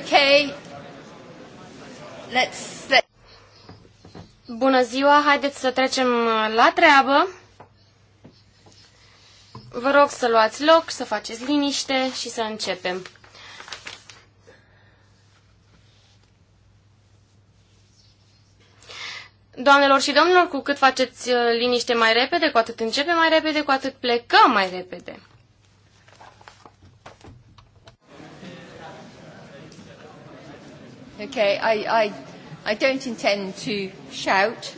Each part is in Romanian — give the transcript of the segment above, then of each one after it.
Okay. Let's... Bună ziua, haideți să trecem la treabă. Vă rog să luați loc, să faceți liniște și să începem. Doamnelor și domnilor, cu cât faceți uh, liniște mai repede, cu atât începem mai repede, cu atât plecăm mai repede. Okay, I, I, I don't intend to shout.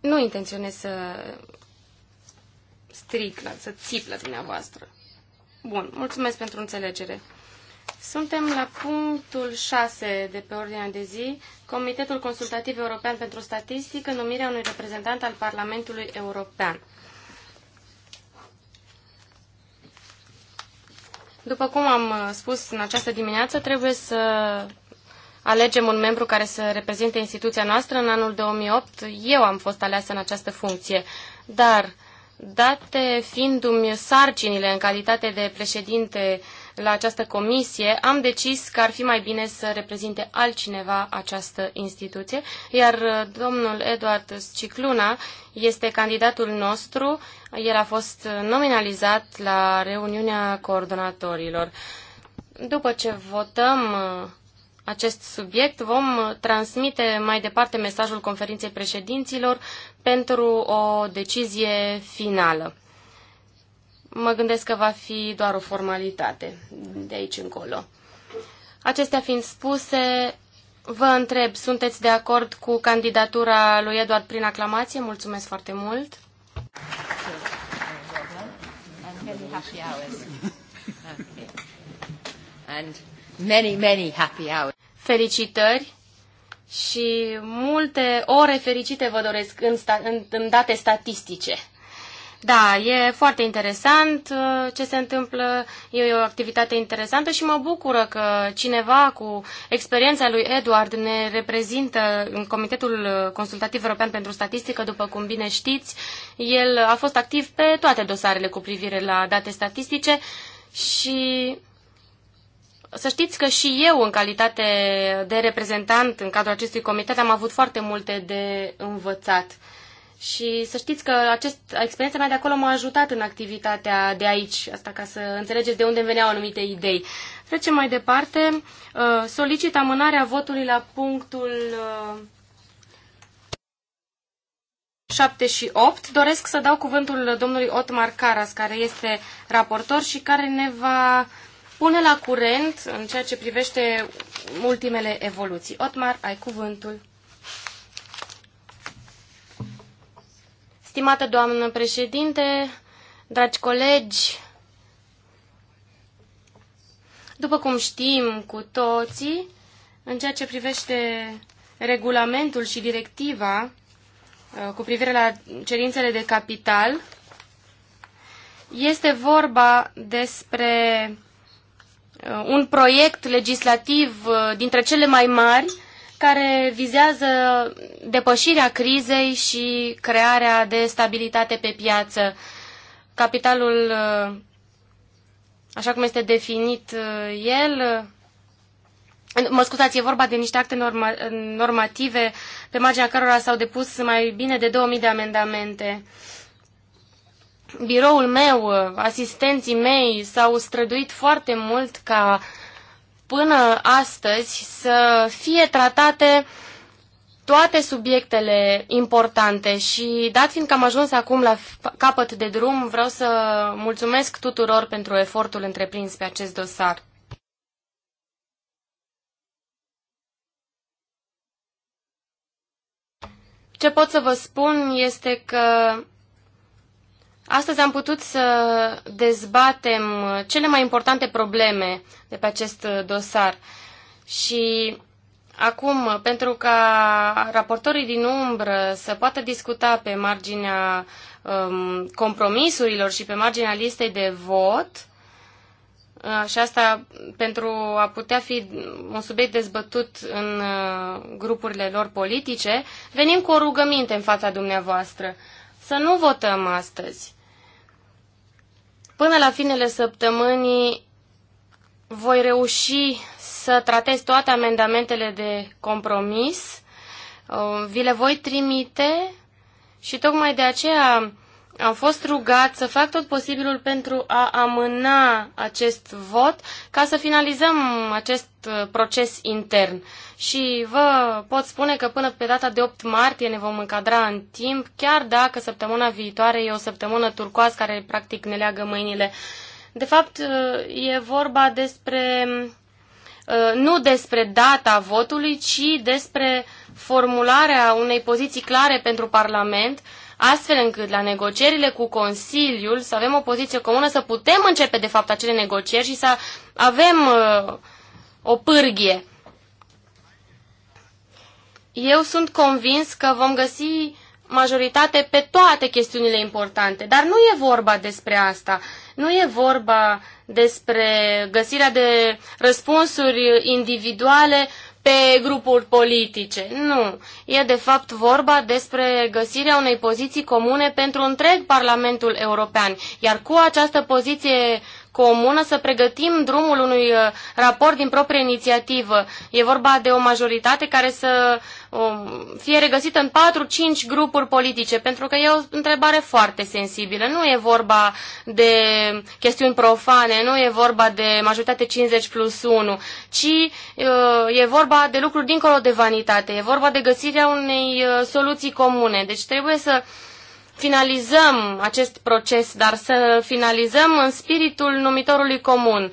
Nu intenționez să stric, la, să țip la dumneavoastră. Bun, mulțumesc pentru înțelegere. Suntem la punctul 6 de pe ordinea de zi, Comitetul Consultativ European pentru Statistică, numirea unui reprezentant al Parlamentului European. După cum am uh, spus în această dimineață, trebuie să alegem un membru care să reprezinte instituția noastră. În anul 2008 eu am fost aleasă în această funcție, dar date fiindu-mi sarcinile în calitate de președinte la această comisie, am decis că ar fi mai bine să reprezinte altcineva această instituție, iar uh, domnul Eduard Scicluna este candidatul nostru. El a fost uh, nominalizat la reuniunea coordonatorilor. După ce votăm uh, acest subiect, vom transmite mai departe mesajul conferinței președinților pentru o decizie finală mă gândesc că va fi doar o formalitate de aici încolo. Acestea fiind spuse, vă întreb, sunteți de acord cu candidatura lui Eduard prin aclamație? Mulțumesc foarte mult! Many, many happy hours. Felicitări și multe ore fericite vă doresc în, sta- în, în date statistice. Da, e foarte interesant uh, ce se întâmplă, e o activitate interesantă și mă bucură că cineva cu experiența lui Eduard ne reprezintă în Comitetul uh, Consultativ European pentru Statistică, după cum bine știți. El a fost activ pe toate dosarele cu privire la date statistice și să știți că și eu, în calitate de reprezentant în cadrul acestui comitet, am avut foarte multe de învățat. Și să știți că acest, experiența mea de acolo m-a ajutat în activitatea de aici, asta ca să înțelegeți de unde veneau anumite idei. Trecem mai departe. Uh, solicit amânarea votului la punctul 7 uh, și 8. Doresc să dau cuvântul domnului Otmar Caras, care este raportor și care ne va pune la curent în ceea ce privește ultimele evoluții. Otmar, ai cuvântul. Stimată doamnă președinte, dragi colegi, după cum știm cu toții, în ceea ce privește regulamentul și directiva uh, cu privire la cerințele de capital, este vorba despre uh, un proiect legislativ uh, dintre cele mai mari care vizează depășirea crizei și crearea de stabilitate pe piață. Capitalul, așa cum este definit uh, el, uh, Mă scuzați, e vorba de niște acte norma, normative pe marginea cărora s-au depus mai bine de 2000 de amendamente. Biroul meu, uh, asistenții mei s-au străduit foarte mult ca uh, până astăzi să fie tratate toate subiectele importante și dat fiind că am ajuns acum la capăt de drum, vreau să mulțumesc tuturor pentru efortul întreprins pe acest dosar. Ce pot să vă spun este că Astăzi am putut să dezbatem cele mai importante probleme de pe acest dosar și acum, pentru ca raportorii din umbră să poată discuta pe marginea um, compromisurilor și pe marginea listei de vot, uh, și asta pentru a putea fi un subiect dezbătut în uh, grupurile lor politice, venim cu o rugăminte în fața dumneavoastră. Să nu votăm astăzi. Până la finele săptămânii voi reuși să tratez toate amendamentele de compromis. Uh, vi le voi trimite și tocmai de aceea am fost rugat să fac tot posibilul pentru a amâna acest vot ca să finalizăm acest uh, proces intern și vă pot spune că până pe data de 8 martie ne vom încadra în timp, chiar dacă săptămâna viitoare e o săptămână turcoasă care practic ne leagă mâinile. De fapt, e vorba despre uh, nu despre data votului, ci despre formularea unei poziții clare pentru Parlament, astfel încât la negocierile cu Consiliul să avem o poziție comună, să putem începe de fapt acele negocieri și să avem uh, o pârghie. Eu sunt convins că vom găsi majoritate pe toate chestiunile importante, dar nu e vorba despre asta. Nu e vorba despre găsirea de răspunsuri individuale pe grupuri politice. Nu. E de fapt vorba despre găsirea unei poziții comune pentru întreg Parlamentul European. Iar cu această poziție comună să pregătim drumul unui uh, raport din proprie inițiativă. E vorba de o majoritate care să um, fie regăsită în 4-5 grupuri politice, pentru că e o întrebare foarte sensibilă. Nu e vorba de chestiuni profane, nu e vorba de majoritate 50 plus 1, ci uh, e vorba de lucruri dincolo de vanitate, e vorba de găsirea unei uh, soluții comune. Deci trebuie să finalizăm acest proces, dar să finalizăm în spiritul numitorului comun,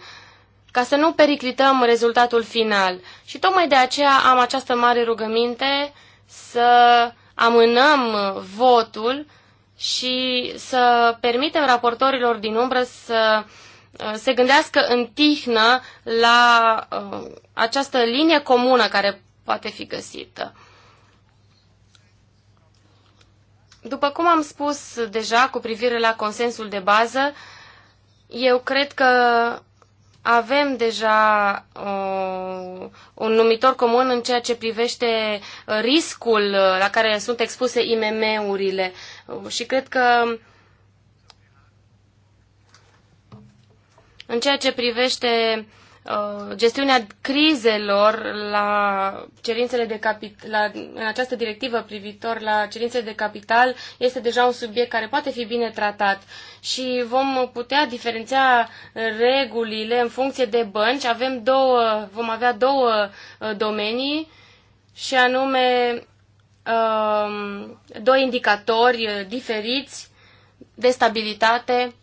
ca să nu periclităm rezultatul final. Și tocmai de aceea am această mare rugăminte să amânăm votul și să permitem raportorilor din umbră să uh, se gândească în tihnă la uh, această linie comună care poate fi găsită. După cum am spus deja cu privire la consensul de bază, eu cred că avem deja o, uh, un numitor comun în ceea ce privește uh, riscul uh, la care sunt expuse IMM-urile și cred că în ceea ce privește Uh, gestiunea crizelor la cerințele de capital, la, în această directivă privitor la cerințele de capital este deja un subiect care poate fi bine tratat și vom putea diferenția regulile în funcție de bănci. Avem două, vom avea două uh, domenii și anume două um, doi indicatori diferiți de stabilitate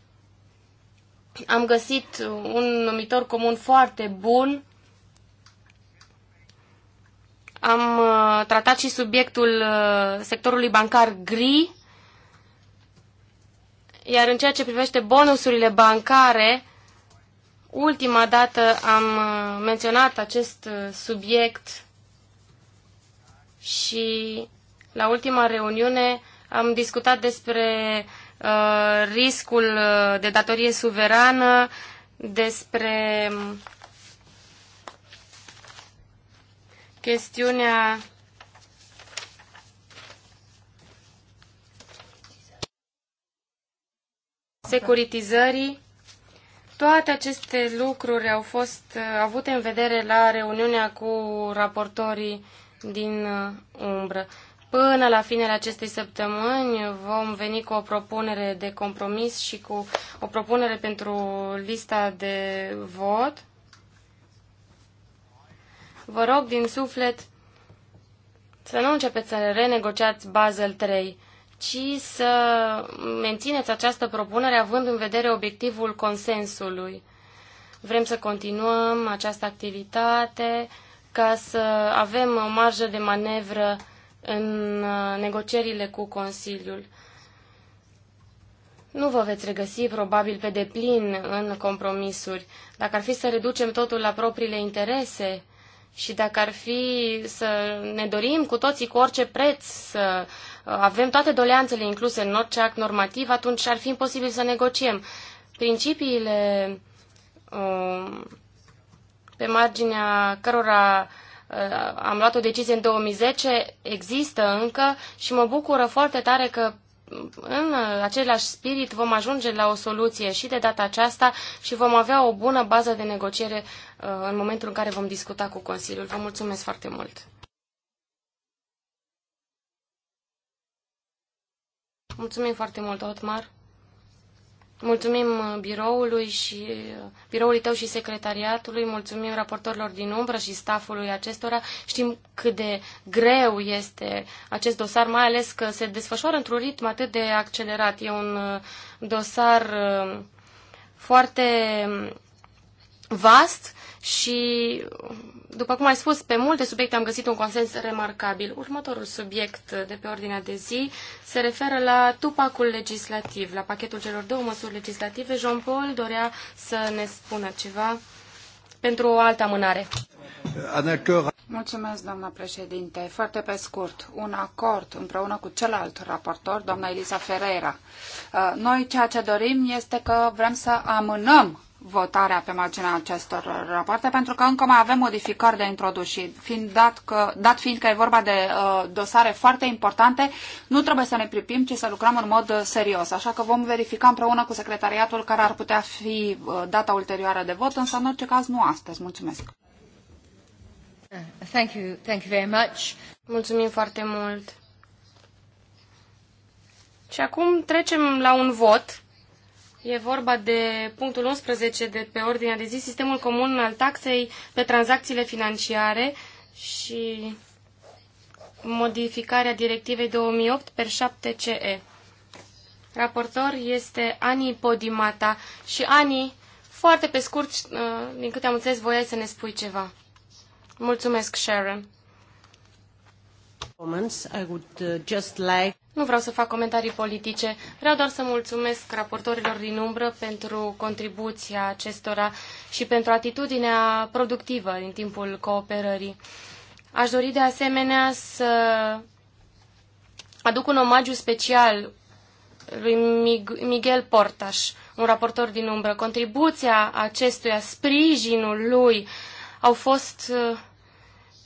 am găsit un numitor comun foarte bun. Am uh, tratat și subiectul uh, sectorului bancar gri, iar în ceea ce privește bonusurile bancare, ultima dată am uh, menționat acest subiect și la ultima reuniune am discutat despre Uh, riscul uh, de datorie suverană, despre chestiunea securitizării. Toate aceste lucruri au fost uh, avute în vedere la reuniunea cu raportorii din umbră. Până la finele acestei săptămâni vom veni cu o propunere de compromis și cu o propunere pentru lista de vot. Vă rog din suflet să nu începeți să renegociați Basel 3, ci să mențineți această propunere având în vedere obiectivul consensului. Vrem să continuăm această activitate ca să avem o marjă de manevră în uh, negocierile cu Consiliul. Nu vă veți regăsi probabil pe deplin în compromisuri. Dacă ar fi să reducem totul la propriile interese și dacă ar fi să ne dorim cu toții cu orice preț să uh, avem toate doleanțele incluse în orice act normativ, atunci ar fi imposibil să negociem. Principiile um, pe marginea cărora Uh, am luat o decizie în 2010, există încă și mă bucură foarte tare că în același spirit vom ajunge la o soluție și de data aceasta și vom avea o bună bază de negociere uh, în momentul în care vom discuta cu Consiliul. Vă mulțumesc foarte mult! Mulțumim foarte mult, Otmar! Mulțumim uh, biroului și uh, biroului tău și secretariatului, mulțumim raportorilor din umbră și stafului acestora. Știm cât de greu este acest dosar, mai ales că se desfășoară într-un ritm atât de accelerat. E un uh, dosar foarte um, vast și, după cum ai spus, pe multe subiecte am găsit un consens remarcabil. Următorul subiect de pe ordinea de zi se referă la tupacul legislativ, la pachetul celor două măsuri legislative. Jean-Paul dorea să ne spună ceva pentru o altă amânare. Mulțumesc, doamna președinte. Foarte pe scurt, un acord împreună cu celălalt raportor, doamna Elisa Ferreira. Uh, noi ceea ce dorim este că vrem să amânăm votarea pe marginea acestor rapoarte, pentru că încă mai avem modificări de introdus fiind dat, că, dat fiind că e vorba de uh, dosare foarte importante, nu trebuie să ne pripim, ci să lucrăm în mod uh, serios. Așa că vom verifica împreună cu secretariatul care ar putea fi uh, data ulterioară de vot, însă în orice caz nu astăzi. Mulțumesc! Thank you, thank you very much. Mulțumim foarte mult! Și acum trecem la un vot E vorba de punctul 11 de pe ordinea de zi, sistemul comun al taxei pe tranzacțiile financiare și modificarea directivei 2008 per 7 CE. Raportor este Ani Podimata și Ani, foarte pe scurt, uh, din câte am înțeles, voiai să ne spui ceva. Mulțumesc, Sharon. I would uh, just like nu vreau să fac comentarii politice, vreau doar să mulțumesc raportorilor din umbră pentru contribuția acestora și pentru atitudinea productivă în timpul cooperării. Aș dori de asemenea să aduc un omagiu special lui Miguel Portaș, un raportor din umbră. Contribuția acestuia, sprijinul lui, au fost uh,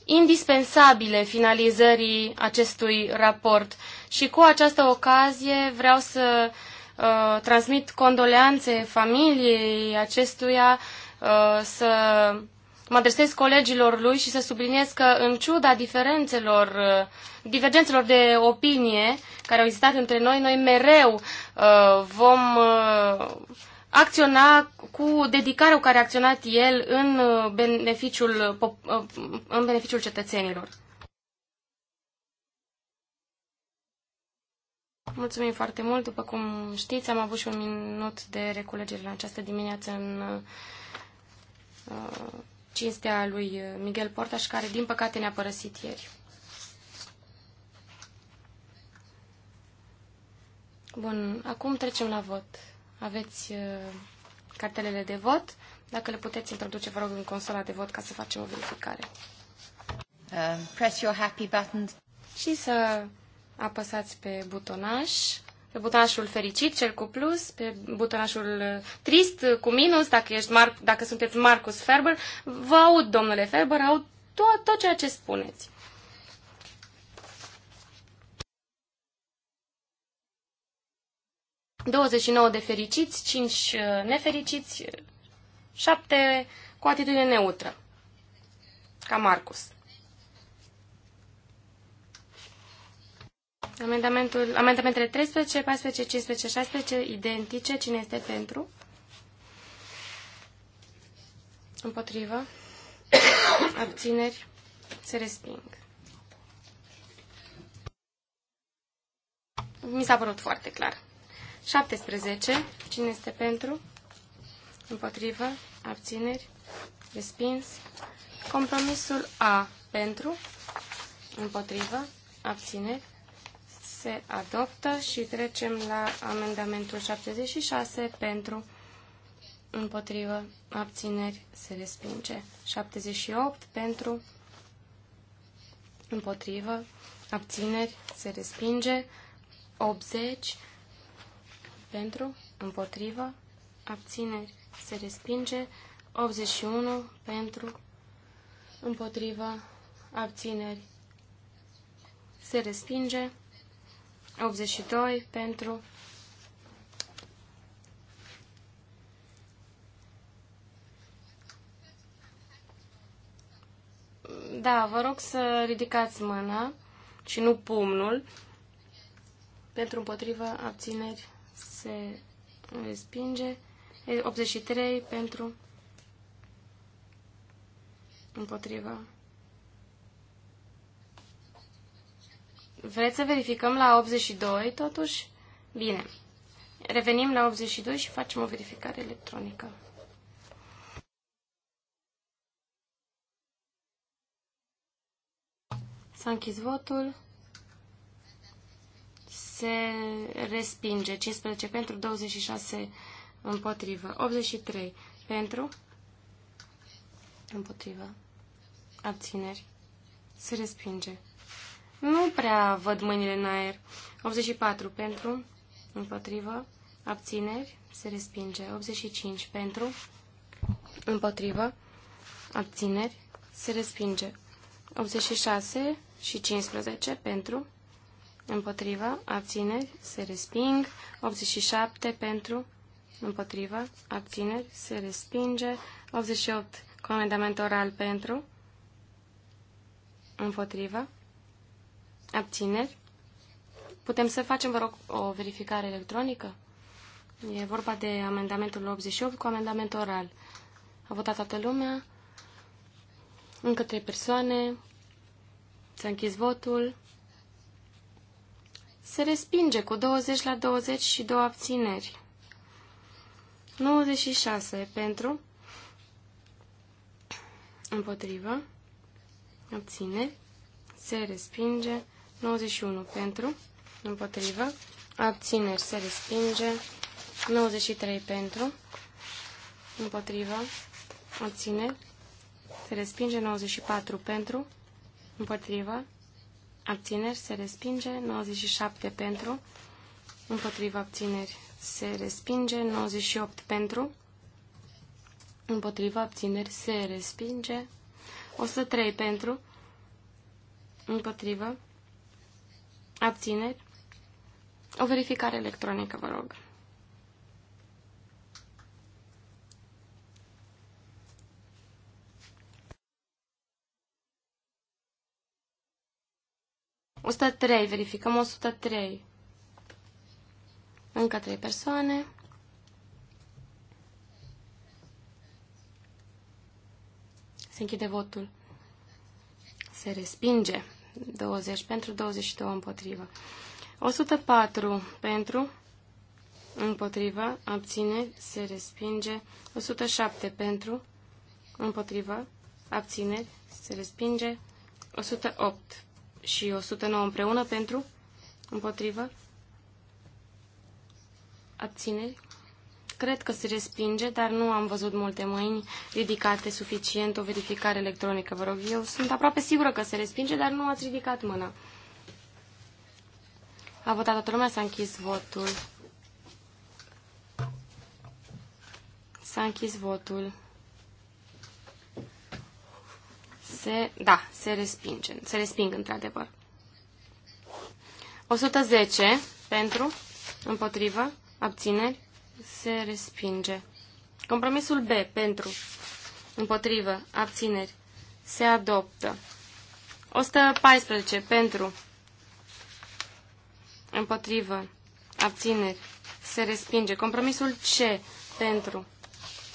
indispensabile finalizării acestui raport. Și cu această ocazie vreau să uh, transmit condoleanțe familiei acestuia, uh, să mă adresez colegilor lui și să subliniez că, în ciuda diferențelor, uh, divergențelor de opinie care au existat între noi, noi mereu uh, vom uh, acționa cu dedicarea cu care a acționat el în uh, beneficiul, uh, în beneficiul cetățenilor. Mulțumim foarte mult. După cum știți, am avut și un minut de reculegere în această dimineață în uh, cinstea lui Miguel Portaș, care din păcate ne-a părăsit ieri. Bun, acum trecem la vot. Aveți uh, cartelele de vot. Dacă le puteți introduce, vă rog, în consola de vot ca să facem o verificare. Uh, press your happy button. Și să apăsați pe butonaș, pe butonașul fericit, cel cu plus, pe butonașul trist, cu minus, dacă, ești Mar- dacă sunteți Marcus Ferber. Vă aud, domnule Ferber, aud tot, tot ceea ce spuneți. ...29 de fericiți, 5 uh, nefericiți, 7 cu atitudine neutră, ca Marcus. Amendamentul, amendamentele 13, 14, 15, 16, identice. Cine este pentru? Împotrivă. Abțineri. Se resping. Mi s-a părut foarte clar. 17. Cine este pentru? Împotrivă. Abțineri. Respins. Compromisul A. Pentru. Împotrivă. Abțineri se adoptă și trecem la amendamentul 76 pentru împotrivă abțineri se respinge. 78 pentru împotrivă abțineri se respinge. 80 pentru împotrivă abțineri se respinge. 81 pentru împotrivă abțineri se respinge. 82 pentru Da, vă rog să ridicați mâna și nu pumnul. Pentru împotrivă abțineri se respinge. 83 pentru împotriva Vreți să verificăm la 82, totuși? Bine. Revenim la 82 și facem o verificare electronică. S-a închis votul. Se respinge. 15 pentru, 26 împotrivă. 83 pentru, împotrivă. Abțineri. Se respinge. Nu prea văd mâinile în aer. 84 pentru, împotrivă, abțineri, se respinge. 85 pentru, împotrivă, abțineri, se respinge. 86 și 15 pentru, împotrivă, abțineri, se resping. 87 pentru, împotrivă, abțineri, se respinge. 88 amendament oral pentru, împotrivă, Abțineri? Putem să facem, vă rog, o verificare electronică? E vorba de amendamentul 88 cu amendament oral. A votat toată lumea. Încă trei persoane. S-a închis votul. Se respinge cu 20 la 20 și două abțineri. 96 pentru. Împotrivă. Abțineri. Se respinge. 91 pentru, împotrivă, abțineri se respinge, 93 pentru, împotrivă, abțineri, se respinge, 94 pentru, împotrivă, abțineri, se respinge, 97 pentru, împotrivă, abțineri, se respinge, 98 pentru, împotrivă, abțineri, se respinge, 103 pentru, împotrivă, Abțineri. O verificare electronică, vă rog. Osta trei, verificăm 103. Încă trei persoane. Se închide votul. Se respinge. 20 pentru, 22 împotrivă. 104 pentru, împotrivă, abține, se respinge. 107 pentru, împotrivă, abține, se respinge. 108 și 109 împreună pentru, împotrivă, abține, Cred că se respinge, dar nu am văzut multe mâini ridicate suficient, o verificare electronică, vă rog. Eu sunt aproape sigură că se respinge, dar nu ați ridicat mâna. A votat toată lumea, s-a închis votul. S-a închis votul. Se, da, se respinge, se resping într-adevăr. 110 pentru, împotrivă, abțineri, se respinge. Compromisul B pentru împotrivă abțineri se adoptă. 114 pentru împotrivă abțineri se respinge. Compromisul C pentru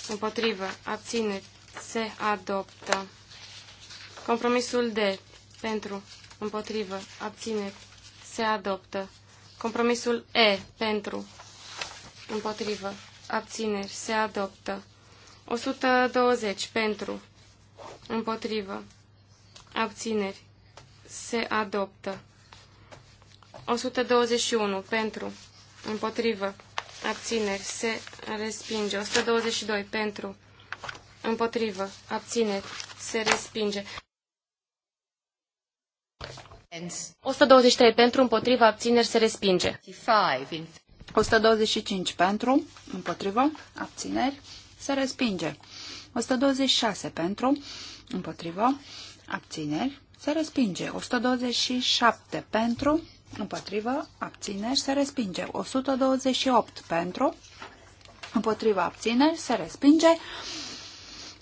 împotrivă abțineri se adoptă. Compromisul D pentru împotrivă abțineri se adoptă. Compromisul E pentru Împotrivă. Abțineri. Se adoptă. 120. Pentru. Împotrivă. Abțineri. Se adoptă. 121. Pentru. Împotrivă. Abțineri. Se respinge. 122. Pentru. Împotrivă. Abțineri. Se respinge. 123 pentru, împotriva, abțineri, se respinge. 125 pentru, împotrivă, abțineri, se respinge. 126 pentru, împotrivă, abțineri, se respinge. 127 pentru, împotrivă, abțineri, se respinge. 128 pentru, împotrivă, abțineri, se respinge.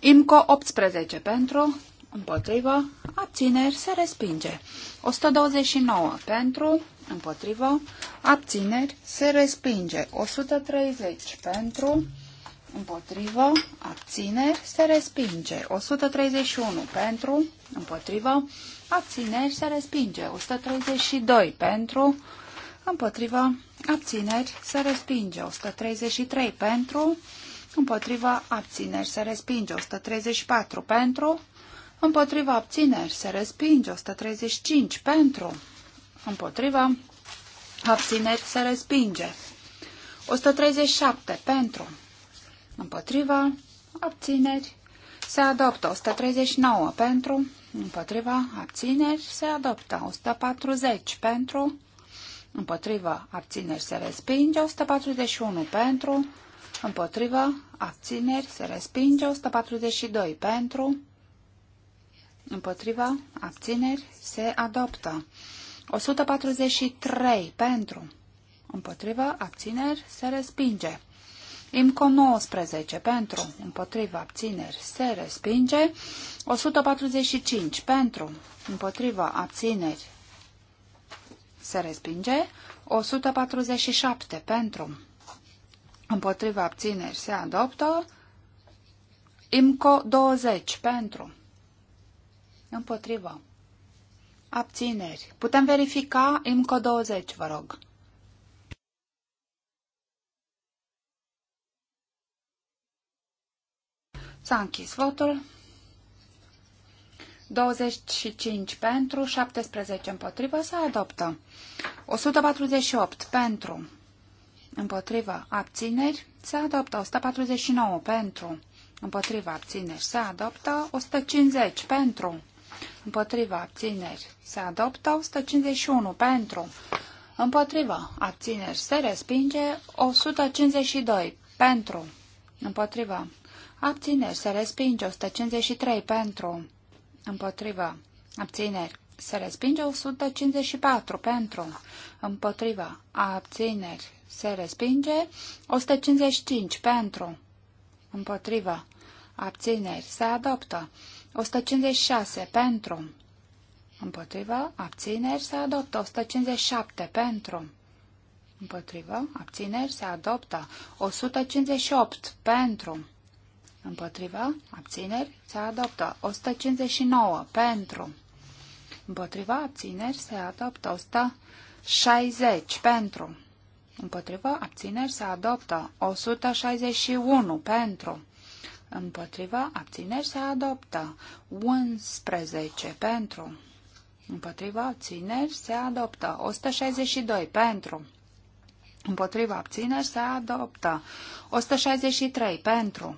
IMCO 18 pentru, împotrivă, abțineri, se respinge. 129 pentru, împotrivă, abțineri, se respinge. 130 pentru, împotrivă, abțineri, se respinge. 131 pentru, împotrivă, abțineri, se respinge. 132 pentru, împotrivă, abțineri, se respinge. 133 pentru, împotrivă, abțineri se respinge 134 pentru, împotriva abțineri se respinge 135 pentru, împotriva, abțineți se respinge. 137 pentru, împotriva, abțineri se adoptă. 139 pentru, împotriva, abțineri se adoptă. 140 pentru, împotriva, abțineri se respinge. 141 pentru, împotriva, abțineri se respinge. 142 pentru, Împotriva, abțineri, se adoptă. 143 pentru. Împotrivă, abțineri, se respinge. IMCO 19 pentru, împotriva abțineri se respinge, 145 pentru, împotriva abțineri se respinge, 147 pentru, împotriva abțineri se adoptă, IMCO 20 pentru, împotriva abțineri. Putem verifica IMCO 20, vă rog. S-a închis votul. 25 pentru, 17 împotrivă, se adoptă. 148 pentru, împotrivă, abțineri, se adoptă. 149 pentru, împotrivă, abțineri, se adoptă. 150 pentru, Împotriva abțineri se adoptă 151 pentru. Împotriva abțineri se respinge 152 pentru. Împotriva abțineri se respinge 153 pentru. Împotriva abțineri se respinge 154 pentru. Împotriva abțineri se respinge 155 pentru. Împotriva abțineri, se adoptă. 156 pentru, împotrivă, abțineri, se adoptă. 157 pentru, împotrivă, abțineri, se adoptă. 158 pentru, împotrivă, abțineri, se adoptă. 159 pentru, Împotrivă. abțineri, se adoptă. 160 pentru, Împotrivă, abțineri se adoptă 161 pentru împotriva, abțineri, se adoptă. 11 pentru, împotriva, abțineri, se adoptă. 162 pentru, împotriva, abțineri, se adoptă. 163 pentru,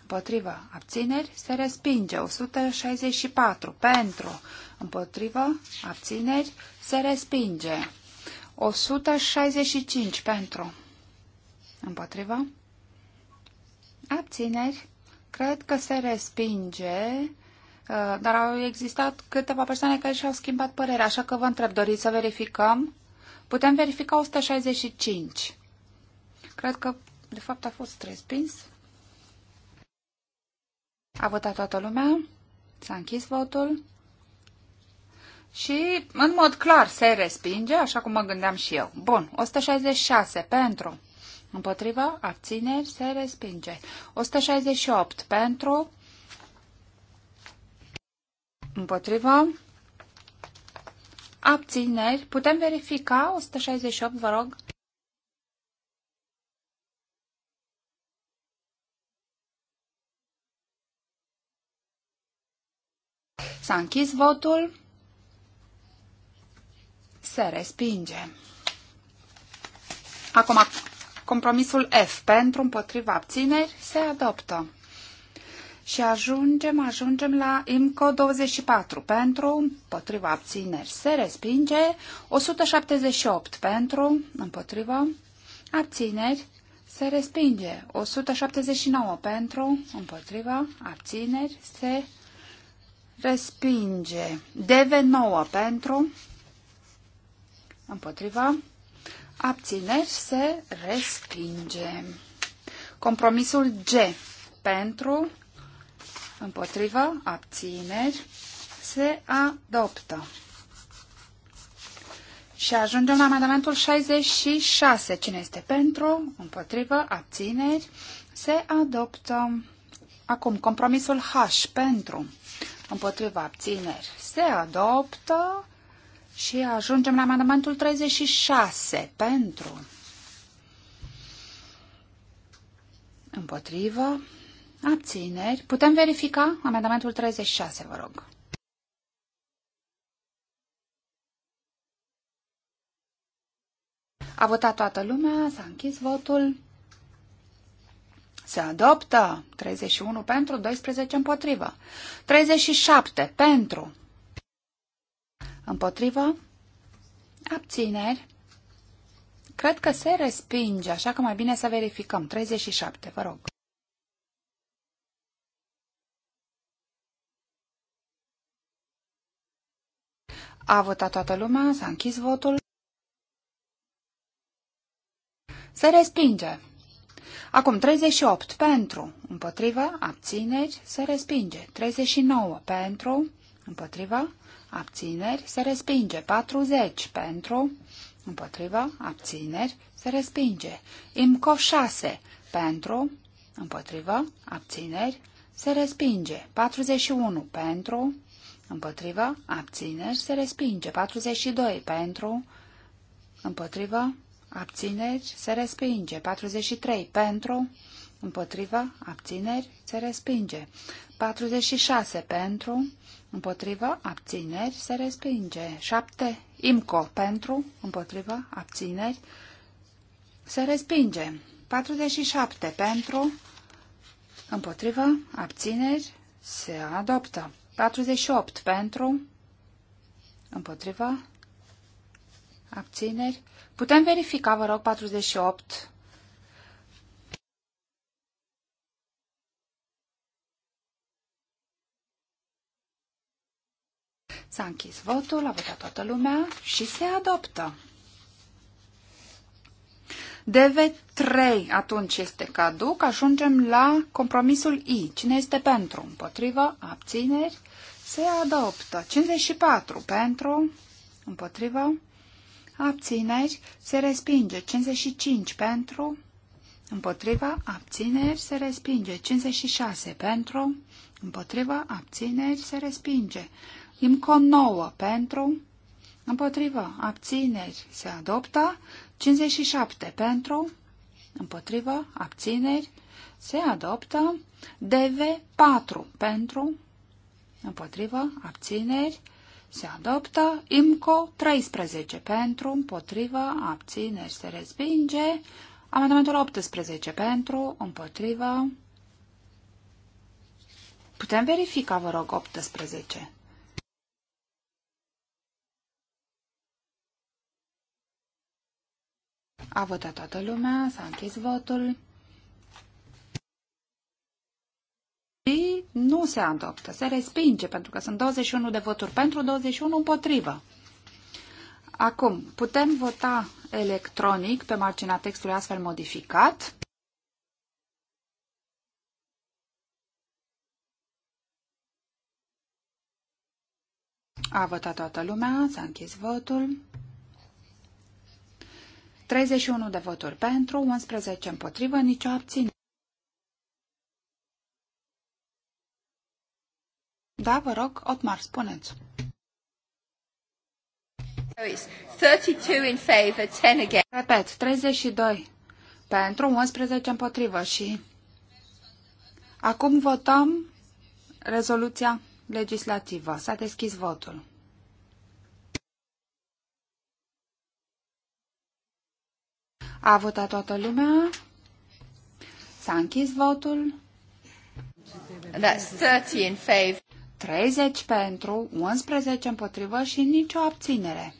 împotriva, abțineri, se respinge. 164 pentru, împotriva, abțineri, se respinge. 165 pentru, împotriva, abțineri, Cred că se respinge, uh, dar au existat câteva persoane care și-au schimbat părerea, așa că vă întreb, doriți să verificăm? Putem verifica 165. Cred că, de fapt, a fost respins. A votat toată lumea, s-a închis votul și, în mod clar, se respinge, așa cum mă gândeam și eu. Bun, 166 pentru, Împotrivă, abțineri, se respinge. 168 pentru, împotrivă, abțineri. Putem verifica 168, vă rog. S-a închis votul. Se respinge. Acum Compromisul F pentru împotriva abțineri se adoptă. Și ajungem, ajungem la IMCO 24 pentru împotriva abțineri se respinge, 178 pentru împotriva abțineri se respinge, 179 pentru împotriva abțineri se respinge, DV9 pentru împotriva abțineri, se respinge. Compromisul G pentru, împotriva abțineri, se adoptă. Și ajungem la amendamentul 66. Cine este pentru, împotriva abțineri, se adoptă. Acum, compromisul H pentru, împotriva abțineri, se adoptă. Și ajungem la amendamentul 36. Pentru. Împotrivă. Abțineri. Putem verifica amendamentul 36, vă rog. A votat toată lumea, s-a închis votul. Se adoptă 31 pentru, 12 împotrivă. 37 pentru, Împotrivă? Abțineri? Cred că se respinge, așa că mai bine să verificăm. 37, vă rog. A votat toată lumea, s-a închis votul. Se respinge. Acum 38 pentru, împotrivă, abțineri, se respinge. 39 pentru, împotrivă, abțineri, se respinge. 40 pentru, împotriva, abțineri, se respinge. IMCO 6 pentru, împotriva, abțineri, se respinge. 41 pentru, împotriva, abțineri, se respinge. 42 pentru, împotriva, abțineri, se respinge. 43 pentru, împotriva, abțineri, se respinge. 46 pentru, împotrivă, abțineri, se respinge. 7. IMCO, pentru, împotrivă, abțineri, se respinge. 47. Pentru, împotrivă, abțineri, se adoptă. 48. Pentru, împotrivă, abțineri. Putem verifica, vă rog, 48. S-a închis votul, a votat toată lumea și se adoptă. DV3 atunci este caduc, ajungem la compromisul I. Cine este pentru? Împotrivă, abțineri, se adoptă. 54 pentru, împotrivă, abțineri, se respinge. 55 pentru, împotriva, abțineri, se respinge. 56 pentru, împotriva, abțineri, se respinge. IMCO 9 pentru, împotrivă, abțineri se adoptă, 57 pentru, împotrivă, abțineri se adoptă, DV 4 pentru, împotrivă, abțineri se adoptă, IMCO 13 pentru, împotrivă, abțineri se respinge, amendamentul 18 pentru, împotrivă, Putem verifica, vă rog, 18. A votat toată lumea, s-a închis votul. Și nu se adoptă, se respinge, pentru că sunt 21 de voturi pentru, 21 împotrivă. Acum, putem vota electronic pe marginea textului astfel modificat. A votat toată lumea, s-a închis votul. 31 de voturi pentru, 11 împotrivă, nicio abținere. Da, vă rog, Otmar, spuneți. 32 in favor, 10 again. Repet, 32 pentru, 11 împotrivă și... Acum votăm rezoluția legislativă. S-a deschis votul. A votat toată lumea. S-a închis votul. That's 30 in favor. 30 pentru, 11 împotrivă și nicio abținere.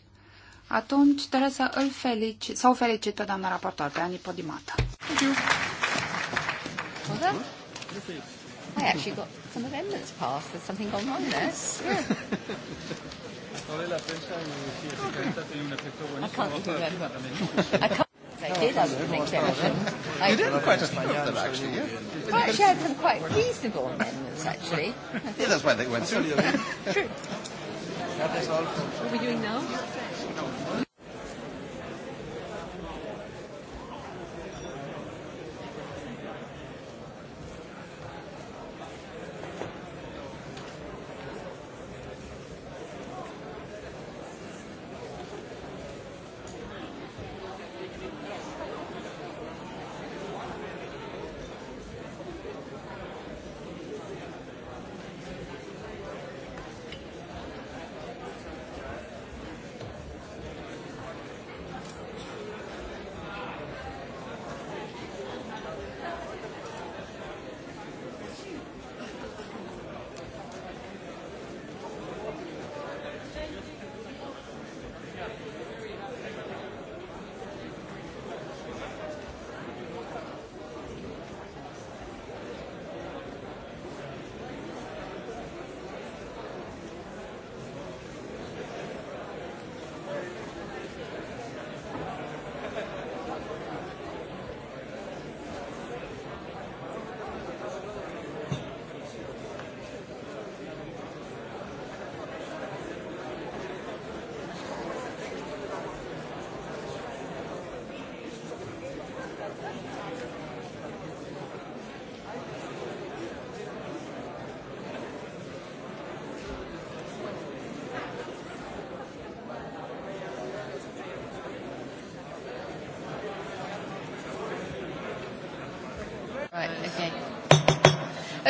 Atunci trebuie să îl felici, să o felicită doamna raportor pe Ani Podimata. I actually got some amendments passed. There's something gone wrong there. Yeah. I can't even remember. I you did have quite a few of them, actually. Yeah? actually, had some quite reasonable amendments, actually. yeah, that's why they went through. True. What are we doing now?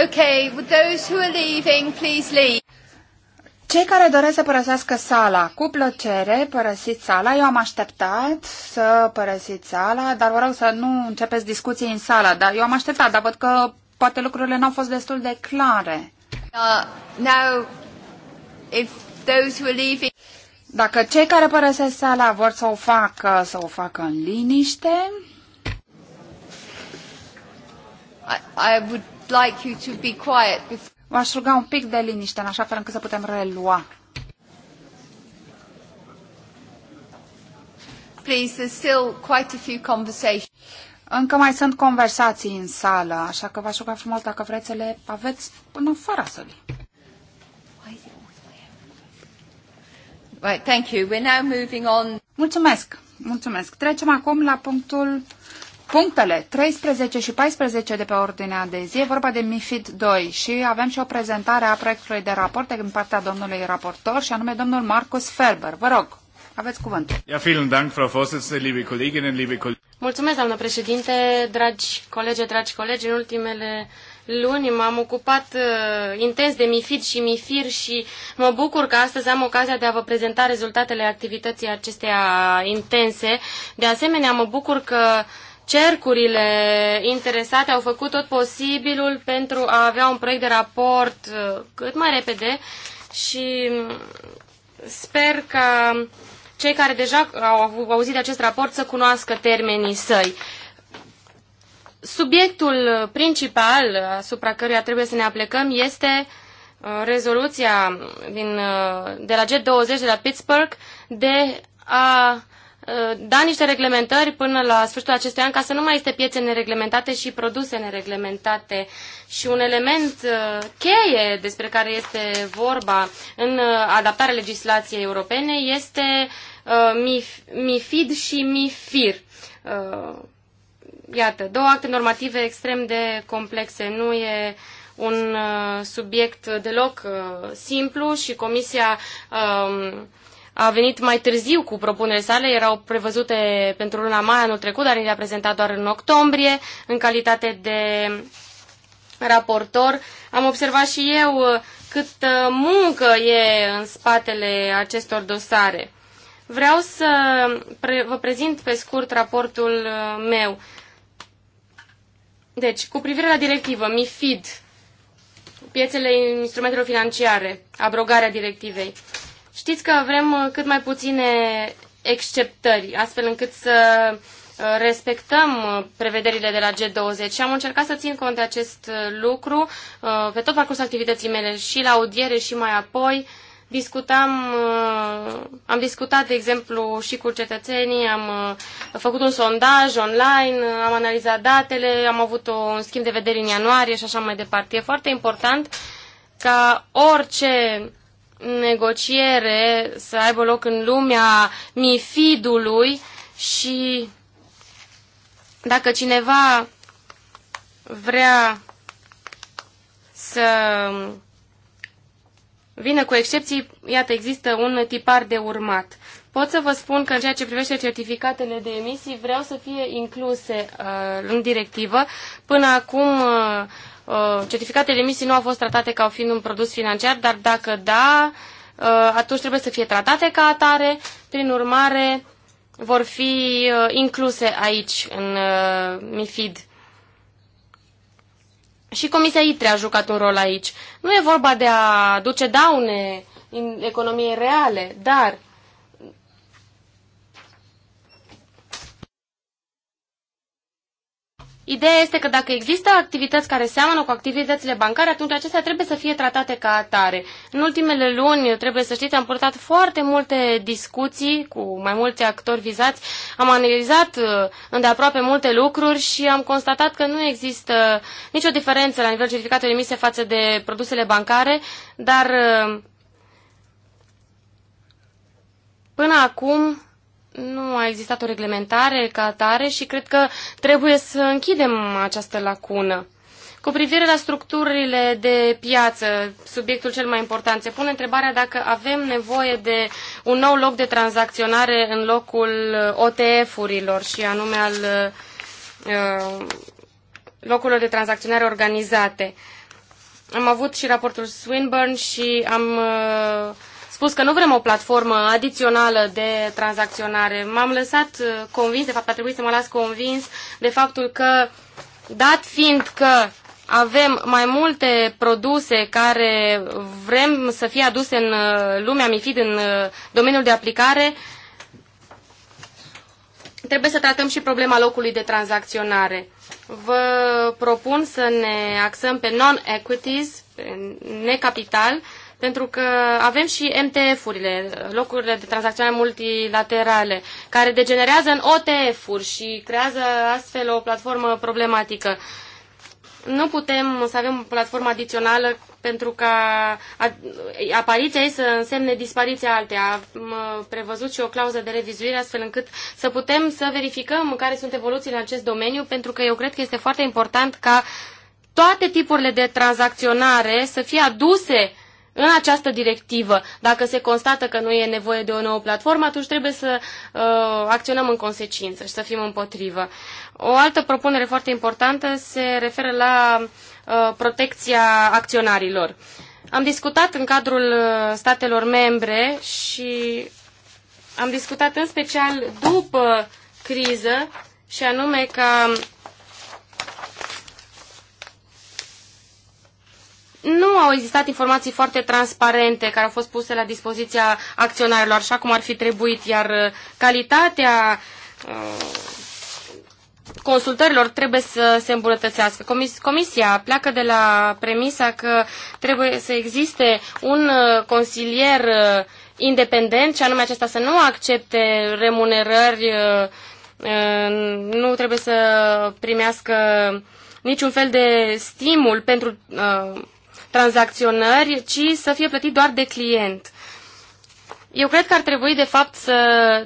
Okay, with those who are leaving, please leave. Cei care doresc să părăsească sala, cu plăcere, părăsiți sala. Eu am așteptat să părăsiți sala, dar vă rog să nu începeți discuții în sala. Dar eu am așteptat, dar văd că poate lucrurile n-au fost destul de clare. Uh, now, if those who are leaving... Dacă cei care părăsesc sala vor să o facă, să o facă în liniște... I, I would like you to be quiet. V-aș ruga un pic de liniște, în așa fel încât să putem relua. Please, there's still quite a few conversations. Încă mai sunt conversații în sală, așa că v-aș ruga frumos dacă vreți să le aveți până fără sălii. Right, thank you. We're now moving on. Mulțumesc, mulțumesc. Trecem acum la punctul punctele 13 și 14 de pe ordinea de zi, e vorba de MIFID 2 și avem și o prezentare a proiectului de raport din partea domnului raportor și anume domnul Marcus Ferber. Vă rog, aveți cuvântul. Ja, vielen Dank, Frau Vorsitzende, liebe Kolleginnen, liebe Kollegen. Mulțumesc, doamnă președinte, dragi colegi, dragi colegi, în ultimele luni m-am ocupat uh, intens de MIFID și MIFIR și mă bucur că astăzi am ocazia de a vă prezenta rezultatele activității acesteia intense. De asemenea, mă bucur că uh, cercurile interesate au făcut tot posibilul pentru a avea un proiect de raport uh, cât mai repede și sper că cei care deja au auzit de acest raport să cunoască termenii săi. Subiectul principal asupra căruia trebuie să ne aplecăm este uh, rezoluția din, uh, de la G20 de la Pittsburgh de a Uh, da niște reglementări până la sfârșitul acestui an ca să nu mai este piețe nereglementate și produse nereglementate. Și un element uh, cheie despre care este vorba în uh, adaptarea legislației europene este MIFID și MIFIR. Iată, două acte normative extrem de complexe. Nu e un subiect deloc simplu și Comisia um, a venit mai târziu cu propunerile sale, erau prevăzute pentru luna mai anul trecut, dar le-a prezentat doar în octombrie, în calitate de raportor. Am observat și eu uh, cât muncă e în spatele acestor dosare. Vreau să pre- vă prezint pe scurt raportul uh, meu. Deci, cu privire la directivă MIFID, piețele instrumentelor financiare, abrogarea directivei. Știți că vrem uh, cât mai puține exceptări, astfel încât să uh, respectăm uh, prevederile de la G20 și am încercat să țin cont de acest lucru pe tot parcursul activității mele și la audiere și mai apoi discutam, am discutat, de exemplu, și cu cetățenii, am făcut un sondaj online, am analizat datele, am avut un schimb de vedere în ianuarie și așa mai departe. E foarte important ca orice negociere să aibă loc în lumea mifidului și dacă cineva vrea să vină cu excepții, iată, există un tipar de urmat. Pot să vă spun că în ceea ce privește certificatele de emisii vreau să fie incluse uh, în directivă. Până acum uh, Uh, certificatele de emisii nu au fost tratate ca fiind un produs financiar, dar dacă da, uh, atunci trebuie să fie tratate ca atare, prin urmare vor fi uh, incluse aici în MIFID. Și Comisia ITRE a jucat un rol aici. Nu e vorba de a duce daune în economiei reale, dar Ideea este că dacă există activități care seamănă cu activitățile bancare, atunci acestea trebuie să fie tratate ca atare. În ultimele luni, trebuie să știți, am purtat foarte multe discuții cu mai mulți actori vizați, am analizat uh, îndeaproape multe lucruri și am constatat că nu există nicio diferență la nivel certificatului emise față de produsele bancare, dar uh, până acum nu a existat o reglementare ca atare și cred că trebuie să închidem această lacună. Cu privire la structurile de piață, subiectul cel mai important, se pune întrebarea dacă avem nevoie de un nou loc de tranzacționare în locul OTF-urilor și anume al uh, locurilor de tranzacționare organizate. Am avut și raportul Swinburne și am uh, spus că nu vrem o platformă adițională de tranzacționare. M-am lăsat uh, convins, de fapt a trebuit să mă las convins de faptul că, dat fiind că avem mai multe produse care vrem să fie aduse în uh, lumea MIFID, în uh, domeniul de aplicare, trebuie să tratăm și problema locului de tranzacționare. Vă propun să ne axăm pe non-equities, necapital, pentru că avem și MTF-urile, locurile de tranzacționare multilaterale, care degenerează în OTF-uri și creează astfel o platformă problematică. Nu putem să avem o platformă adițională pentru ca apariția ei să însemne dispariția altea. Am uh, prevăzut și o clauză de revizuire astfel încât să putem să verificăm care sunt evoluțiile în acest domeniu, pentru că eu cred că este foarte important ca toate tipurile de tranzacționare să fie aduse în această directivă, dacă se constată că nu e nevoie de o nouă platformă, atunci trebuie să uh, acționăm în consecință și să fim împotrivă. O altă propunere foarte importantă se referă la uh, protecția acționarilor. Am discutat în cadrul uh, statelor membre și am discutat în special după criză și anume ca nu au existat informații foarte transparente care au fost puse la dispoziția acționarilor așa cum ar fi trebuit, iar uh, calitatea uh, consultărilor trebuie să se îmbunătățească. Comisia pleacă de la premisa că trebuie să existe un uh, consilier independent și anume acesta să nu accepte remunerări, nu trebuie să primească niciun fel de stimul pentru tranzacționări, ci să fie plătit doar de client. Eu cred că ar trebui, de fapt, să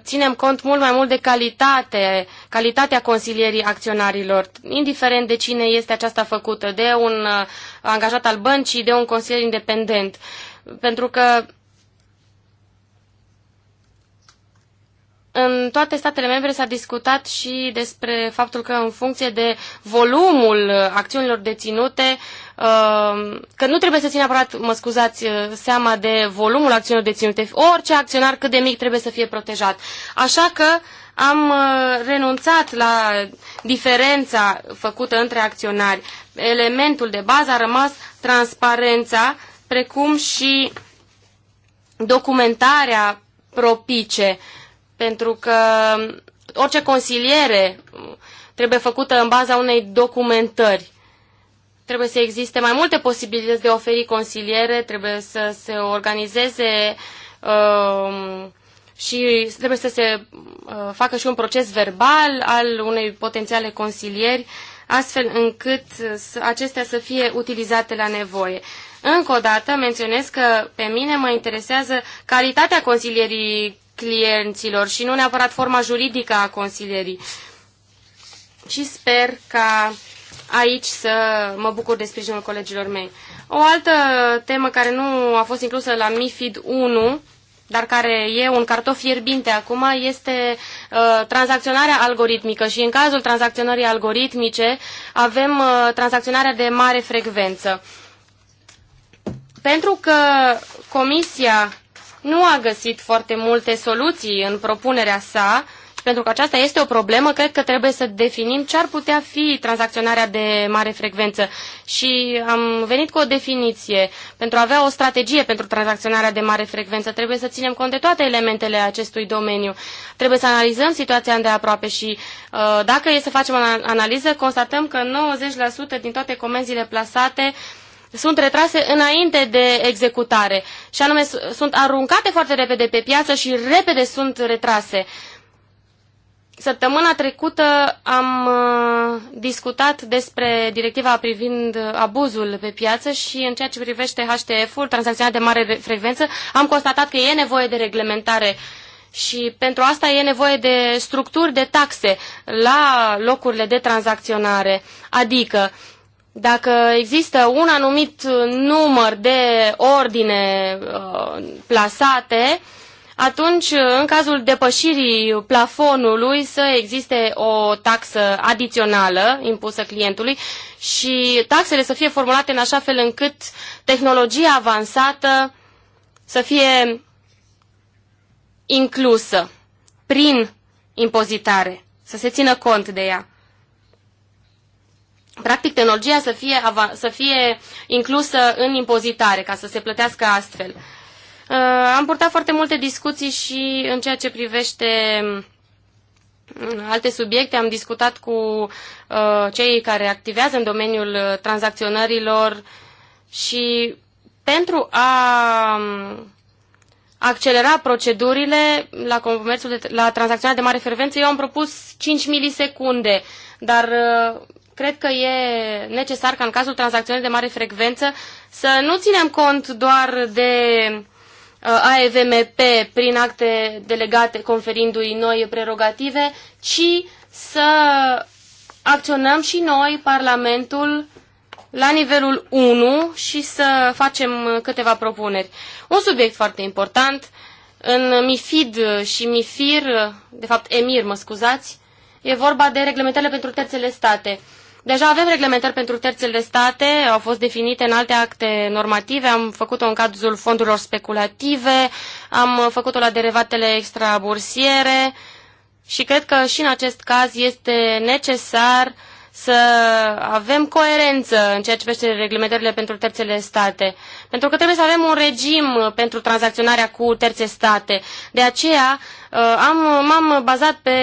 ținem cont mult mai mult de calitate, calitatea consilierii acționarilor, indiferent de cine este aceasta făcută, de un uh, angajat al băncii, de un consilier independent. Pentru că în toate statele membre s-a discutat și despre faptul că în funcție de volumul uh, acțiunilor deținute, Um, că nu trebuie să țin neapărat, mă scuzați, uh, seama de volumul acțiunilor deținute. Orice acționar cât de mic trebuie să fie protejat. Așa că am uh, renunțat la diferența făcută între acționari. Elementul de bază a rămas transparența, precum și documentarea propice, pentru că orice consiliere trebuie făcută în baza unei documentări. Trebuie să existe mai multe posibilități de a oferi consiliere, trebuie să se organizeze uh, și trebuie să se uh, facă și un proces verbal al unei potențiale consilieri, astfel încât acestea să fie utilizate la nevoie. Încă o dată menționez că pe mine mă interesează calitatea consilierii clienților și nu neapărat forma juridică a consilierii. Și sper ca aici să mă bucur de sprijinul colegilor mei. O altă temă care nu a fost inclusă la MIFID 1, dar care e un cartof fierbinte acum, este uh, tranzacționarea algoritmică și în cazul tranzacționării algoritmice avem uh, tranzacționarea de mare frecvență. Pentru că Comisia nu a găsit foarte multe soluții în propunerea sa, uh, și pentru că aceasta este o problemă, cred că trebuie să definim ce ar putea fi tranzacționarea de mare frecvență. Și am venit cu o definiție. Pentru a avea o strategie pentru tranzacționarea de mare frecvență, trebuie să ținem cont de toate elementele acestui domeniu. Trebuie să analizăm situația de aproape. și uh, dacă e să facem o analiză, constatăm că 90% din toate comenzile plasate sunt retrase înainte de executare și anume sunt aruncate foarte repede pe piață și repede sunt retrase. Săptămâna trecută am uh, discutat despre directiva privind abuzul pe piață și în ceea ce privește HTF-ul, tranzacționat de mare frecvență, am constatat că e nevoie de reglementare și pentru asta e nevoie de structuri de taxe la locurile de tranzacționare. Adică, dacă există un anumit număr de ordine uh, plasate, uh, atunci, în cazul depășirii plafonului, să existe o taxă adițională impusă clientului și taxele să fie formulate în așa fel încât tehnologia avansată să fie inclusă prin impozitare, să se țină cont de ea. Practic, tehnologia să fie, să fie inclusă în impozitare, ca să se plătească astfel. Uh, am purtat foarte multe discuții și în ceea ce privește um, alte subiecte. Am discutat cu uh, cei care activează în domeniul uh, tranzacționărilor și pentru a um, accelera procedurile la comerțul de, la tranzacționarea de mare frecvență, eu am propus 5 milisecunde, dar cred că e necesar ca în cazul tranzacționării de mare frecvență să nu ținem cont doar de Uh, AEVMP prin acte delegate conferindu-i noi prerogative, ci să acționăm și noi, Parlamentul, la nivelul 1 și să facem câteva propuneri. Un subiect foarte important, în MIFID și MIFIR, de fapt EMIR, mă scuzați, e vorba de reglementările pentru terțele state. Deja avem reglementări pentru terțele state, au fost definite în alte acte normative, am făcut-o în cadrul fondurilor speculative, am făcut-o la derivatele extrabursiere și cred că și în acest caz este necesar să avem coerență în ceea ce privește reglementările pentru terțele state, pentru că trebuie să avem un regim pentru tranzacționarea cu terțe state. De aceea uh, am, m-am bazat pe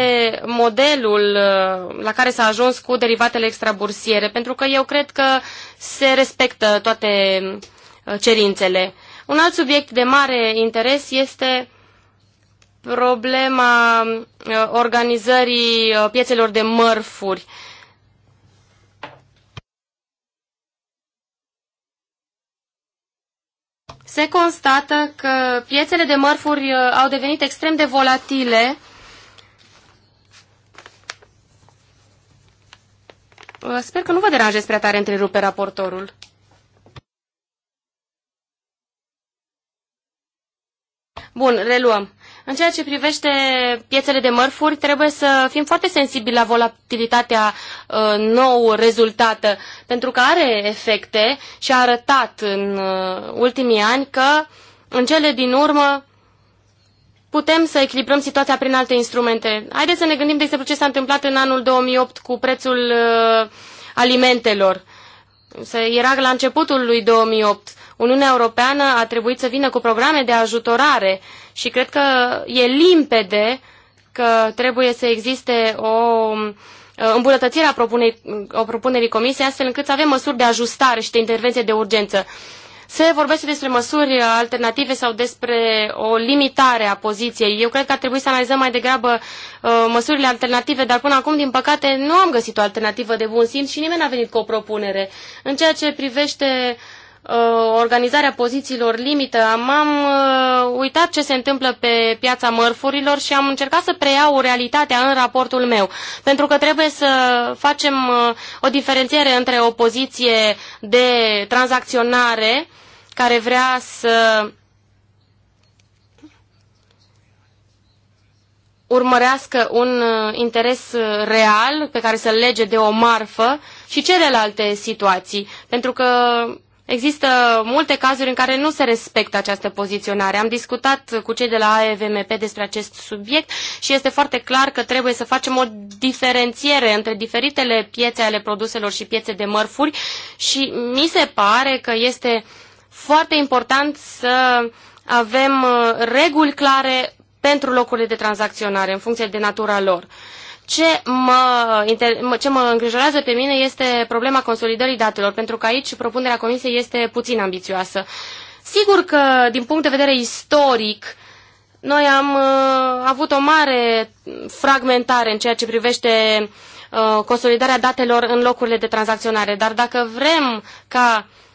modelul uh, la care s-a ajuns cu derivatele extrabursiere, pentru că eu cred că se respectă toate uh, cerințele. Un alt subiect de mare interes este problema organizării piețelor de mărfuri. se constată că piețele de mărfuri uh, au devenit extrem de volatile. Uh, sper că nu vă deranjez prea tare întrerupe raportorul. Bun, reluăm. În ceea ce privește piețele de mărfuri, trebuie să fim foarte sensibili la volatilitatea uh, nou rezultată, pentru că are efecte și a arătat în uh, ultimii ani că în cele din urmă putem să echilibrăm situația prin alte instrumente. Haideți să ne gândim, de exemplu, ce s-a întâmplat în anul 2008 cu prețul uh, alimentelor. era la începutul lui 2008 Uniunea Europeană a trebuit să vină cu programe de ajutorare și cred că e limpede că trebuie să existe o uh, îmbunătățire a, propune, a propunerii comisiei, astfel încât să avem măsuri de ajustare și de intervenție de urgență. Se vorbește despre măsuri alternative sau despre o limitare a poziției. Eu cred că ar trebui să analizăm mai degrabă uh, măsurile alternative, dar până acum, din păcate, nu am găsit o alternativă de bun simț și nimeni n-a venit cu o propunere. În ceea ce privește Uh, organizarea pozițiilor limită, am, am uh, uitat ce se întâmplă pe piața mărfurilor și am încercat să preiau realitatea în raportul meu, pentru că trebuie să facem uh, o diferențiere între o poziție de tranzacționare care vrea să urmărească un interes real pe care să lege de o marfă și celelalte situații. Pentru că Există multe cazuri în care nu se respectă această poziționare. Am discutat cu cei de la AEVMP despre acest subiect și este foarte clar că trebuie să facem o diferențiere între diferitele piețe ale produselor și piețe de mărfuri și mi se pare că este foarte important să avem uh, reguli clare pentru locurile de tranzacționare în funcție de natura lor. Ce mă, ce mă îngrijorează pe mine este problema consolidării datelor, pentru că aici propunerea Comisiei este puțin ambițioasă. Sigur că, din punct de vedere istoric, noi am uh, avut o mare fragmentare în ceea ce privește uh, consolidarea datelor în locurile de tranzacționare, dar dacă vrem ca uh,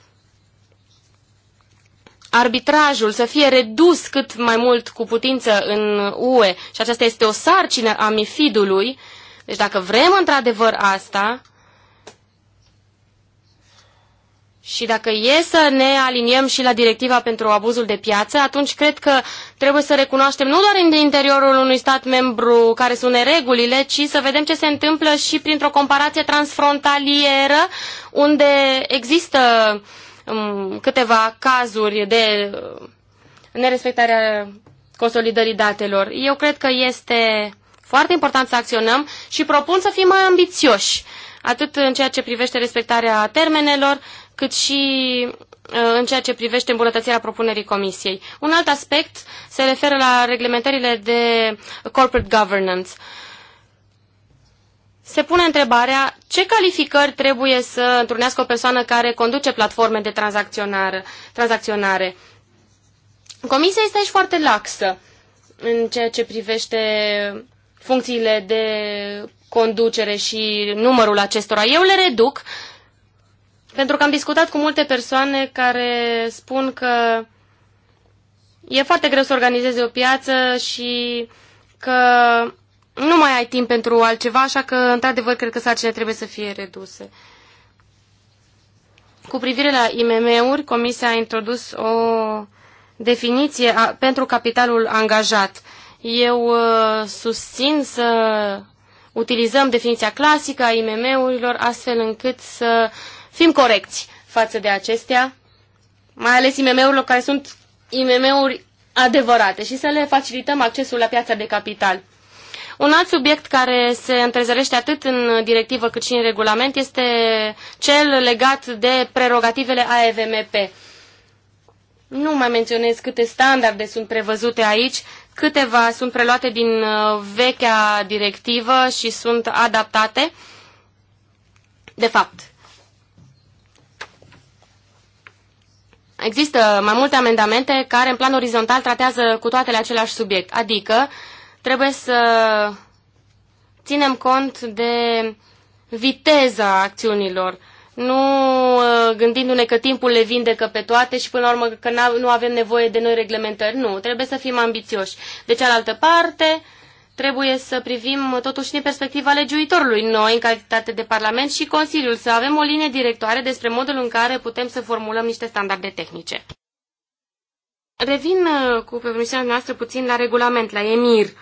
arbitrajul să fie redus cât mai mult cu putință în UE și aceasta este o sarcină a mifidului, deci dacă vrem într-adevăr asta și dacă e să ne aliniem și la directiva pentru abuzul de piață, atunci cred că trebuie să recunoaștem nu doar în interiorul unui stat membru care sunt regulile, ci să vedem ce se întâmplă și printr-o comparație transfrontalieră unde există uh, Um, câteva cazuri de uh, nerespectarea consolidării datelor. Eu cred că este foarte important să acționăm și propun să fim mai ambițioși, atât în ceea ce privește respectarea termenelor, cât și uh, în ceea ce privește îmbunătățirea propunerii Comisiei. Un alt aspect se referă la reglementările de corporate governance se pune întrebarea ce calificări trebuie să întrunească o persoană care conduce platforme de tranzacționare. tranzacționare. Comisia este aici foarte laxă în ceea ce privește funcțiile de conducere și numărul acestora. Eu le reduc pentru că am discutat cu multe persoane care spun că e foarte greu să organizeze o piață și că nu mai ai timp pentru altceva, așa că, într-adevăr, cred că sarcinile trebuie să fie reduse. Cu privire la IMM-uri, Comisia a introdus o definiție a, pentru capitalul angajat. Eu a, uh, susțin să utilizăm definiția clasică a IMM-urilor astfel încât să fim corecți față de acestea, mai ales IMM-urilor care sunt IMM-uri adevărate și să le facilităm accesul la piața de capital. Un alt subiect care se întrezărește atât în directivă cât și în regulament este cel legat de prerogativele AEVMP. Nu mai menționez câte standarde sunt prevăzute aici, câteva sunt preluate din uh, vechea directivă și sunt adaptate. De fapt, există mai multe amendamente care în plan orizontal tratează cu toatele același subiect, adică Trebuie să ținem cont de viteza acțiunilor, nu ă, gândindu-ne că timpul le vindecă pe toate și până la urmă că nu avem nevoie de noi reglementări. Nu, trebuie să fim ambițioși. De cealaltă parte, trebuie să privim totuși din perspectiva legiuitorului, noi în calitate de Parlament și Consiliul, să avem o linie directoare despre modul în care putem să formulăm niște standarde tehnice. Revin ă, cu permisiunea noastră puțin la regulament, la EMIR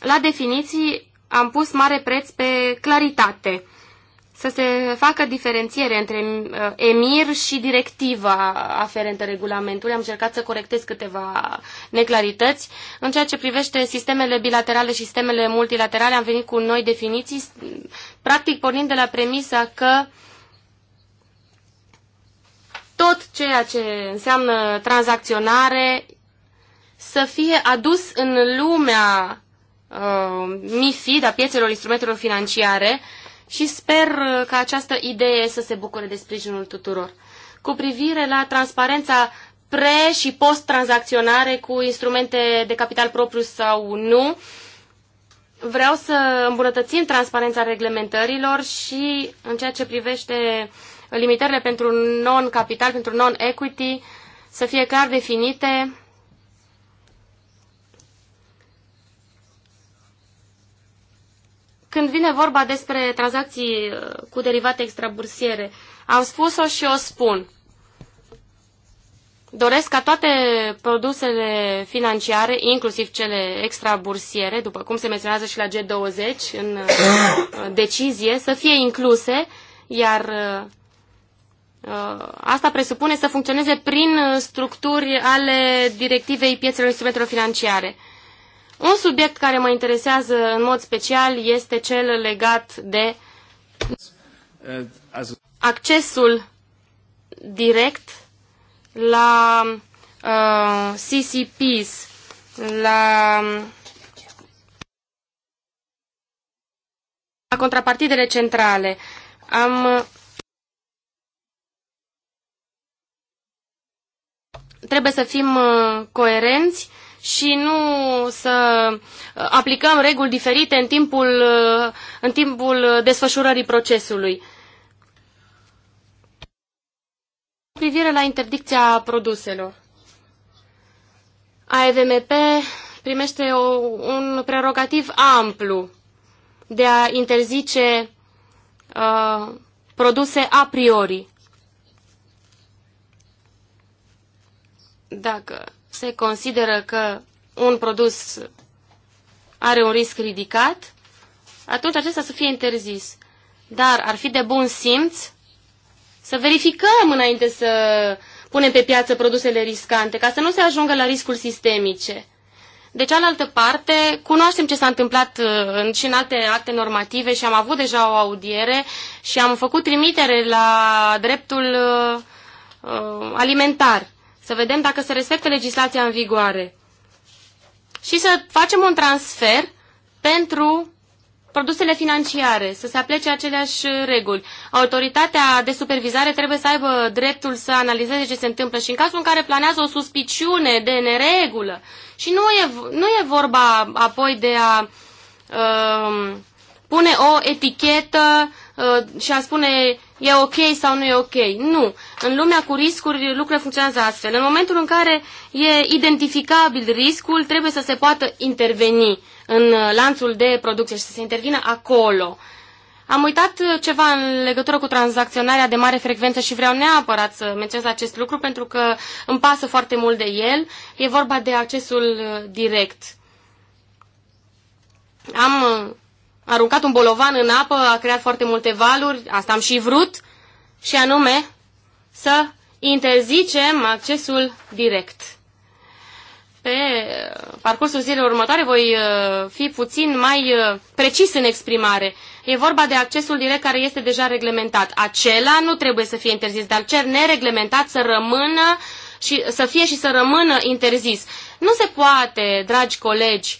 la definiții am pus mare preț pe claritate, să se facă diferențiere între uh, emir și directiva aferentă regulamentului. Am încercat să corectez câteva neclarități. În ceea ce privește sistemele bilaterale și sistemele multilaterale, am venit cu noi definiții, practic pornind de la premisa că tot ceea ce înseamnă tranzacționare să fie adus în lumea uh, MIFID, a piețelor instrumentelor financiare și sper uh, ca această idee să se bucure de sprijinul tuturor. Cu privire la transparența pre- și post-tranzacționare cu instrumente de capital propriu sau nu, vreau să îmbunătățim transparența reglementărilor și în ceea ce privește limitările pentru non-capital, pentru non-equity, să fie clar definite Când vine vorba despre tranzacții uh, cu derivate extrabursiere, am spus-o și o spun. Doresc ca toate produsele financiare, inclusiv cele extrabursiere, după cum se menționează și la G20 în uh, uh, decizie, să fie incluse, iar asta presupune să funcționeze prin structuri ale directivei piețelor instrumentelor financiare. Un subiect care mă interesează în mod special este cel legat de accesul direct la uh, CCPs, la, la contrapartidele centrale. Am trebuie să fim uh, coerenți și nu să uh, aplicăm reguli diferite în timpul, uh, în timpul desfășurării procesului. privire la interdicția produselor. AEVMP primește o, un prerogativ amplu de a interzice uh, produse a priori. Dacă se consideră că un produs are un risc ridicat, atunci acesta să fie interzis. Dar ar fi de bun simț să verificăm înainte să punem pe piață produsele riscante, ca să nu se ajungă la riscuri sistemice. De cealaltă parte, cunoaștem ce s-a întâmplat uh, în, și în alte acte normative și am avut deja o audiere și am făcut trimitere la dreptul uh, uh alimentar să vedem dacă se respectă legislația în vigoare și să facem un transfer pentru produsele financiare, să se aplece aceleași reguli. Autoritatea de supervizare trebuie să aibă dreptul să analizeze ce se întâmplă și în cazul în care planează o suspiciune de neregulă. Și nu e, nu e vorba apoi de a uh, pune o etichetă Uh, și a spune e ok sau nu e ok. Nu. În lumea cu riscuri lucrurile funcționează astfel. În momentul în care e identificabil riscul, trebuie să se poată interveni în uh, lanțul de producție și să se intervină acolo. Am uitat uh, ceva în legătură cu tranzacționarea de mare frecvență și vreau neapărat să menționez acest lucru pentru că îmi pasă foarte mult de el. E vorba de accesul direct. Am aruncat un bolovan în apă, a creat foarte multe valuri, asta am și vrut, și anume să interzicem accesul direct. Pe parcursul zilei următoare voi uh, fi puțin mai uh, precis în exprimare. E vorba de accesul direct care este deja reglementat. Acela nu trebuie să fie interzis, dar cer nereglementat să rămână și să fie și să rămână interzis. Nu se poate, dragi colegi,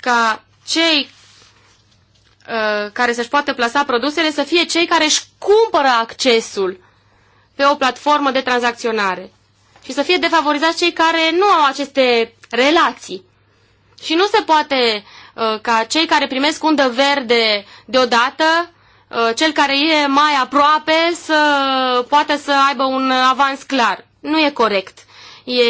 ca cei Uh, care să-și poată plasa produsele să fie cei care își cumpără accesul pe o platformă de tranzacționare și să fie defavorizați cei care nu au aceste relații. Și nu se poate uh, ca cei care primesc undă verde deodată, uh, cel care e mai aproape, să poată să aibă un avans clar. Nu e corect. E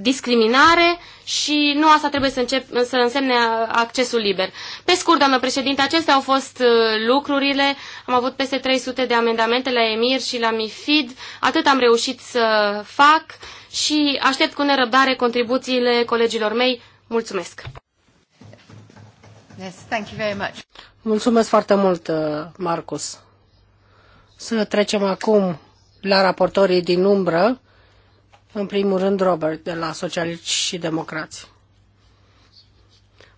discriminare și nu asta trebuie să, încep, să însemne accesul liber. Pe scurt, doamnă președinte, acestea au fost uh, lucrurile. Am avut peste 300 de amendamente la EMIR și la MIFID. Atât am reușit să fac și aștept cu nerăbdare contribuțiile colegilor mei. Mulțumesc! Yes, thank you very much. Mulțumesc foarte mult, uh, Marcus. Să trecem acum la raportorii din umbră. În primul rând, Robert, de la Socialiști și Democrați.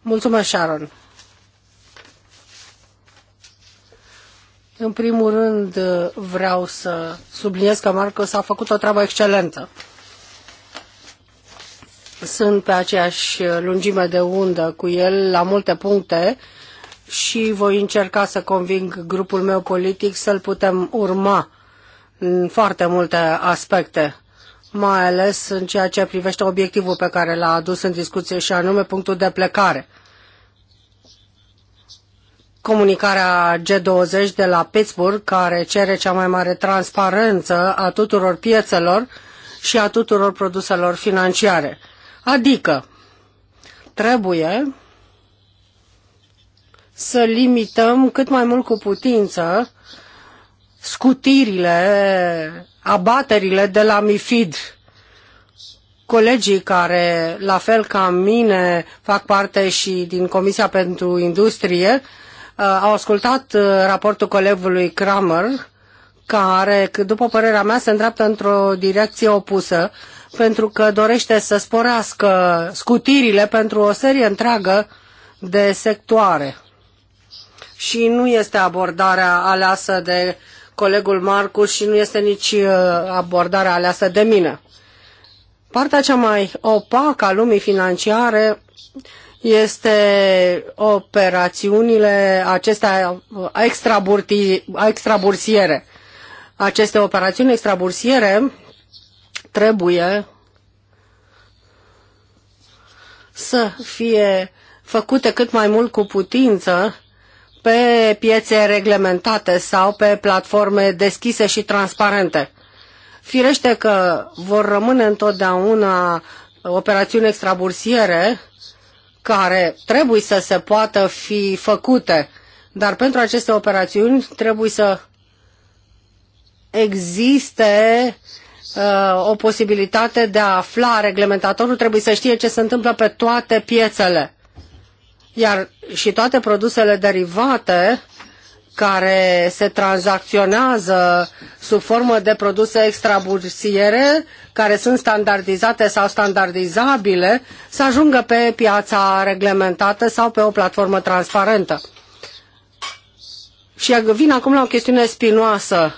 Mulțumesc, Sharon. În primul rând, vreau să subliniez că s a făcut o treabă excelentă. Sunt pe aceeași lungime de undă cu el la multe puncte și voi încerca să conving grupul meu politic să-l putem urma în foarte multe aspecte mai ales în ceea ce privește obiectivul pe care l-a adus în discuție și anume punctul de plecare. Comunicarea G20 de la Pittsburgh, care cere cea mai mare transparență a tuturor piețelor și a tuturor produselor financiare. Adică, trebuie să limităm cât mai mult cu putință scutirile abaterile de la MIFID. Colegii care, la fel ca mine, fac parte și din Comisia pentru Industrie, uh, au ascultat uh, raportul colegului Kramer, care, după părerea mea, se îndreaptă într-o direcție opusă, pentru că dorește să sporească scutirile pentru o serie întreagă de sectoare. Și nu este abordarea aleasă de colegul Marcu și nu este nici uh, abordarea aleasă de mine. Partea cea mai opacă a lumii financiare este operațiunile acestea uh, extrabursiere. Aceste operațiuni extrabursiere trebuie să fie făcute cât mai mult cu putință pe piețe reglementate sau pe platforme deschise și transparente. Firește că vor rămâne întotdeauna operațiuni extrabursiere care trebuie să se poată fi făcute, dar pentru aceste operațiuni trebuie să existe uh, o posibilitate de a afla, reglementatorul trebuie să știe ce se întâmplă pe toate piețele. Iar și toate produsele derivate care se tranzacționează sub formă de produse extrabursiere, care sunt standardizate sau standardizabile, să ajungă pe piața reglementată sau pe o platformă transparentă. Și vin acum la o chestiune spinoasă,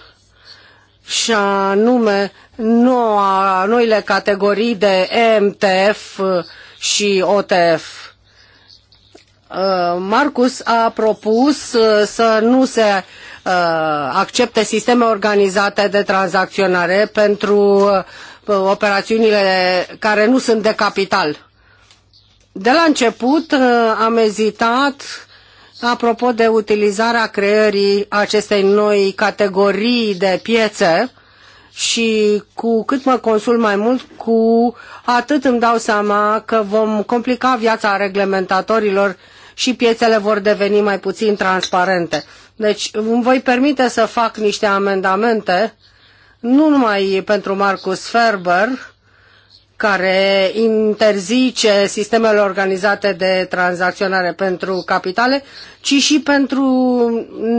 și anume noua, noile categorii de MTF și OTF Uh, Marcus a propus uh, să nu se uh, accepte sisteme organizate de tranzacționare pentru operațiunile care nu sunt de capital. De la început am ezitat apropo de utilizarea creării acestei noi categorii de piețe și cu cât mă consult mai mult, cu atât îmi dau seama că vom complica viața reglementatorilor uh, și piețele vor deveni mai puțin transparente. Deci îmi voi permite să fac niște amendamente, nu numai pentru Marcus Ferber, care interzice sistemele organizate de tranzacționare pentru capitale, ci și pentru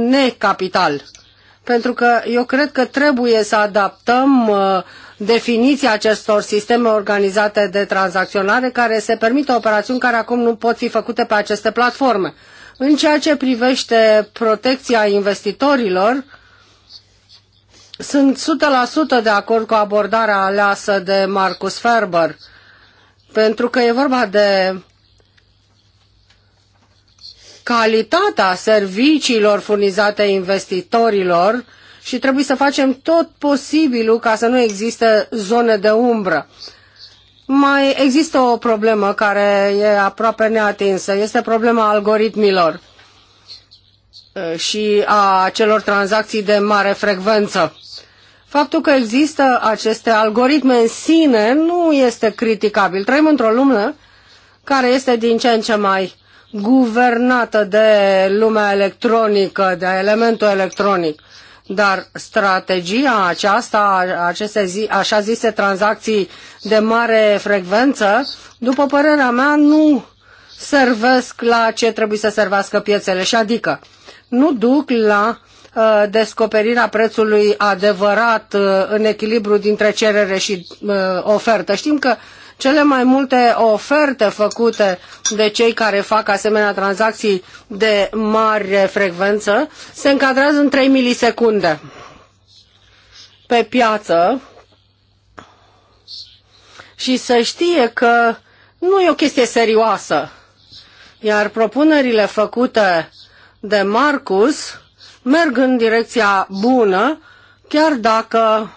necapital. Pentru că eu cred că trebuie să adaptăm uh, definiția acestor sisteme organizate de tranzacționare care se permite operațiuni care acum nu pot fi făcute pe aceste platforme. În ceea ce privește protecția investitorilor, sunt 100% de acord cu abordarea aleasă de Marcus Ferber, pentru că e vorba de calitatea serviciilor furnizate investitorilor și trebuie să facem tot posibilul ca să nu există zone de umbră. Mai există o problemă care e aproape neatinsă, este problema algoritmilor și a celor tranzacții de mare frecvență. Faptul că există aceste algoritme în sine nu este criticabil. Trăim într-o lume care este din ce în ce mai guvernată de lumea electronică, de elementul electronic. Dar strategia aceasta, aceste zi, așa zise tranzacții de mare frecvență, după părerea mea, nu servesc la ce trebuie să servească piețele și adică nu duc la uh, descoperirea prețului adevărat uh, în echilibru dintre cerere și uh, ofertă. Știm că cele mai multe oferte făcute de cei care fac asemenea tranzacții de mare frecvență se încadrează în 3 milisecunde. Pe piață, și să știe că nu e o chestie serioasă. Iar propunerile făcute de Marcus merg în direcția bună, chiar dacă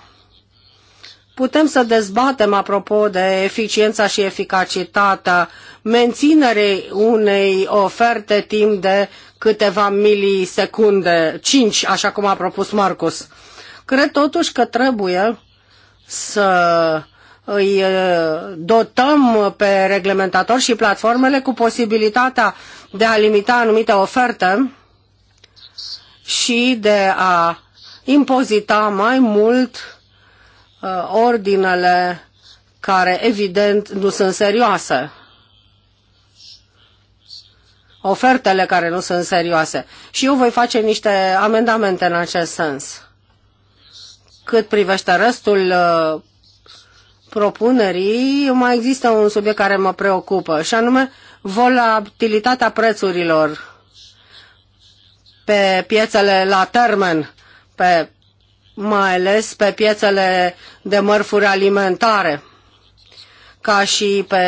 Putem să dezbatem apropo de eficiența și eficacitatea menținerei unei oferte timp de câteva milisecunde, 5, așa cum a propus Marcus. Cred totuși că trebuie să îi dotăm pe reglementatori și platformele cu posibilitatea de a limita anumite oferte și de a impozita mai mult Uh, ordinele care evident nu sunt serioase. Ofertele care nu sunt serioase. Și eu voi face niște amendamente în acest sens. Cât privește restul uh, propunerii, mai există un subiect care mă preocupă, și anume volatilitatea prețurilor pe piețele la termen, pe mai ales pe piețele de mărfuri alimentare, ca și pe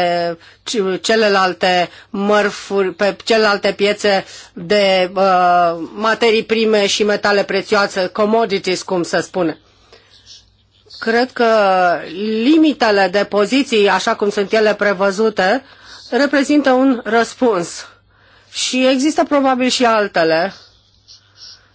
celelalte mărfuri, pe celelalte piețe de uh, materii prime și metale prețioase, commodities, cum se spune. Cred că limitele de poziții, așa cum sunt ele prevăzute, reprezintă un răspuns. Și există probabil și altele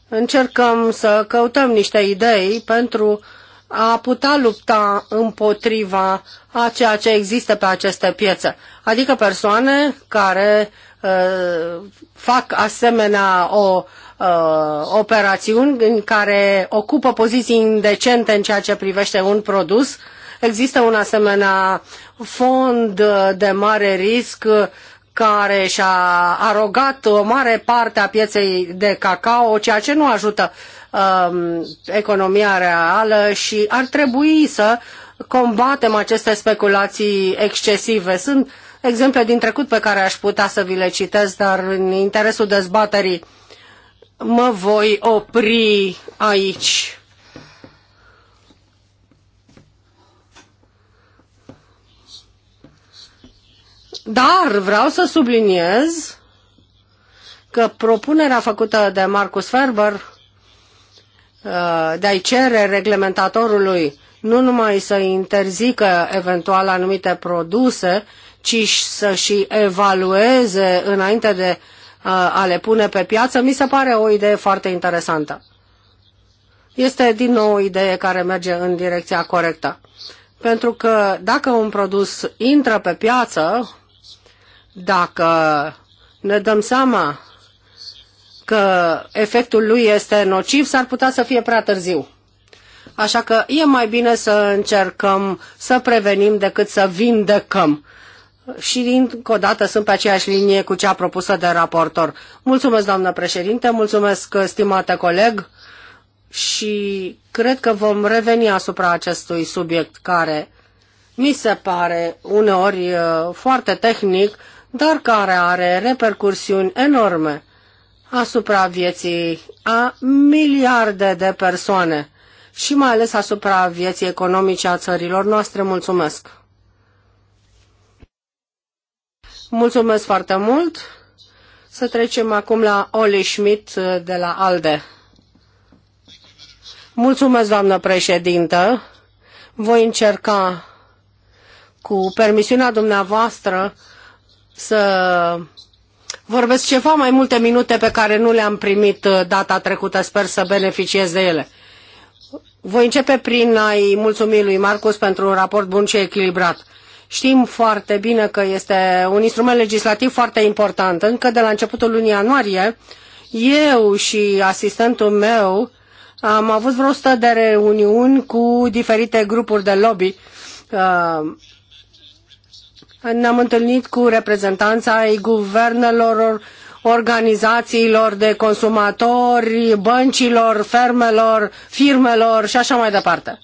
încercăm să căutăm niște idei pentru a putea lupta împotriva a ceea ce există pe aceste piețe, adică persoane care uh, fac asemenea o uh, operațiuni în care ocupă poziții indecente în ceea ce privește un produs. Există un asemenea fond de mare risc uh, care și-a arogat o mare parte a pieței de cacao, ceea ce nu ajută um, economia reală și ar trebui să combatem aceste speculații excesive. Sunt exemple din trecut pe care aș putea să vi le citesc, dar în interesul dezbaterii mă voi opri aici. Dar vreau să subliniez că propunerea făcută de Marcus Ferber uh, de a-i cere reglementatorului nu numai să interzică eventual anumite produse, ci să și evalueze înainte de uh, a le pune pe piață, mi se pare o idee foarte interesantă. Este din nou o idee care merge în direcția corectă. Pentru că dacă un produs intră pe piață, dacă ne dăm seama că efectul lui este nociv, s-ar putea să fie prea târziu. Așa că e mai bine să încercăm să prevenim decât să vindecăm. Și încă o dată sunt pe aceeași linie cu cea propusă de raportor. Mulțumesc, doamnă președinte, mulțumesc, stimate coleg, și cred că vom reveni asupra acestui subiect care mi se pare uneori uh, foarte tehnic, dar care are repercursiuni enorme asupra vieții a miliarde de persoane și mai ales asupra vieții economice a țărilor noastre. Mulțumesc! Mulțumesc foarte mult! Să trecem acum la Oli Schmidt uh, de la ALDE. Mulțumesc, doamnă președintă! Voi încerca, cu permisiunea dumneavoastră, să vorbesc ceva mai multe minute pe care nu le-am primit uh, data trecută. Sper să beneficiez de ele. Voi începe prin a-i mulțumi lui Marcus pentru un raport bun și echilibrat. Știm foarte bine că este un instrument legislativ foarte important. Încă de la începutul lunii ianuarie, eu și asistentul meu am avut vreo 100 de reuniuni cu diferite grupuri de lobby uh, ne-am întâlnit cu reprezentanța ai guvernelor, organizațiilor de consumatori, băncilor, fermelor, firmelor și așa mai departe.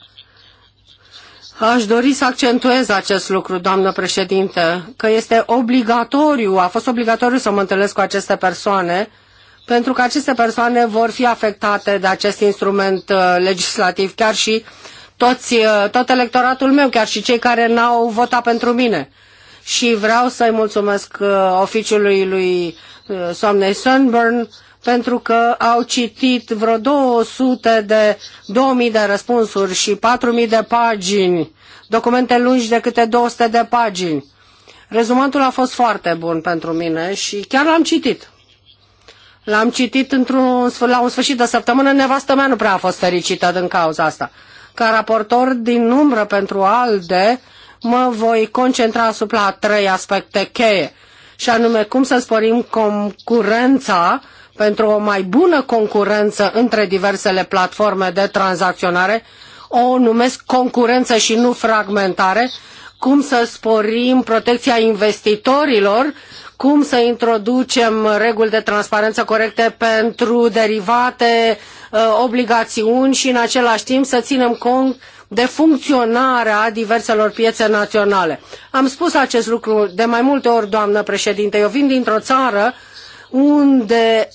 Aș dori să accentuez acest lucru, doamnă președinte, că este obligatoriu, a fost obligatoriu să mă întâlnesc cu aceste persoane, pentru că aceste persoane vor fi afectate de acest instrument uh, legislativ, chiar și toți, uh, tot electoratul meu, chiar și cei care n-au votat pentru mine și vreau să-i mulțumesc uh, oficiului lui uh, Somnei Sunburn pentru că au citit vreo 200 de 2000 de răspunsuri și 4000 de pagini, documente lungi de câte 200 de pagini. Rezumatul a fost foarte bun pentru mine și chiar l-am citit. L-am citit într-un, la un sfârșit de săptămână, nevastă mea nu prea a fost fericită din cauza asta. Ca raportor din umbră pentru ALDE, mă voi concentra asupra trei aspecte cheie, și anume cum să sporim concurența pentru o mai bună concurență între diversele platforme de tranzacționare, o numesc concurență și nu fragmentare, cum să sporim protecția investitorilor, cum să introducem reguli de transparență corecte pentru derivate, uh, obligațiuni și în același timp să ținem cont de funcționare a diverselor piețe naționale. Am spus acest lucru de mai multe ori, doamnă președinte. Eu vin dintr-o țară unde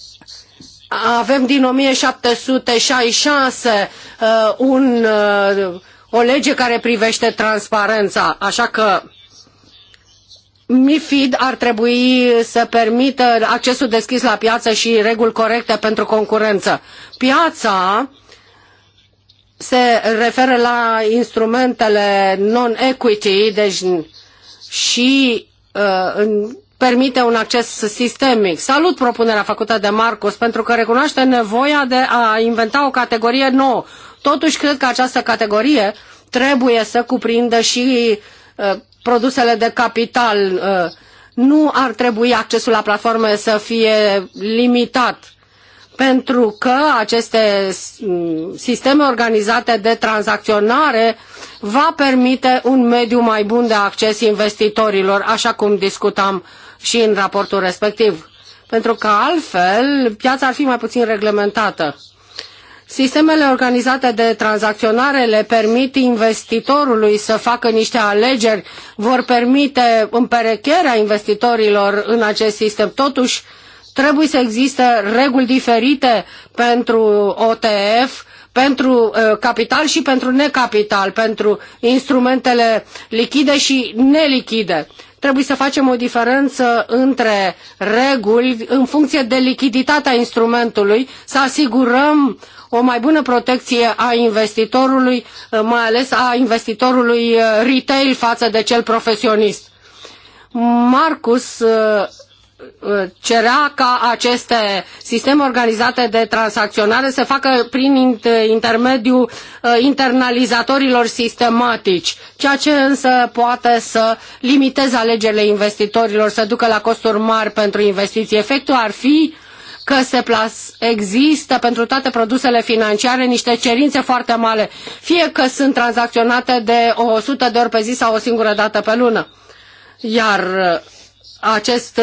avem din 1766 uh, un, uh, o lege care privește transparența, așa că MIFID ar trebui să permită accesul deschis la piață și reguli corecte pentru concurență. Piața uh, se referă la instrumentele non-equity deci și uh, în, permite un acces sistemic. Salut propunerea făcută de Marcos pentru că recunoaște nevoia de a inventa o categorie nouă. Totuși, cred că această categorie trebuie să cuprindă și uh, produsele de capital. Uh, nu ar trebui accesul la platforme să fie limitat pentru că aceste sisteme organizate de tranzacționare va permite un mediu mai bun de acces investitorilor, așa cum discutam și în raportul respectiv. Pentru că altfel piața ar fi mai puțin reglementată. Sistemele organizate de tranzacționare le permit investitorului să facă niște alegeri, vor permite împerecherea investitorilor în acest sistem. Totuși, Trebuie să existe reguli diferite pentru OTF, pentru uh, capital și pentru necapital, pentru instrumentele lichide și nelichide. Trebuie să facem o diferență între reguli în funcție de lichiditatea instrumentului, să asigurăm o mai bună protecție a investitorului, uh, mai ales a investitorului uh, retail față de cel profesionist. Marcus Uh, cerea ca aceste sisteme organizate de tranzacționare să facă prin intermediul uh, internalizatorilor sistematici, ceea ce însă poate să limiteze alegerile investitorilor, să ducă la costuri mari pentru investiții. Efectul ar fi că se plas, există pentru toate produsele financiare niște cerințe foarte mari, fie că sunt tranzacționate de 100 de ori pe zi sau o singură dată pe lună. Iar uh, acest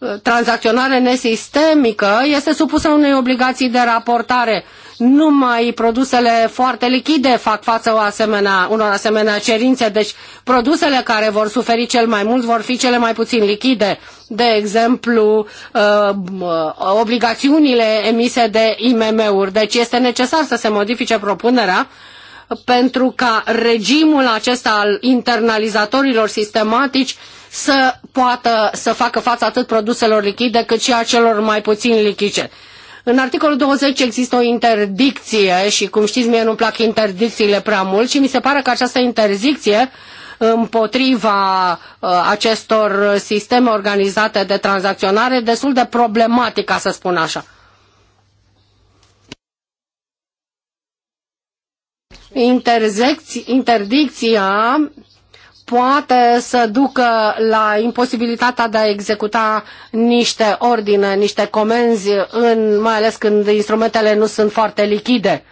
uh, tranzacționare nesistemică este supusă unei obligații de raportare. Numai produsele foarte lichide fac față o asemenea, unor asemenea cerințe, deci produsele care vor suferi cel mai mult vor fi cele mai puțin lichide. De exemplu, uh, obligațiunile emise de IMM-uri. Deci este necesar să se modifice propunerea pentru ca regimul acesta al internalizatorilor sistematici să poată să facă față atât produselor lichide cât și a celor mai puțin lichide. În articolul 20 există o interdicție și cum știți mie nu-mi plac interdicțiile prea mult și mi se pare că această interdicție împotriva uh, acestor sisteme organizate de tranzacționare destul de problematică ca să spun așa. Interzecți, interdicția poate să ducă la imposibilitatea de a executa niște ordine, niște comenzi, în, mai ales când instrumentele nu sunt foarte lichide.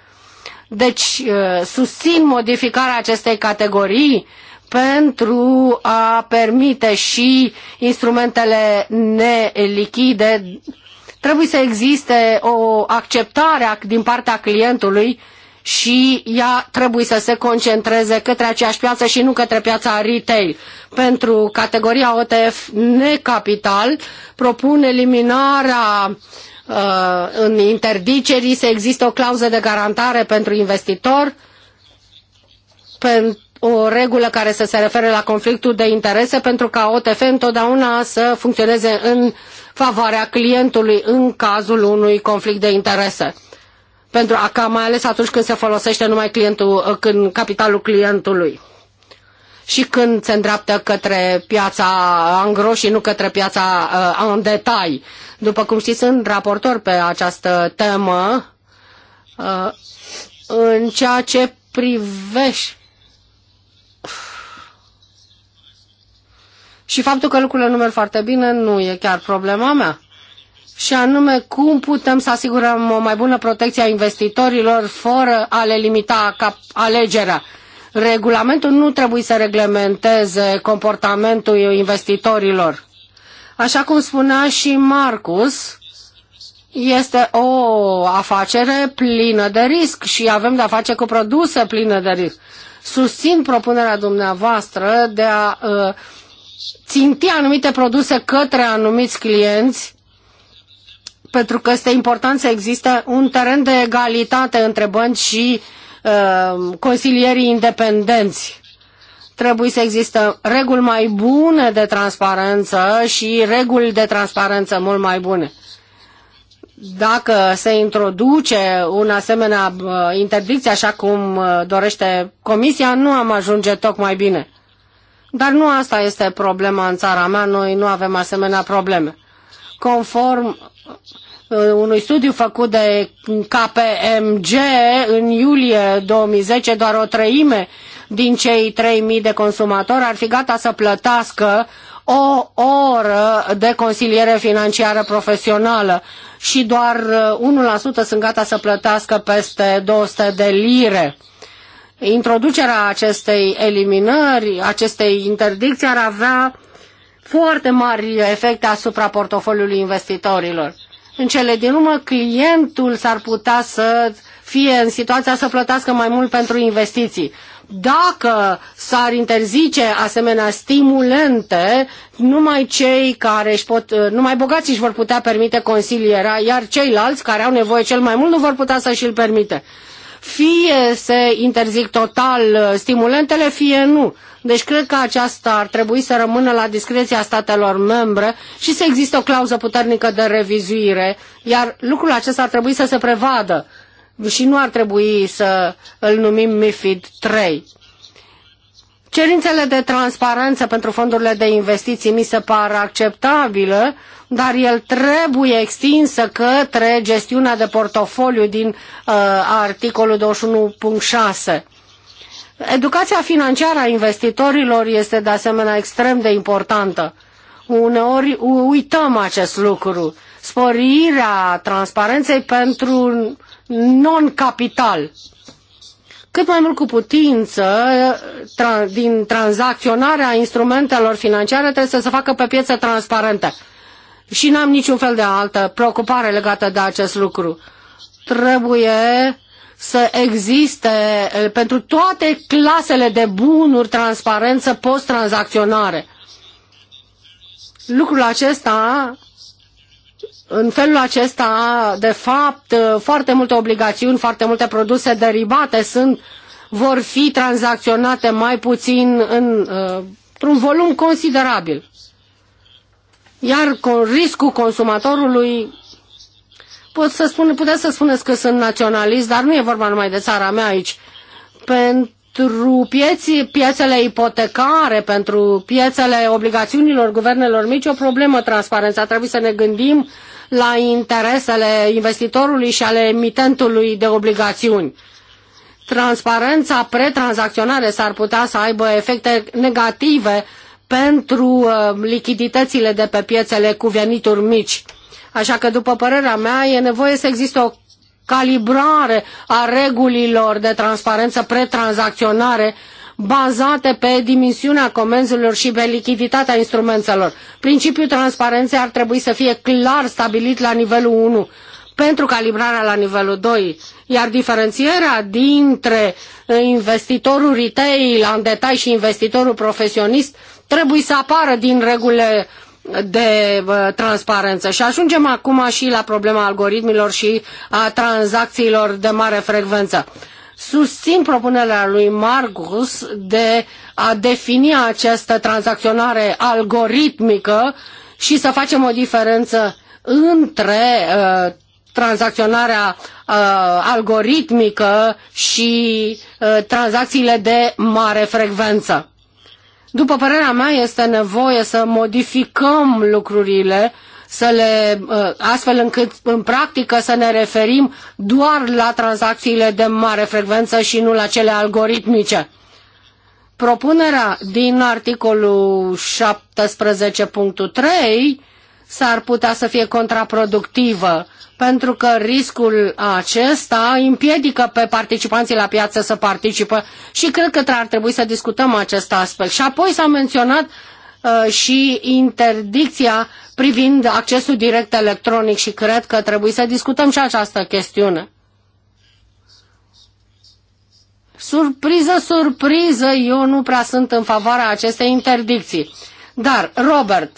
Deci uh, susțin modificarea acestei categorii pentru a permite și instrumentele nelichide. Trebuie să existe o acceptare din partea clientului și ea trebuie să se concentreze către aceeași piață și nu către piața retail. Pentru categoria OTF necapital propun eliminarea uh, în interdicerii să există o clauză de garantare pentru investitor, pentru o regulă care să se refere la conflictul de interese pentru ca OTF întotdeauna să funcționeze în favoarea clientului în cazul unui conflict de interese pentru a, ca mai ales atunci când se folosește numai clientul, uh, când capitalul clientului și când se îndreaptă către piața angro și nu către piața uh, în detai. După cum știți, sunt raportor pe această temă uh, în ceea ce privește și faptul că lucrurile nu merg foarte bine nu e chiar problema mea și anume cum putem să asigurăm o mai bună protecție a investitorilor fără a le limita cap alegerea. Regulamentul nu trebuie să reglementeze comportamentul investitorilor. Așa cum spunea și Marcus, este o afacere plină de risc și avem de-a face cu produse pline de risc. Susțin propunerea dumneavoastră de a uh, ținti anumite produse către anumiți clienți pentru că este important să existe un teren de egalitate între bănci și uh, consilierii independenți. Trebuie să existe reguli mai bune de transparență și reguli de transparență mult mai bune. Dacă se introduce un asemenea uh, interdicție, așa cum uh, dorește Comisia, nu am ajunge tocmai bine. Dar nu asta este problema în țara mea, noi nu avem asemenea probleme. Conform Uh, unui studiu făcut de KPMG în iulie 2010, doar o treime din cei 3.000 de consumatori ar fi gata să plătească o oră de consiliere financiară profesională și doar 1% uh, sunt gata să plătească peste 200 de lire. Introducerea acestei eliminări, acestei interdicții ar avea foarte mari efecte asupra portofoliului investitorilor în cele din urmă clientul s-ar putea să fie în situația să plătească mai mult pentru investiții. Dacă s-ar interzice asemenea stimulente, numai cei care își pot, uh, numai bogații își vor putea permite consiliera, iar ceilalți care au nevoie cel mai mult nu vor putea să și-l permite. Fie se interzic total uh, stimulentele, fie nu deci cred că aceasta ar trebui să rămână la discreția statelor membre și să existe o clauză puternică de revizuire, iar lucrul acesta ar trebui să se prevadă și nu ar trebui să îl numim MIFID 3. Cerințele de transparență pentru fondurile de investiții mi se par acceptabile, dar el trebuie extinsă către gestiunea de portofoliu din uh, articolul 21.6. Educația financiară a investitorilor este de asemenea extrem de importantă. Uneori uităm acest lucru. Sporirea transparenței pentru non-capital. Cât mai mult cu putință tra din tranzacționarea instrumentelor financiare trebuie să se facă pe piețe transparente. Și n-am niciun fel de altă preocupare legată de acest lucru. Trebuie să existe eh, pentru toate clasele de bunuri transparență post transacționare Lucrul acesta în felul acesta, de fapt, eh, foarte multe obligațiuni, foarte multe produse derivate sunt, vor fi tranzacționate mai puțin în, eh, într-un volum considerabil. Iar riscul consumatorului Pot să spun, puteți să spuneți că sunt naționalist, dar nu e vorba numai de țara mea aici. Pentru pieții, piețele ipotecare, pentru piețele obligațiunilor guvernelor mici, o problemă transparența. Trebuie să ne gândim la interesele investitorului și ale emitentului de obligațiuni transparența pretransacționare s-ar putea să aibă efecte negative pentru uh, lichiditățile de pe piețele cu venituri mici. Așa că, după părerea mea, e nevoie să existe o calibrare a regulilor de transparență pretranzacționare bazate pe dimensiunea comenzilor și pe lichiditatea instrumentelor. Principiul transparenței ar trebui să fie clar stabilit la nivelul 1 pentru calibrarea la nivelul 2, iar diferențierea dintre investitorul retail în detai și investitorul profesionist trebuie să apară din regulile de transparență. Și ajungem acum și la problema algoritmilor și a tranzacțiilor de mare frecvență. Susțin propunerea lui Margus de a defini această tranzacționare algoritmică și să facem o diferență între uh, tranzacționarea uh, algoritmică și uh, tranzacțiile de mare frecvență. După părerea mea, este nevoie să modificăm lucrurile să le, uh, astfel încât în practică să ne referim doar la tranzacțiile de mare frecvență și nu la cele algoritmice. Propunerea din articolul 17.3 s-ar putea să fie contraproductivă, pentru că riscul acesta împiedică pe participanții la piață să participă și cred că ar trebui să discutăm acest aspect. Și apoi s-a menționat uh, și interdicția privind accesul direct electronic și cred că trebuie să discutăm și această chestiune. Surpriză, surpriză, eu nu prea sunt în favoarea acestei interdicții. Dar, Robert,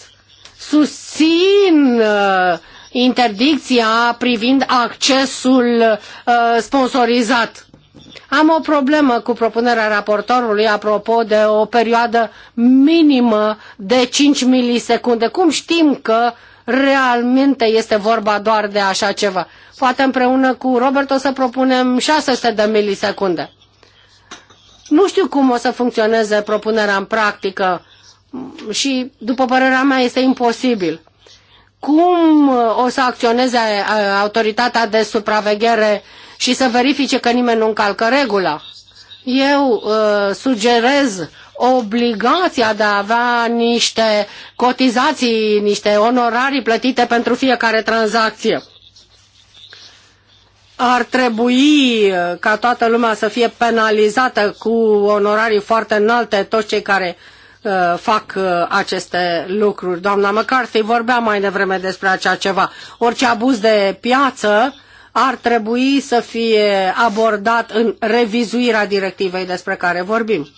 susțin uh, interdicția privind accesul uh, sponsorizat. Am o problemă cu propunerea raportorului apropo de o perioadă minimă de 5 milisecunde. Cum știm că realmente este vorba doar de așa ceva? Poate împreună cu Robert o să propunem 600 de milisecunde. Nu știu cum o să funcționeze propunerea în practică și, după părerea mea, este imposibil. Cum uh, o să acționeze uh, autoritatea de supraveghere și să verifice că nimeni nu încalcă regula? Eu uh, sugerez obligația de a avea niște cotizații, niște onorarii plătite pentru fiecare tranzacție. Ar trebui uh, ca toată lumea să fie penalizată cu onorarii foarte înalte, toți cei care uh, Uh, fac uh, aceste lucruri. Doamna McCarthy vorbea mai devreme despre acea ceva. Orice abuz de piață ar trebui să fie abordat în revizuirea directivei despre care vorbim.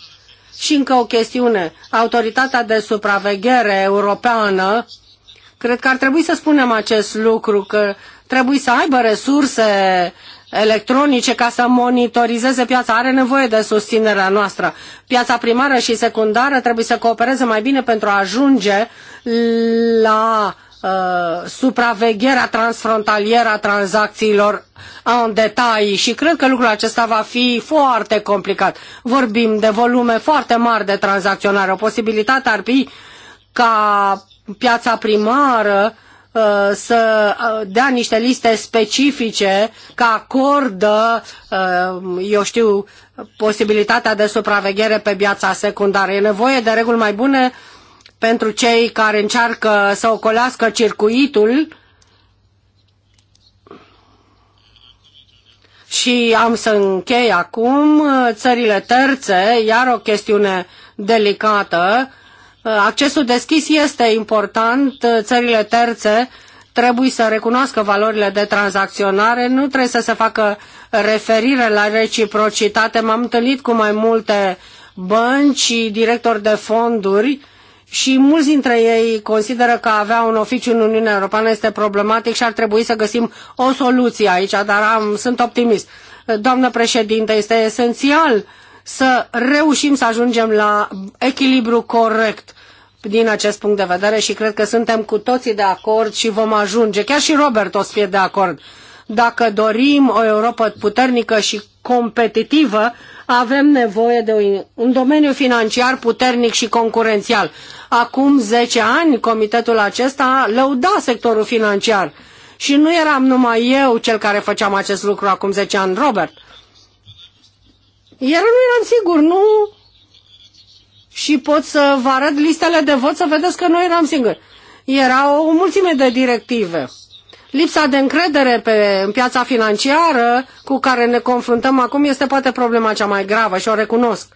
Și încă o chestiune. Autoritatea de supraveghere europeană, cred că ar trebui să spunem acest lucru, că trebuie să aibă resurse electronice ca să monitorizeze piața. Are nevoie de susținerea noastră. Piața primară și secundară trebuie să coopereze mai bine pentru a ajunge la uh, supravegherea transfrontalieră a tranzacțiilor în detalii și cred că lucrul acesta va fi foarte complicat. Vorbim de volume foarte mari de tranzacționare. O posibilitate ar fi ca piața primară Uh, să uh, dea niște liste specifice ca acordă, uh, eu știu, posibilitatea de supraveghere pe piața secundară. E nevoie de reguli mai bune pentru cei care încearcă să ocolească circuitul Și am să închei acum țările terțe, iar o chestiune delicată Uh, accesul deschis este important, uh, țările terțe trebuie să recunoască valorile de tranzacționare, nu trebuie să se facă referire la reciprocitate. M-am întâlnit cu mai multe bănci, directori de fonduri și mulți dintre ei consideră că avea un oficiu în Uniunea Europeană este problematic și ar trebui să găsim o soluție aici, dar am, sunt optimist. Doamnă președinte, este esențial să reușim să ajungem la echilibru corect din acest punct de vedere și cred că suntem cu toții de acord și vom ajunge. Chiar și Robert o să fie de acord. Dacă dorim o Europa puternică și competitivă, avem nevoie de un domeniu financiar puternic și concurențial. Acum 10 ani, comitetul acesta lăuda sectorul financiar. Și nu eram numai eu cel care făceam acest lucru acum 10 ani, Robert. Iar nu eram sigur, nu? Și pot să vă arăt listele de vot să vedeți că nu eram singur. Era o mulțime de directive. Lipsa de încredere pe, în piața financiară cu care ne confruntăm acum este poate problema cea mai gravă și o recunosc.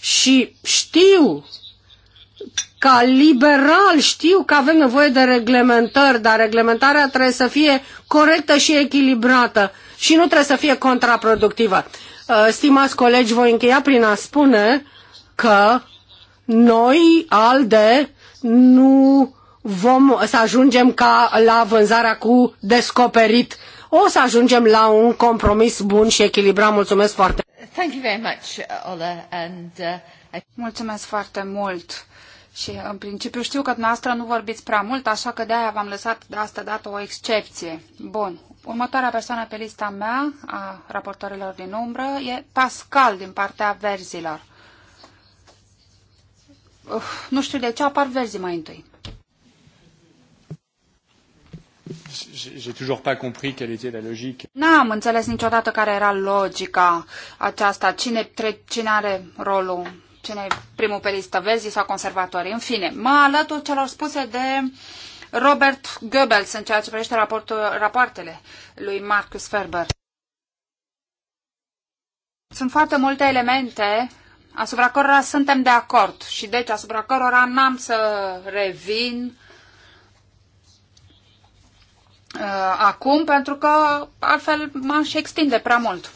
Și știu ca liberal știu că avem nevoie de reglementări, dar reglementarea trebuie să fie corectă și echilibrată și nu trebuie să fie contraproductivă. Uh, stimați colegi, voi încheia prin a spune că noi, ALDE, nu vom să ajungem ca la vânzarea cu descoperit. O să ajungem la un compromis bun și echilibrat. Mulțumesc foarte mult. Thank you very much, uh, Ola, and, uh, I... Mulțumesc foarte mult. Și în principiu știu că dumneavoastră nu vorbiți prea mult, așa că de-aia v-am lăsat de asta dată o excepție. Bun. Următoarea persoană pe lista mea a raportorilor din umbră e Pascal din partea verzilor. Uf, nu știu de ce apar verzii mai întâi. J'ai toujours pas compris était la logique. N-am înțeles niciodată care era logica aceasta, cine, tre- cine are rolul, cine e primul pe listă, verzii sau conservatorii. În fine, mă alătur celor spuse de Robert Goebbels în ceea ce privește rapoartele lui Marcus Ferber. Sunt foarte multe elemente asupra cărora suntem de acord și deci asupra cărora n-am să revin uh, acum pentru că altfel m-aș extinde prea mult.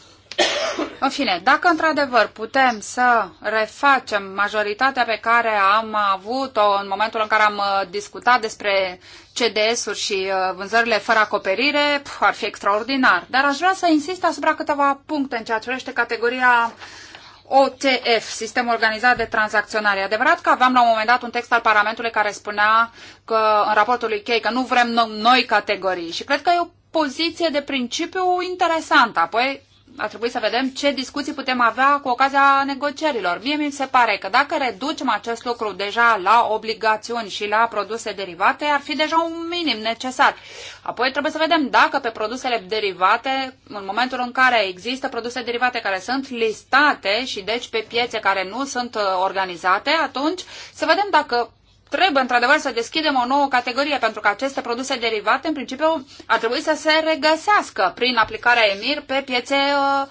În fine, dacă într-adevăr putem să refacem majoritatea pe care am avut-o în momentul în care am uh, discutat despre CDS-uri și uh, vânzările fără acoperire, ar fi extraordinar. Dar aș vrea să insist asupra câteva puncte în ceea ce privește categoria OTF, Sistem Organizat de Tranzacționare. E adevărat că aveam la un moment dat un text al Parlamentului care spunea că în raportul lui Chei că nu vrem noi categorii și cred că e o poziție de principiu interesantă. Apoi a trebui să vedem ce discuții putem avea cu ocazia negocierilor. Mie mi se pare că dacă reducem acest lucru deja la obligațiuni și la produse derivate, ar fi deja un minim necesar. Apoi trebuie să vedem dacă pe produsele derivate, în momentul în care există produse derivate care sunt listate și deci pe piețe care nu sunt uh, organizate, atunci să vedem dacă Trebuie, într-adevăr, să deschidem o nouă categorie, pentru că aceste produse derivate, în principiu, ar trebui să se regăsească prin aplicarea EMIR pe piețe uh,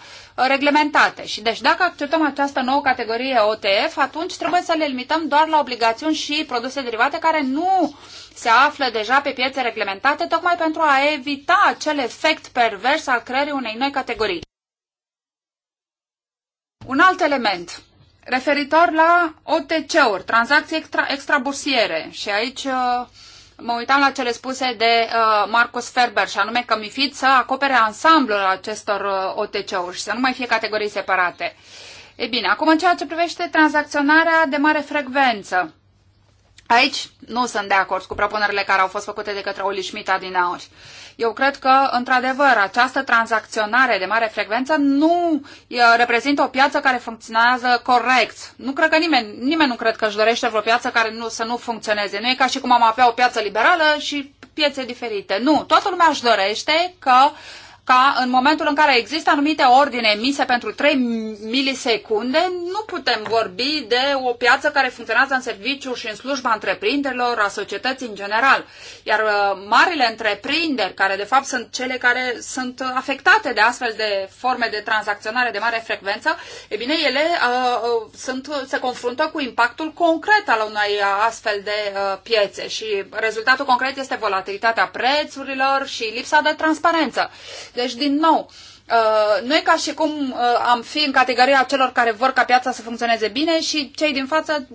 reglementate. Și deci dacă acceptăm această nouă categorie OTF, atunci trebuie să le limităm doar la obligațiuni și produse derivate care nu se află deja pe piețe reglementate, tocmai pentru a evita acel efect pervers al creării unei noi categorii. Un alt element Referitor la OTC-uri, tranzacții extra, extrabursiere, și aici uh, mă uitam la cele spuse de uh, Marcus Ferber, și anume că MIFID să acopere ansamblul acestor uh, OTC-uri și să nu mai fie categorii separate. E bine, acum în ceea ce privește tranzacționarea de mare frecvență, aici nu sunt de acord cu propunerile care au fost făcute de către Oli Schmidt adinauri. Uh, eu cred că, într-adevăr, această tranzacționare de mare frecvență nu reprezintă o piață care funcționează corect. Nu cred că nimeni, nimeni nu cred că își dorește vreo piață care nu, să nu funcționeze. Nu e ca și cum am avea o piață liberală și piețe diferite. Nu, toată lumea își dorește că ca în momentul în care există anumite ordine emise pentru 3 milisecunde, nu putem vorbi de o piață care funcționează în serviciu și în slujba întreprinderilor, a societății în general. Iar uh, marile întreprinderi, care de fapt sunt cele care sunt afectate de astfel de forme de tranzacționare de mare frecvență, e bine, ele uh, uh sunt, se confruntă cu impactul concret al unei uh, astfel de uh, piețe și rezultatul concret este volatilitatea prețurilor și lipsa de transparență. De deci, din nou, uh, nu e ca și cum uh, am fi în categoria celor care vor ca piața să funcționeze bine și cei din față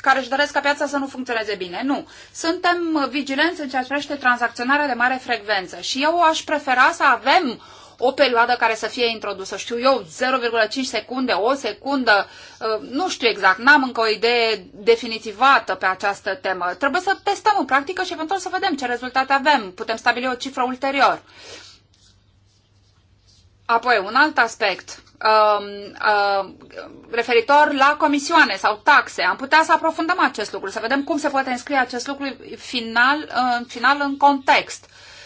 care își doresc ca piața să nu funcționeze bine. Nu. Suntem vigilenți în ceea ce privește tranzacționarea de mare frecvență și eu aș prefera să avem o perioadă care să fie introdusă, știu eu, 0,5 secunde, o secundă, uh, nu știu exact, n-am încă o idee definitivată pe această temă. Trebuie să testăm în practică și eventual să vedem ce rezultate avem. Putem stabili o cifră ulterior. Apoi, un alt aspect um, um, referitor la comisioane sau taxe. Am putea să aprofundăm acest lucru, să vedem cum se poate înscrie acest lucru final, în final în context.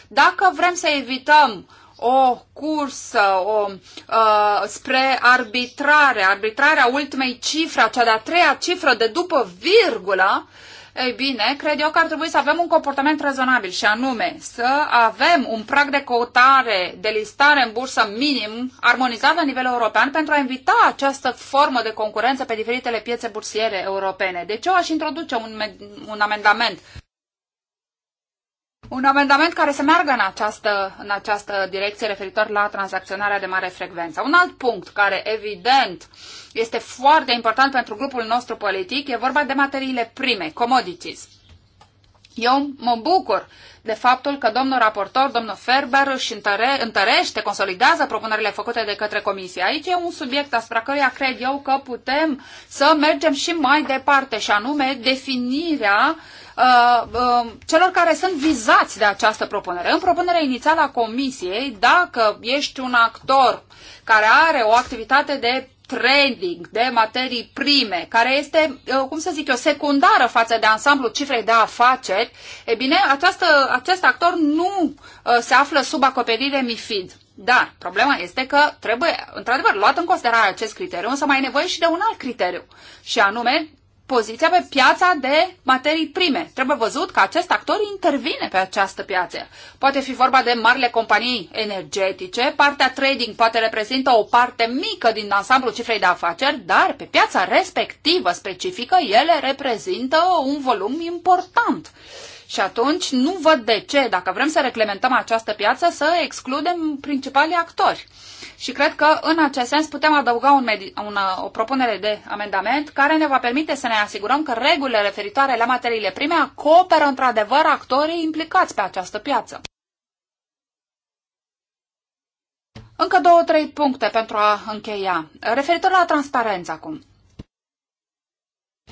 Dacă vrem să evităm o cursă o, uh, spre arbitrare, arbitrarea ultimei cifre, cea de-a treia cifră de după virgulă, uh, ei bine, cred eu că ar trebui să avem un comportament rezonabil și anume să avem un prag de căutare, de listare în bursă minim armonizat la nivel european pentru a invita această formă de concurență pe diferitele piețe bursiere europene. De deci ce aș introduce un, un amendament? Un amendament care să meargă în această, în această direcție referitor la tranzacționarea de mare frecvență. Un alt punct care, evident, uh, este foarte important pentru grupul nostru politic. E vorba de materiile prime, commodities. Eu mă bucur de faptul că domnul raportor, domnul Ferber, își întăre, întărește, consolidează propunerile făcute de către comisie. Aici e un subiect asupra căruia cred eu că putem să mergem și mai departe, și anume definirea uh, uh, celor care sunt vizați de această propunere. În propunerea inițială a comisiei, dacă ești un actor care are o activitate de trading de materii prime, care este, cum să zic eu, secundară față de ansamblu cifrei de afaceri, e bine, această, acest actor nu ă, se află sub acoperire MIFID. Dar problema este că trebuie, într-adevăr, luat în considerare acest criteriu, însă mai e nevoie și de un alt criteriu, și anume poziția pe piața de materii prime. Trebuie văzut că acest actor intervine pe această piață. Poate fi vorba de marile companii energetice, partea trading poate reprezintă o parte mică din ansamblul cifrei de afaceri, dar pe piața respectivă specifică ele reprezintă un volum important. Și atunci nu văd de ce, dacă vrem să reglementăm această piață, să excludem principalii actori. Și cred că în acest sens putem adăuga un un, uh, o propunere de amendament care ne va permite să ne asigurăm că regulile referitoare la materiile prime acoperă într-adevăr actorii implicați pe această piață. Încă două, trei puncte pentru a încheia. Referitor la transparență acum.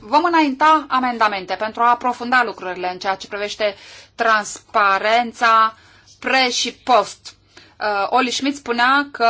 Vom înainta amendamente pentru a aprofunda lucrurile în ceea ce privește transparența pre- și post Uh, Oli Schmidt spunea că,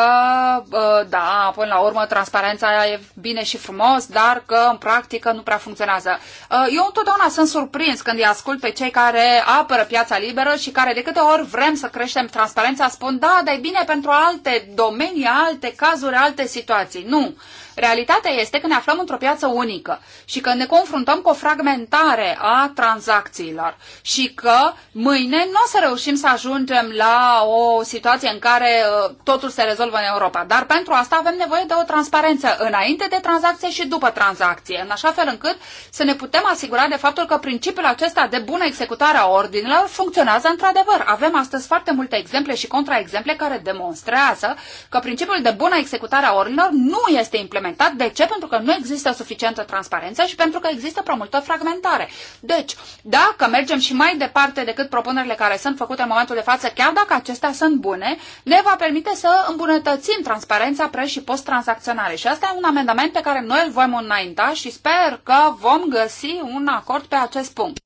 uh, da, până la urmă, transparența e bine și frumos, dar că, în practică, nu prea funcționează. Uh, eu întotdeauna sunt surprins când îi ascult pe cei care apără piața liberă și care, de câte ori vrem să creștem transparența, spun, da, dar e bine pentru alte domenii, alte cazuri, alte situații. Nu. Realitatea este că ne aflăm într-o piață unică și că ne confruntăm cu o fragmentare a tranzacțiilor și că mâine nu o să reușim să ajungem la o situație în care uh, totul se rezolvă în Europa. Dar pentru asta avem nevoie de o transparență înainte de tranzacție și după tranzacție, în așa fel încât să ne putem asigura de faptul că principiul acesta de bună executare a ordinilor funcționează într-adevăr. Avem astăzi foarte multe exemple și contraexemple care demonstrează că principiul de bună executare a ordinilor nu este implementat implementat. De ce? Pentru că nu există suficientă transparență și pentru că există prea multă fragmentare. Deci, dacă mergem și mai departe decât propunerile care sunt făcute în momentul de față, chiar dacă acestea sunt bune, ne va permite să îmbunătățim transparența pre- și post-tranzacționare. Și asta e un amendament pe care noi îl vom înainta și sper că vom găsi un acord pe acest punct.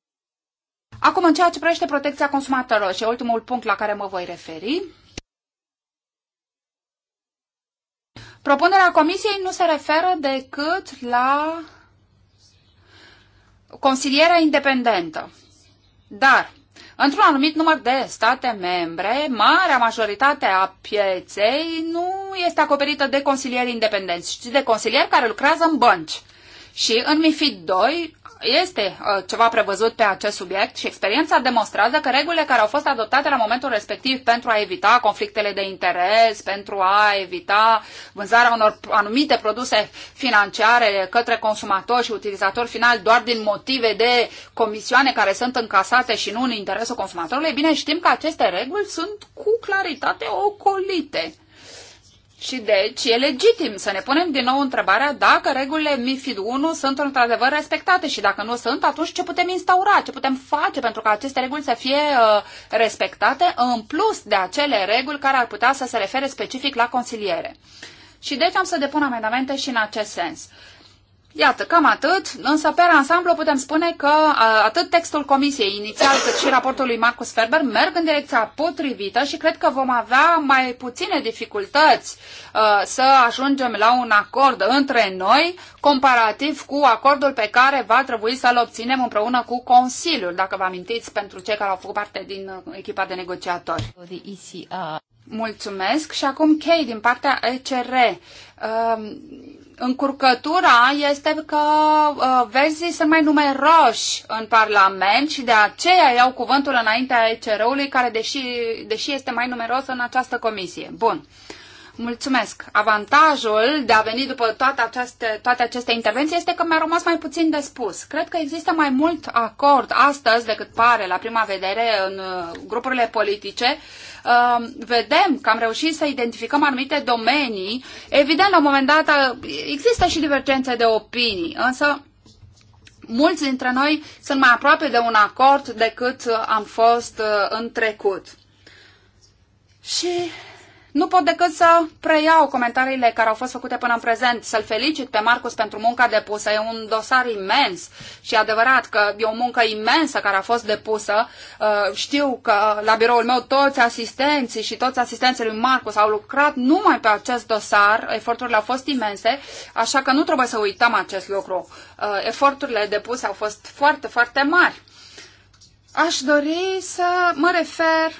Acum, în ceea ce privește protecția consumatorilor și ultimul punct la care mă voi referi, Propunerea Comisiei nu se referă decât la consilierea independentă. Dar, într-un anumit număr de state membre, marea majoritate a pieței nu este acoperită de consilieri independenți, ci de consilieri care lucrează în bănci. Și în MIFID 2 este uh, ceva prevăzut pe acest subiect și experiența demonstrează că regulile care au fost adoptate la momentul respectiv pentru a evita conflictele de interes, pentru a evita vânzarea unor anumite produse financiare către consumatori și utilizator final doar din motive de comisioane care sunt încasate și nu în interesul consumatorului, bine știm că aceste reguli sunt cu claritate ocolite. Și deci e legitim să ne punem din nou întrebarea dacă regulile MIFID 1 sunt într-adevăr respectate și dacă nu sunt, atunci ce putem instaura, ce putem face pentru ca aceste reguli să fie uh, respectate în plus de acele reguli care ar putea să se refere specific la consiliere. Și deci am să depun amendamente și în acest sens. Iată, cam atât, însă pe ansamblu putem spune că atât textul comisiei inițial cât și raportul lui Marcus Ferber merg în direcția potrivită și cred că vom avea mai puține dificultăți uh, să ajungem la un acord între noi comparativ cu acordul pe care va trebui să-l obținem împreună cu Consiliul, dacă vă amintiți, pentru cei care au făcut parte din uh, echipa de negociatori. Mulțumesc și acum Kay din partea ECR. Uh, um, încurcătura este că uh, verzii sunt mai numeroși în Parlament și de aceea iau cuvântul înaintea ECR-ului, care deși, deși este mai numeros în această comisie. Bun. Mulțumesc. Avantajul de a veni după toate aceste, toate aceste intervenții este că mi-a rămas mai puțin de spus. Cred că există mai mult acord astăzi decât pare la prima vedere în uh, grupurile politice vedem că am reușit să identificăm anumite domenii. Evident, la un moment dat uh, există și divergențe de opinii, însă mulți dintre noi sunt mai aproape de un acord decât am fost uh, în trecut. Și nu pot decât să preiau comentariile care au fost făcute până în prezent, să-l felicit pe Marcus pentru munca depusă. E un dosar imens și adevărat că e o muncă imensă care a fost depusă. Uh, știu că la biroul meu toți asistenții și toți asistenții lui Marcus au lucrat numai pe acest dosar. Eforturile au fost imense, așa că nu trebuie să uităm acest lucru. Uh, eforturile depuse au fost foarte, foarte mari. Aș dori să mă refer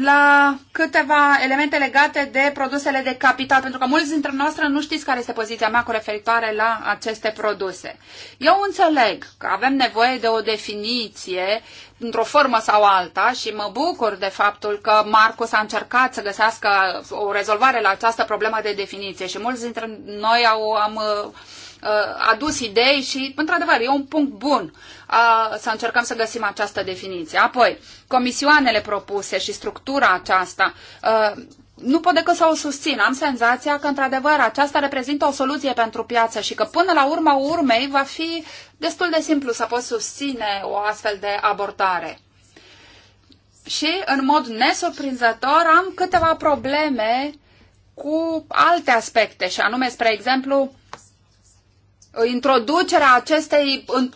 la câteva elemente legate de produsele de capital, pentru că mulți dintre noastre nu știți care este poziția mea cu referitoare la aceste produse. Eu înțeleg că avem nevoie de o definiție într-o formă sau alta și mă bucur de faptul că Marcus a încercat să găsească o rezolvare la această problemă de definiție și mulți dintre noi au, am uh, Uh, adus idei și, într-adevăr, e un punct bun uh, să încercăm să găsim această definiție. Apoi, comisioanele propuse și structura aceasta. Uh, nu pot decât să o susțin. Am senzația că, într-adevăr, aceasta reprezintă o soluție pentru piață și că, până la urma urmei, va fi destul de simplu să poți susține o astfel de abordare. Și, în mod nesurprinzător, am câteva probleme cu alte aspecte, și anume, spre exemplu, introducerea acestei, uh,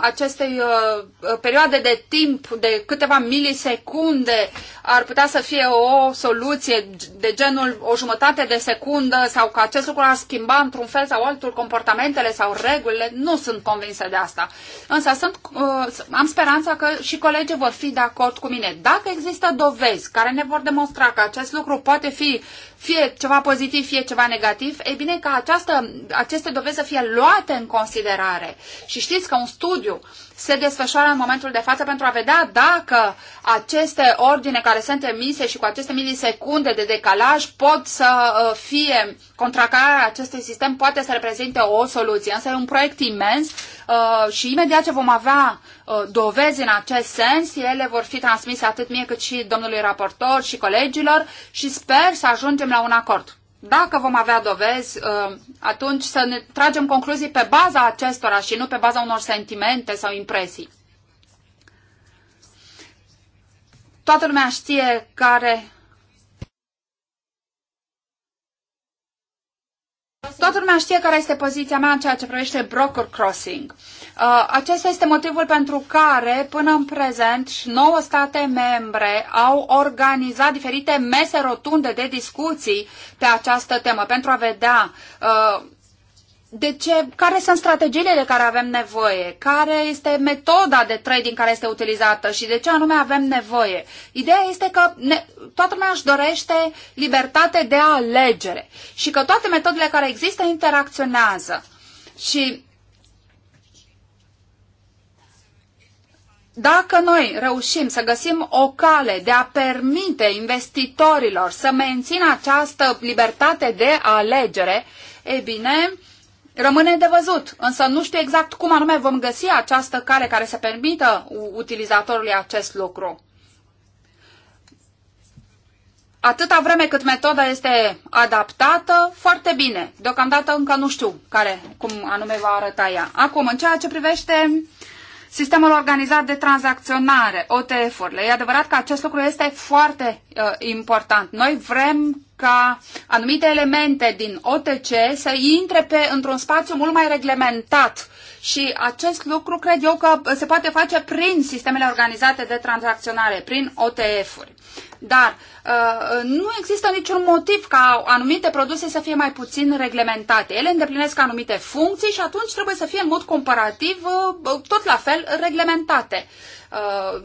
acestei uh, perioade de timp de câteva milisecunde ar putea să fie o soluție de genul o jumătate de secundă sau că acest lucru ar schimba într-un fel sau altul comportamentele sau regulile, nu sunt convinsă de asta. Însă sunt, uh, am speranța că și colegii vor fi de acord cu mine. Dacă există dovezi care ne vor demonstra că acest lucru poate fi fie ceva pozitiv, fie ceva negativ, e bine ca această, aceste dovezi să fie luate în considerare. Și știți că un studiu uh, se desfășoară în momentul de față pentru a vedea dacă aceste ordine care sunt emise și cu aceste milisecunde de decalaj pot să uh, fie contracarea acestui sistem, poate să reprezinte o soluție. Însă e un proiect imens uh, și imediat ce vom avea uh, dovezi în acest sens, ele vor fi transmise atât mie cât și domnului raportor și colegilor și sper să ajungem la un acord. Dacă vom avea dovezi, ă, atunci să ne tragem concluzii pe baza acestora și nu pe baza unor sentimente sau impresii. Toată lumea știe care Toată lumea știe care este poziția mea în ceea ce privește broker crossing. Uh, acesta este motivul pentru care, până în prezent, 9 state membre au organizat diferite mese rotunde de discuții pe această temă pentru a vedea uh, de ce, care sunt strategiile de care avem nevoie, care este metoda de trading care este utilizată și de ce anume avem nevoie. Ideea este că ne, toată lumea își dorește libertate de alegere și că toate metodele care există interacționează. Și Dacă noi reușim să găsim o cale de a permite investitorilor să mențină această libertate de alegere, e bine, Rămâne de văzut, însă nu știu exact cum anume vom găsi această cale care să permită utilizatorului acest lucru. Atâta vreme cât metoda este adaptată, foarte bine. Deocamdată încă nu știu care, cum anume va arăta ea. Acum, în ceea ce privește sistemul organizat de tranzacționare, OTF-urile, e adevărat că acest lucru este foarte uh, important. Noi vrem ca anumite elemente din OTC să intre pe, într-un spațiu mult mai reglementat și acest lucru cred eu că se poate face prin sistemele organizate de tranzacționare, prin OTF-uri. Dar uh, nu există niciun motiv ca anumite produse să fie mai puțin reglementate. Ele îndeplinesc anumite funcții și atunci trebuie să fie în mod comparativ uh, tot la fel reglementate. Uh,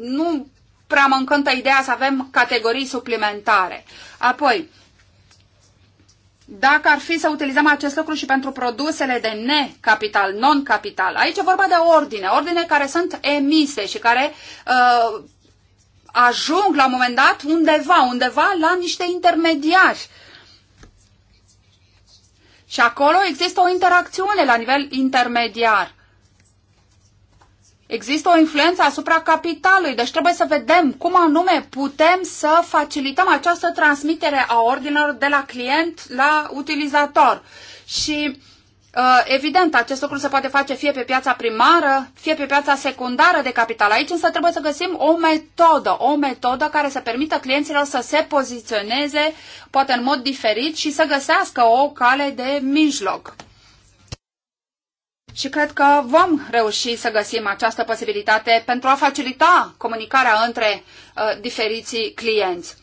nu prea încântă ideea să avem categorii suplimentare. Apoi, dacă ar fi să utilizăm acest lucru și pentru produsele de necapital, non-capital, aici e vorba de ordine, ordine care sunt emise și care uh, ajung la un moment dat undeva, undeva la niște intermediari. Și acolo există o interacțiune la nivel intermediar. Există o influență asupra capitalului, deci trebuie să vedem cum anume putem să facilităm această transmitere a ordinelor de la client la utilizator. Și uh, Evident, acest lucru se poate face fie pe piața primară, fie pe piața secundară de capital. Aici însă trebuie să găsim o metodă, o metodă care să permită clienților să se poziționeze, poate în mod diferit, și să găsească o cale de mijloc și cred că vom reuși să găsim această posibilitate pentru a facilita comunicarea între uh, diferiții clienți.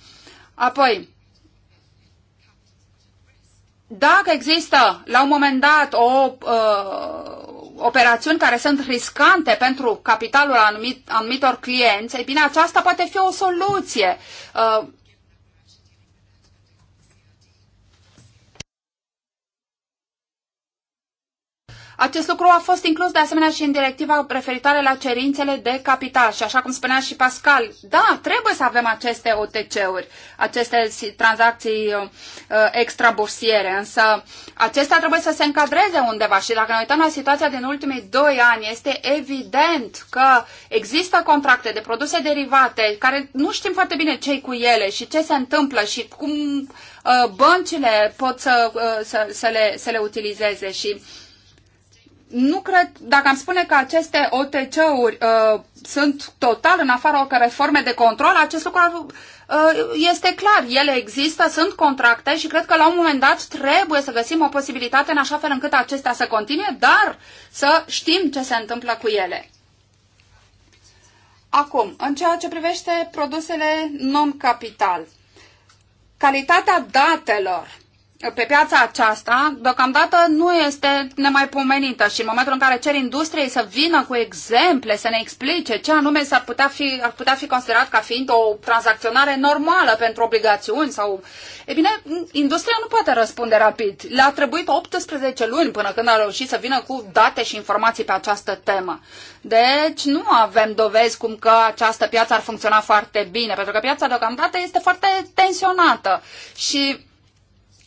Apoi, dacă există la un moment dat o uh, operațiuni care sunt riscante pentru capitalul anumit, anumitor clienți, ei bine, aceasta poate fi o soluție. Uh, Acest lucru a fost inclus de asemenea și în directiva referitoare la cerințele de capital și așa cum spunea și Pascal, da, trebuie să avem aceste OTC-uri, aceste tranzacții uh, uh, extrabursiere, însă acestea trebuie să se încadreze undeva și dacă ne uităm la situația din ultimii doi ani, este evident că există contracte de produse derivate care nu știm foarte bine ce cu ele și ce se întâmplă și cum uh, băncile pot să, uh, să, să, le, să le utilizeze și nu cred, dacă am spune că aceste OTC-uri uh, sunt total în afara oricărei forme de control, acest lucru uh, este clar. Ele există, sunt contracte și cred că la un moment dat trebuie să găsim o posibilitate în așa fel încât acestea să continue, dar să știm ce se întâmplă cu ele. Acum, în ceea ce privește produsele non-capital, calitatea datelor pe piața aceasta, deocamdată nu este nemaipomenită și în momentul în care cer industriei să vină cu exemple, să ne explice ce anume s-ar putea fi, ar putea fi considerat ca fiind o tranzacționare normală pentru obligațiuni sau... E bine, industria nu poate răspunde rapid. Le-a trebuit 18 luni până când a reușit să vină cu date și informații pe această temă. Deci nu avem dovezi cum că această piață ar funcționa foarte bine, pentru că piața deocamdată este foarte tensionată și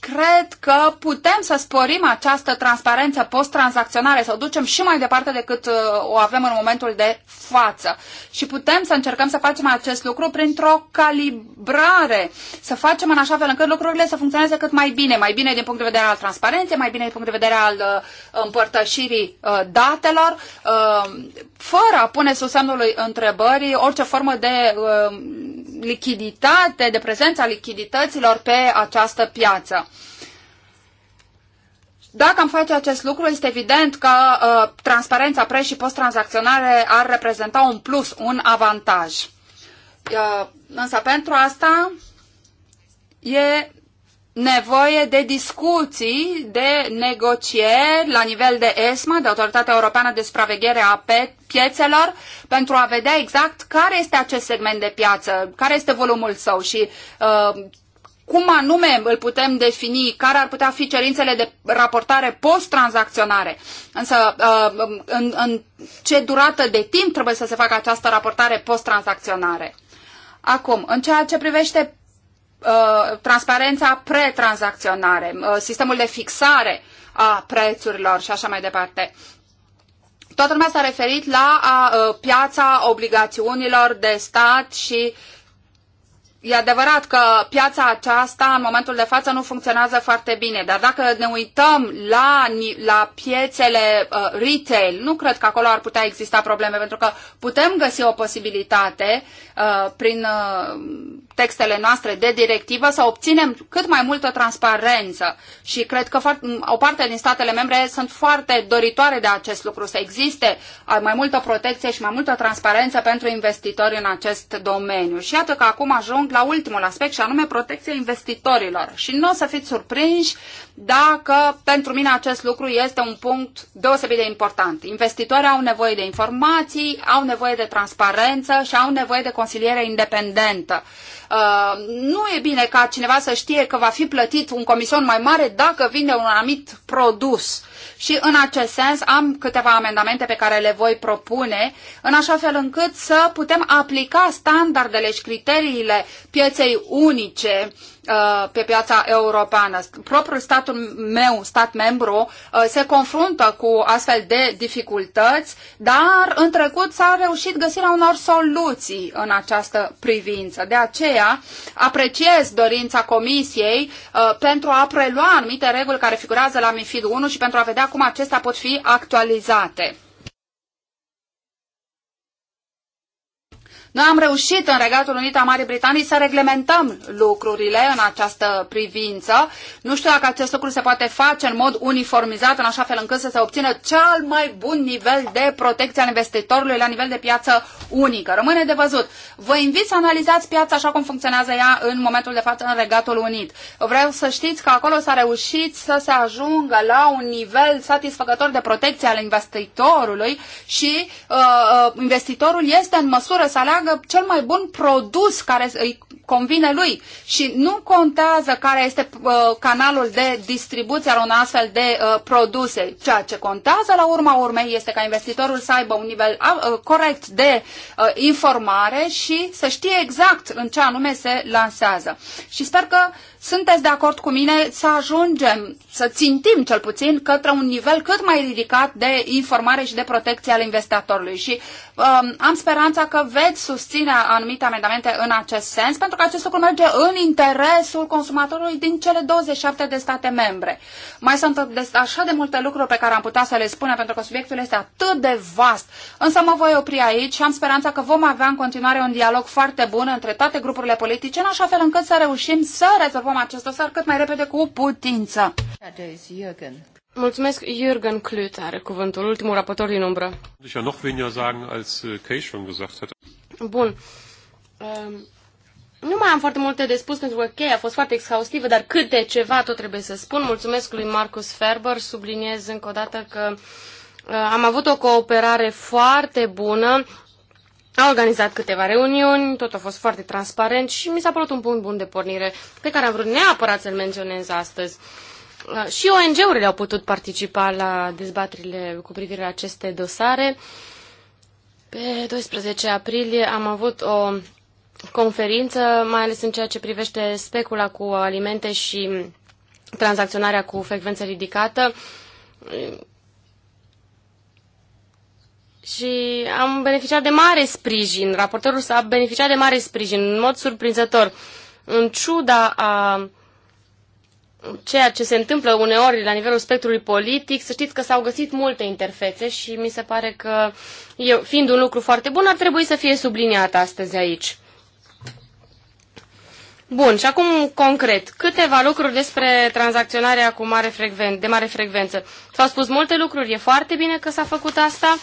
cred că putem să sporim această transparență post-tranzacționare, să o ducem și mai departe decât uh, o avem în momentul de față. Și putem să încercăm să facem acest lucru printr-o calibrare, să facem în așa fel încât lucrurile să funcționeze cât mai bine, mai bine din punct de vedere al transparenței, mai bine din punct de vedere al uh, împărtășirii uh, datelor, fără a pune sub semnul întrebării orice formă de lichiditate, de prezența lichidităților pe această piață. Dacă am face acest lucru, este evident că uh, transparența pre- și post-tranzacționare ar reprezenta un plus, un avantaj. Uh, însă pentru asta e nevoie de discuții, de negocieri la nivel de ESMA, de Autoritatea Europeană de Supraveghere a Piețelor, pentru a vedea exact care este acest segment de piață, care este volumul său și uh, cum anume îl putem defini, care ar putea fi cerințele de raportare post-tranzacționare, însă uh, în, în ce durată de timp trebuie să se facă această raportare post-tranzacționare. Acum, în ceea ce privește Uh, transparența pretransacționare uh, sistemul de fixare a prețurilor și așa mai departe. Toată lumea s-a referit la a, uh, a, piața obligațiunilor de stat și E adevărat că piața aceasta în momentul de față nu funcționează foarte bine, dar dacă ne uităm la, la piețele a, retail, nu cred că acolo ar putea exista probleme, pentru că putem găsi o posibilitate Uh, prin uh, textele noastre de directivă să obținem cât mai multă transparență și cred că o parte din statele membre sunt foarte doritoare de acest lucru, să existe uh, mai multă protecție și mai multă transparență pentru investitori în acest domeniu. Și iată că acum ajung la ultimul aspect și anume protecția investitorilor. Și nu o să fiți surprinși dacă pentru mine acest lucru este un punct deosebit de important. Investitorii au nevoie de informații, au nevoie de transparență și au nevoie de consiliere independentă. Uh, nu e bine ca cineva să știe că va fi plătit un comision mai mare dacă vinde un anumit produs. Și în acest sens am câteva amendamente pe care le voi propune, în așa fel încât să putem aplica standardele și criteriile pieței unice uh, Uh, pe piața europeană. Propriul statul meu, stat membru, uh, se confruntă cu astfel de dificultăți, dar în trecut s-a reușit găsirea unor soluții în această privință. De aceea apreciez dorința Comisiei uh, pentru a prelua anumite reguli care figurează la MIFID 1 și pentru a vedea cum acestea pot fi actualizate. Noi am reușit în Regatul Unit a Marii Britanii să reglementăm lucrurile în această privință. Nu știu dacă acest lucru se poate face în mod uniformizat, în așa fel încât să se obțină cel mai bun nivel de protecție al investitorului la nivel de piață unică. Rămâne de văzut. Vă invit să analizați piața așa cum funcționează ea în momentul de față în Regatul Unit. Vreau să știți că acolo s-a reușit să se ajungă la un nivel satisfăcător de protecție al investitorului și uh, uh investitorul este în măsură să aleagă aleagă cel mai bun produs care îi convine lui și nu contează care este uh, canalul de distribuție al unui astfel de uh, produse. Ceea ce contează la urma urmei este ca investitorul să aibă un nivel uh, uh corect de uh, informare și să știe exact în ce anume se lansează. Și sper că uh, sunteți de acord cu mine să ajungem, să țintim cel puțin către un nivel cât mai ridicat de informare și de protecție al investitorului și um, am speranța că veți susține anumite amendamente în acest sens, pentru că acest lucru merge în interesul consumatorului din cele 27 de state membre. Mai sunt așa de multe lucruri pe care am putea să le spunem, pentru că subiectul este atât de vast, însă mă voi opri aici și am speranța că vom avea în continuare un dialog foarte bun între toate grupurile politice, în așa fel încât să reușim să rezolvăm rezolvăm acest dosar cât mai repede cu putință. Mulțumesc, Jürgen Klüt are cuvântul, ultimul raportor din umbră. Äh, Bun. Ehm, nu mai am foarte multe de spus pentru că cheia a fost foarte exhaustivă, dar câte ceva tot trebuie să spun. Mulțumesc lui Marcus Ferber, subliniez încă o dată că uh, am avut o cooperare foarte bună a organizat câteva reuniuni, tot a fost foarte transparent și mi s-a părut un punct bun de pornire pe care am vrut neapărat să-l menționez astăzi. Și ONG-urile au putut participa la dezbatrile cu privire la aceste dosare. Pe 12 aprilie am avut o conferință, mai ales în ceea ce privește specula cu alimente și tranzacționarea cu frecvență ridicată și am beneficiat de mare sprijin. Raportorul s-a beneficiat de mare sprijin, în mod surprinzător. În ciuda a ceea ce se întâmplă uneori la nivelul spectrului politic, să știți că s-au găsit multe interfețe și mi se pare că, eu, fiind un lucru foarte bun, ar trebui să fie subliniat astăzi aici. Bun, și acum concret, câteva lucruri despre tranzacționarea cu mare frecven- de mare frecvență. S-au spus multe lucruri, e foarte bine că s-a făcut asta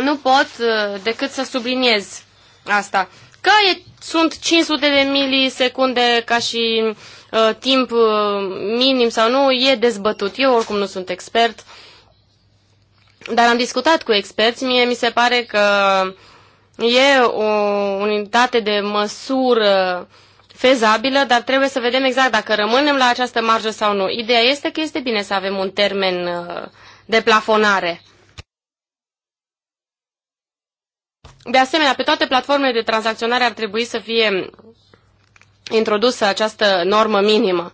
nu pot uh, decât să subliniez asta. Că e, sunt 500 de milisecunde ca și uh, timp uh, minim sau nu, e dezbătut. Eu oricum nu sunt expert, dar am discutat cu experți. Mie mi se pare că e o unitate de măsură fezabilă, dar trebuie să vedem exact dacă rămânem la această marjă sau nu. Ideea este că este bine să avem un termen uh, de plafonare. De asemenea, pe toate platformele de tranzacționare ar trebui să fie introdusă această normă minimă.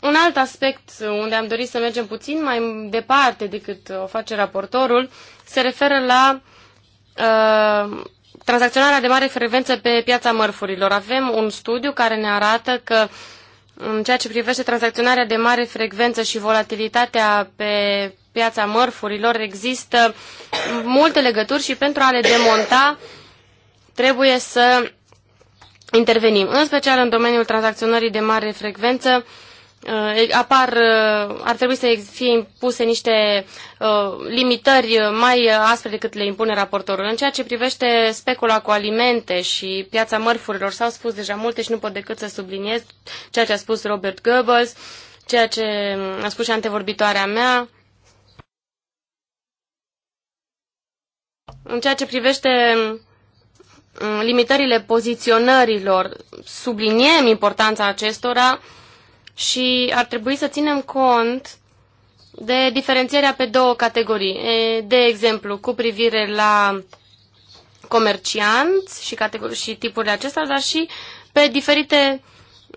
Un alt aspect unde am dorit să mergem puțin mai departe decât o face raportorul se referă la uh, tranzacționarea de mare frecvență pe piața mărfurilor. Avem un studiu care ne arată că în ceea ce privește tranzacționarea de mare frecvență și volatilitatea pe piața mărfurilor există multe legături și pentru a le demonta trebuie să intervenim. În special în domeniul tranzacționării de mare frecvență eh, apar, eh, ar trebui să fie impuse niște eh, limitări mai aspre decât le impune raportorul. În ceea ce privește specula cu alimente și piața mărfurilor, s-au spus deja multe și nu pot decât să subliniez ceea ce a spus Robert Goebbels, ceea ce a spus și antevorbitoarea mea, În ceea ce privește mm, limitările poziționărilor, subliniem importanța acestora și ar trebui să ținem cont de diferențierea pe două categorii. De exemplu, cu privire la comercianți și, și tipurile acestea, dar și pe diferite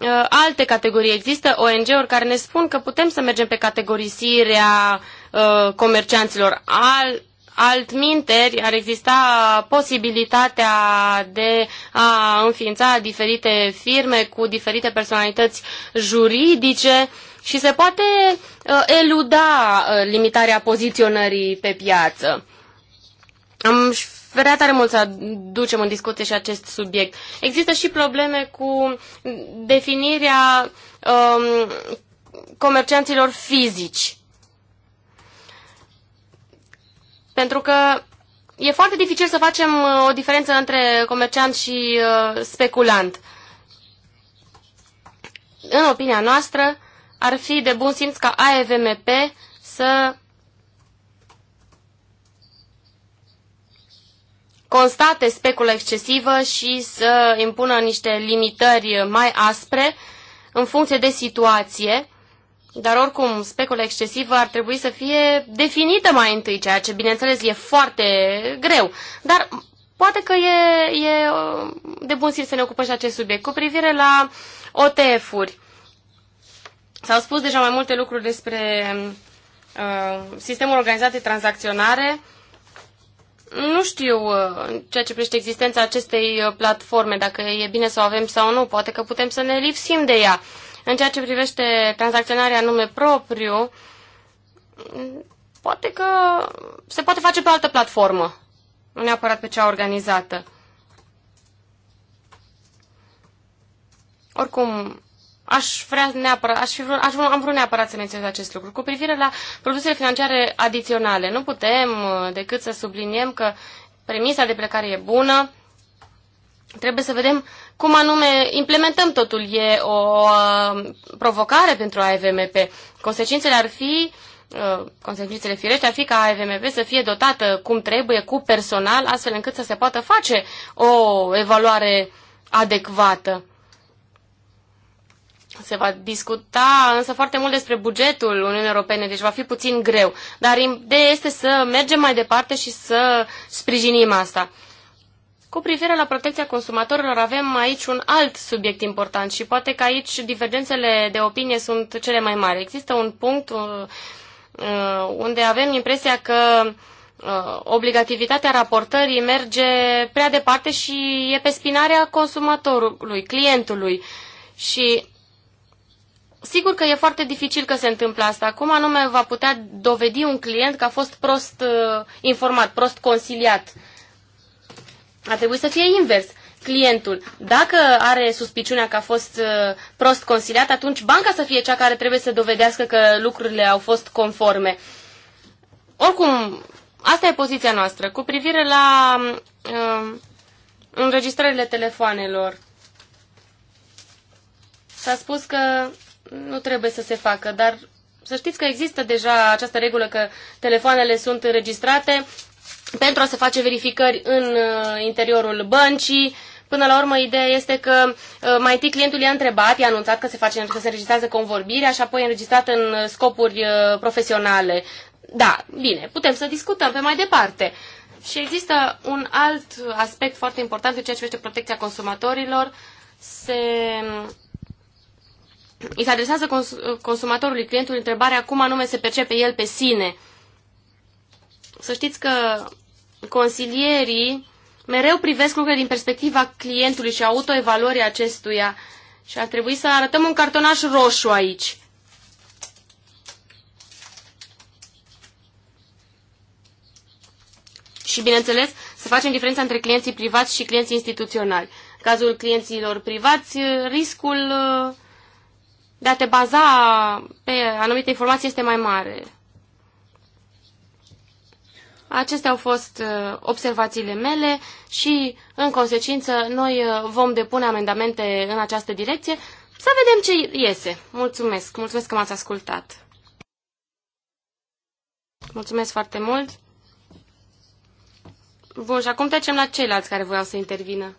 uh, alte categorii. Există ONG-uri care ne spun că putem să mergem pe categorisirea uh, comercianților. Al, Altminteri ar exista posibilitatea de a înființa diferite firme cu diferite personalități juridice și se poate uh, eluda uh, limitarea poziționării pe piață. Am vrea tare mult să aducem în discuție și acest subiect. Există și probleme cu definirea um, comercianților fizici. Pentru că e foarte dificil să facem uh, o diferență între comerciant și uh, speculant. În opinia noastră, ar fi de bun simț ca AEVMP să constate specula excesivă și să impună niște limitări mai aspre în funcție de situație, dar oricum, specula excesivă ar trebui să fie definită mai întâi, ceea ce, bineînțeles, e foarte greu. Dar poate că e, e uh, de bun simț să ne ocupăm și acest subiect. Cu privire la OTF-uri, s-au spus deja mai multe lucruri despre uh, sistemul organizat de tranzacționare. Nu știu uh, ceea ce privește existența acestei uh, platforme, dacă e bine să o avem sau nu. Poate că putem să ne lipsim de ea. Uh, în ceea ce privește tranzacționarea nume propriu, poate că se poate face pe altă platformă, nu neapărat pe cea organizată. Oricum, aș vrea neapărat, aș fi vrut, aș, am vrut neapărat să menționez acest lucru. Cu privire la produsele financiare adiționale, nu putem uh, decât să subliniem că premisa de plecare e bună, Trebuie să vedem cum anume implementăm totul. E o uh, provocare pentru AVMP. Consecințele ar fi uh, consecințele firește, ar fi ca AVMP să fie dotată cum trebuie, cu personal, astfel încât să se poată face o evaluare adecvată. Se va discuta însă foarte mult despre bugetul Uniunii Europene, deci va fi puțin greu. Dar ideea este să mergem mai departe și să sprijinim asta. Cu privire la protecția consumatorilor, avem aici un alt subiect important și poate că aici divergențele de opinie sunt cele mai mari. Există un punct uh, uh, unde avem impresia că uh, obligativitatea raportării merge prea departe și e pe spinarea consumatorului, clientului. Și sigur că e foarte dificil că se întâmplă asta. Cum anume va putea dovedi un client că a fost prost informat, prost consiliat? Ar trebui să fie invers. Clientul, dacă are suspiciunea că a fost uh, prost consiliat, atunci banca să fie cea care trebuie să dovedească că lucrurile au fost conforme. Oricum, asta e poziția noastră. Cu privire la uh, înregistrările telefoanelor, s-a spus că nu trebuie să se facă, dar să știți că există deja această regulă că telefoanele sunt înregistrate pentru a se face verificări în uh, interiorul băncii. Până la urmă, ideea este că uh, mai întâi clientul i-a întrebat, i-a anunțat că se, face, că se înregistrează convorbirea și apoi înregistrat în uh, scopuri profesionale. Da, bine, putem să discutăm pe mai departe. Și există un alt aspect foarte important în ceea ce privește protecția consumatorilor. Se... Îi se adresează cons consumatorului, clientului, întrebarea cum anume se percepe el pe sine. Să știți că Consilierii mereu privesc lucrurile din perspectiva clientului și autoevaluării acestuia și ar trebui să arătăm un cartonaș roșu aici. Și, bineînțeles, să facem diferența între clienții privați și clienții instituționali. În cazul clienților privați, riscul uh, de a te baza pe anumite informații este mai mare. Acestea au fost uh, observațiile mele și, în consecință, noi uh, vom depune amendamente în această direcție. Să vedem ce iese. Mulțumesc. Mulțumesc că m-ați ascultat. Mulțumesc foarte mult. Bun, și acum trecem la ceilalți care voiau să intervină.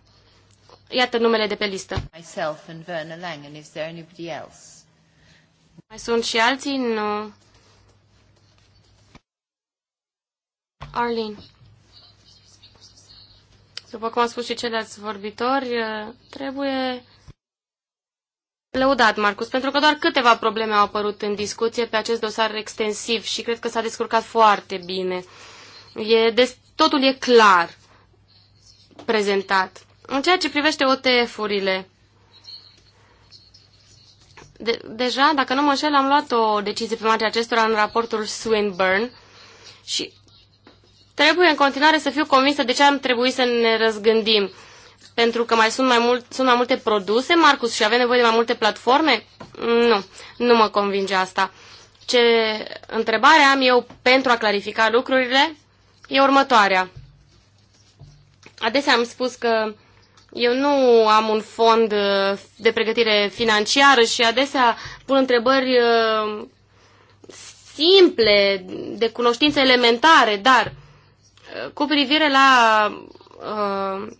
Iată numele de pe listă. Myself and Langen, is there anybody else? Mai sunt și alții? Nu. Arlene. După cum au spus și ceilalți vorbitori, eh, trebuie lăudat, Marcus, pentru că doar câteva probleme au apărut în discuție pe acest dosar extensiv și cred că s-a descurcat foarte bine. E des, totul e clar prezentat. În ceea ce privește OTF-urile, de, deja, dacă nu mă înșel, am luat o decizie pe marginea acestora în raportul Swinburne și Trebuie în continuare să fiu convinsă de ce am trebuit să ne răzgândim. Pentru că mai sunt mai, mult, sunt mai multe produse, Marcus, și avem nevoie de mai multe platforme? Nu, nu mă convinge asta. Ce întrebare am eu pentru a clarifica lucrurile e următoarea. Adesea am spus că eu nu am un fond uh, de pregătire financiară și adesea pun întrebări uh, simple, de cunoștințe elementare, dar cu privire la uh,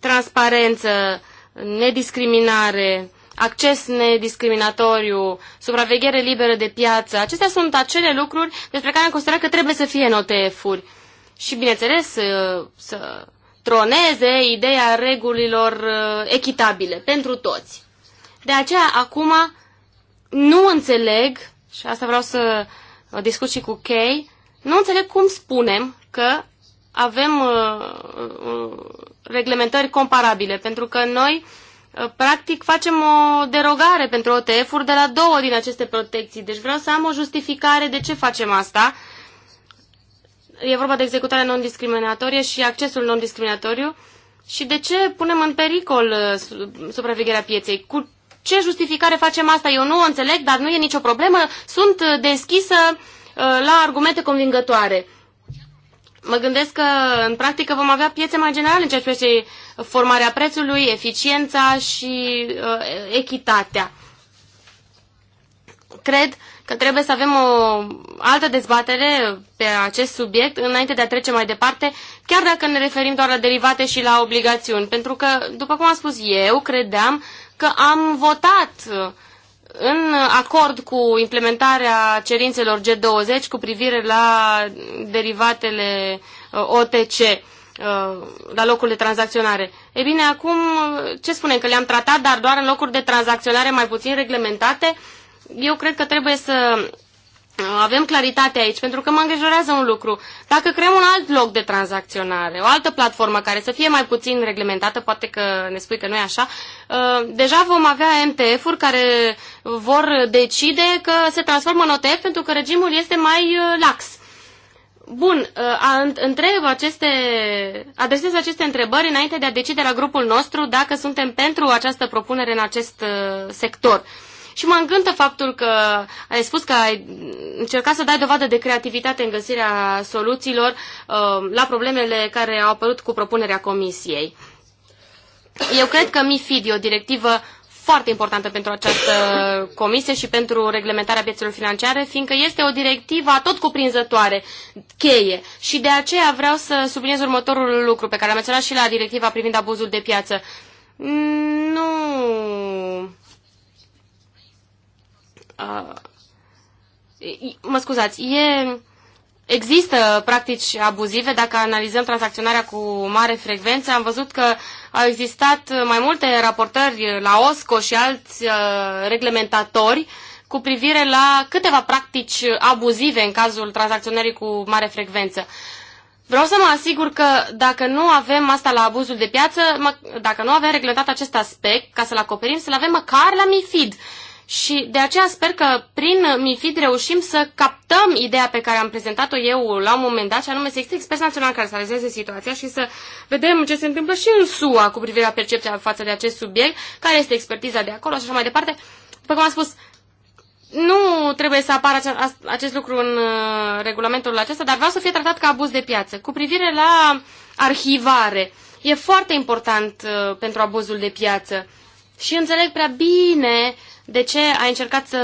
transparență, nediscriminare, acces nediscriminatoriu, supraveghere liberă de piață. Acestea sunt acele lucruri despre care am considerat că trebuie să fie în OTF-uri. Și, bineînțeles, să, uh, să troneze ideea regulilor uh, echitabile pentru toți. De aceea, acum, nu înțeleg, și asta vreau să discut și cu Kay, nu înțeleg cum spunem că avem uh, uh, reglementări comparabile, pentru că noi uh, practic facem o derogare pentru OTF-uri de la două din aceste protecții. Deci vreau să am o justificare de ce facem asta. E vorba de executarea non-discriminatorie și accesul non-discriminatoriu. Și de ce punem în pericol uh, supravegherea pieței? Cu ce justificare facem asta? Eu nu o înțeleg, dar nu e nicio problemă. Sunt deschisă la argumente convingătoare. Mă gândesc că, în practică, vom avea piețe mai generale în ceea ce privește formarea prețului, eficiența și uh, echitatea. Cred că trebuie să avem o altă dezbatere pe acest subiect înainte de a trece mai departe, chiar dacă ne referim doar la derivate și la obligațiuni. Pentru că, după cum am spus eu, credeam că am votat uh, în acord cu implementarea cerințelor G20 cu privire la derivatele uh, OTC uh, la locul de tranzacționare. Ei bine, acum ce spunem? Că le-am tratat, dar doar în locuri de tranzacționare mai puțin reglementate? Eu cred că trebuie să avem claritate aici, pentru că mă îngrijorează un lucru. Dacă creăm un alt loc de tranzacționare, o altă platformă care să fie mai puțin reglementată, poate că ne spui că nu e așa, ă, deja vom avea MTF-uri care vor decide că se transformă în OTF pentru că regimul este mai ă, lax. Bun, ă, întreb aceste, adresez aceste întrebări înainte de a decide la grupul nostru dacă suntem pentru această propunere în acest sector. Și mă încântă faptul că ai spus că ai încercat să dai dovadă de creativitate în găsirea soluțiilor uh, la problemele care au apărut cu propunerea comisiei. Eu cred că MIFID e o directivă foarte importantă pentru această comisie și pentru reglementarea piețelor financiare, fiindcă este o directivă tot cuprinzătoare, cheie. Și de aceea vreau să subliniez următorul lucru pe care l-am menționat și la directiva privind abuzul de piață. Nu mă scuzați, e, există practici abuzive. Dacă analizăm tranzacționarea cu mare frecvență, am văzut că au existat mai multe raportări la OSCO și alți uh, reglementatori cu privire la câteva practici abuzive în cazul tranzacționării cu mare frecvență. Vreau să mă asigur că dacă nu avem asta la abuzul de piață, mă, dacă nu avem reglementat acest aspect, ca să-l acoperim, să-l avem măcar la MIFID. Și de aceea sper că prin MIFID reușim să captăm ideea pe care am prezentat-o eu la un moment dat, și anume să existe experți național care să analizeze situația și să vedem ce se întâmplă și în SUA cu privire la percepția față de acest subiect, care este expertiza de acolo și așa mai departe. După cum am spus, nu trebuie să apară acest lucru în uh, regulamentul acesta, dar vreau să fie tratat ca abuz de piață. Cu privire la arhivare, e foarte important uh, pentru abuzul de piață. Și înțeleg prea bine uh, de ce ai încercat să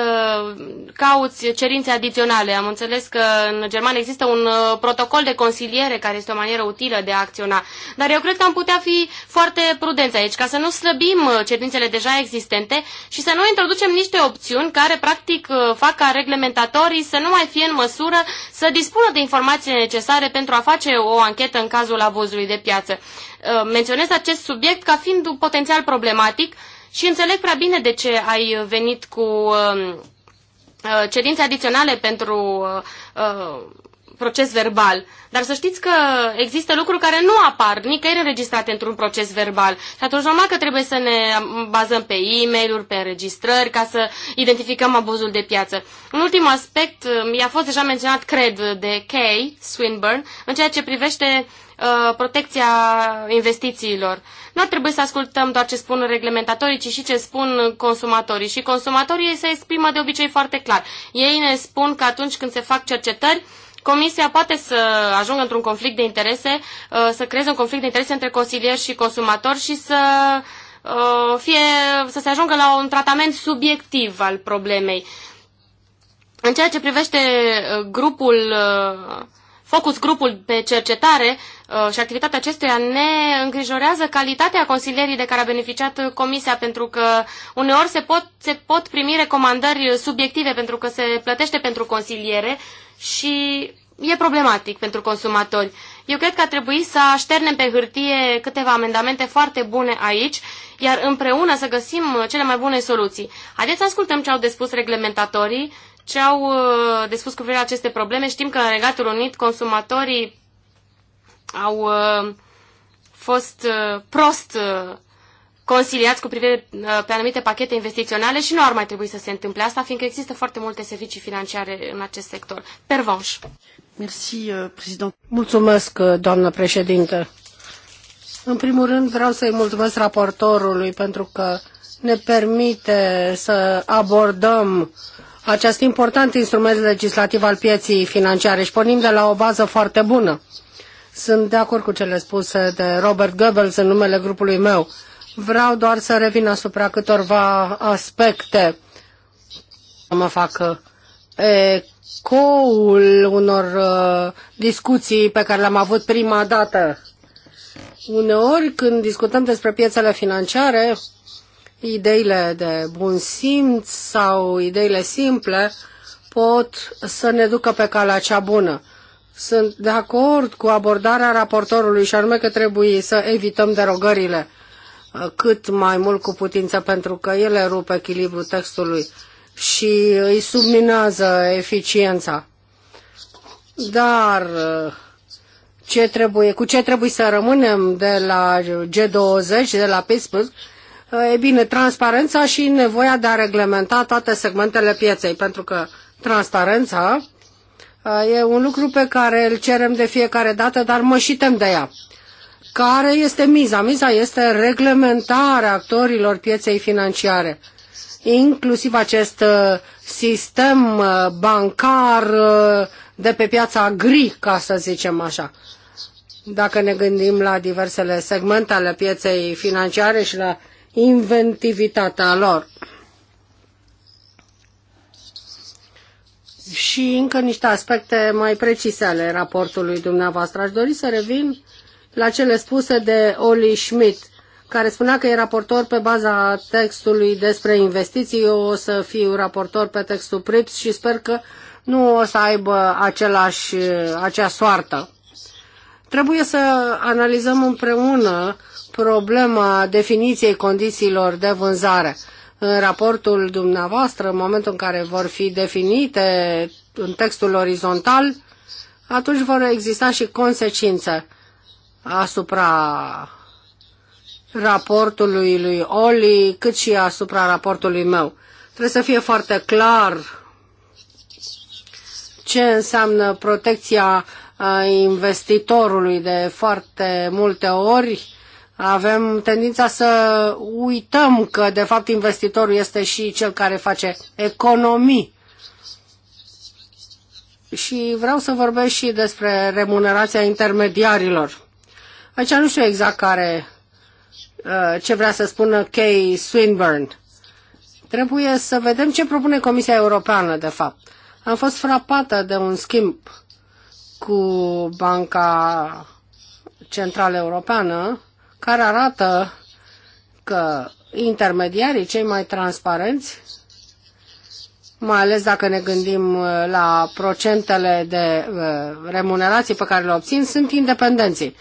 cauți cerințe adiționale? Am înțeles că în Germania există un uh, protocol de consiliere care este o manieră utilă de a acționa, dar eu cred că am putea fi foarte prudenți aici ca să nu slăbim uh, cerințele deja existente și să nu introducem niște opțiuni care practic uh, fac ca reglementatorii să nu mai fie în măsură să dispună de informații necesare pentru a face o anchetă în cazul abuzului de piață. Menționez acest subiect ca fiind un potențial problematic și înțeleg prea bine de ce ai venit venit cu um, uh, cerințe adiționale pentru uh, uh, proces verbal. Dar să știți că există lucruri care nu apar nicăieri înregistrate într-un proces verbal. Și atunci normal că trebuie să ne bazăm pe e mail pe înregistrări, ca să identificăm abuzul de piață. Un ultim aspect, uh, i-a fost deja menționat, cred, de Kay Swinburne, în ceea ce privește uh, protecția investițiilor. Nu ar trebui să ascultăm doar ce spun reglementatorii, ci și ce spun consumatorii. Și consumatorii se exprimă de obicei foarte clar. Ei ne spun că atunci când se fac cercetări, uh, Comisia poate să ajungă într-un conflict de interese, uh, să creeze un conflict de interese între consilier și consumator și să uh, fie, să se ajungă la un tratament subiectiv al problemei. În ceea ce privește uh, grupul, focus grupul pe cercetare și activitatea acestuia, ne îngrijorează calitatea consilierii de care a beneficiat Comisia, pentru că uneori se pot, se pot primi recomandări subiective, pentru că se plătește pentru consiliere și e problematic pentru consumatori. Eu cred că ar trebui să așternem pe hârtie câteva amendamente foarte bune aici, iar împreună să găsim cele mai bune soluții. Haideți să ascultăm ce au de spus reglementatorii, ce au uh, de spus cu privire la aceste probleme. Știm că în Regatul Unit consumatorii au uh, fost uh, prost consiliați cu privire uh, pe anumite pachete investiționale și nu ar mai trebui să se întâmple asta, fiindcă există foarte multe servicii financiare în acest sector. Pervanș. Uh, mulțumesc, uh, doamnă președintă. În primul rând vreau să-i mulțumesc raportorului pentru că ne permite să abordăm acest important instrument legislativ al pieții financiare și pornim de la o bază foarte bună. Sunt de acord cu cele spuse de Robert Goebbels în numele grupului meu. Vreau doar să revin asupra câtorva aspecte. Să mă fac uh, ecoul unor uh, discuții pe care le-am avut prima dată. Uneori, când discutăm despre piețele financiare, ideile de bun simț sau ideile simple pot să ne ducă pe calea cea bună. Sunt de acord cu abordarea raportorului și anume că trebuie să evităm derogările cât mai mult cu putință pentru că ele rup echilibrul textului și îi subminează eficiența. Dar uh, ce trebuie, cu ce trebuie să rămânem de la G20, de la Pittsburgh, uh, e bine, transparența și nevoia de a reglementa toate segmentele pieței, pentru că transparența uh, e un lucru pe care îl cerem de fiecare dată, dar mă și tem de ea care este miza? Miza este reglementarea actorilor pieței financiare, inclusiv acest uh, sistem uh, bancar uh, de pe piața gri, ca să zicem așa. Dacă ne gândim la diversele segmente ale pieței financiare și la inventivitatea lor. și încă niște aspecte mai precise ale raportului dumneavoastră. Aș dori să revin la cele spuse de Oli Schmidt, care spunea că e raportor pe baza textului despre investiții. Eu o să fiu raportor pe textul PRIPS și sper că nu o să aibă același, acea soartă. Trebuie să analizăm împreună problema definiției condițiilor de vânzare. În raportul dumneavoastră, în momentul în care vor fi definite în textul orizontal, atunci vor exista și consecințe asupra raportului lui Oli, cât și asupra raportului meu. Trebuie să fie foarte clar ce înseamnă protecția uh, investitorului de foarte multe ori. Avem tendința să uităm că, de fapt, investitorul este și cel care face economii. Și vreau să vorbesc și despre remunerația intermediarilor. Aici nu știu exact care, uh, ce vrea să spună Kay Swinburne. Trebuie să vedem ce propune Comisia Europeană, de fapt. Am fost frapată de un schimb cu Banca Centrală Europeană care arată că intermediarii cei mai transparenți, mai ales dacă ne gândim uh, la procentele de uh, remunerații pe care le obțin, sunt independenții.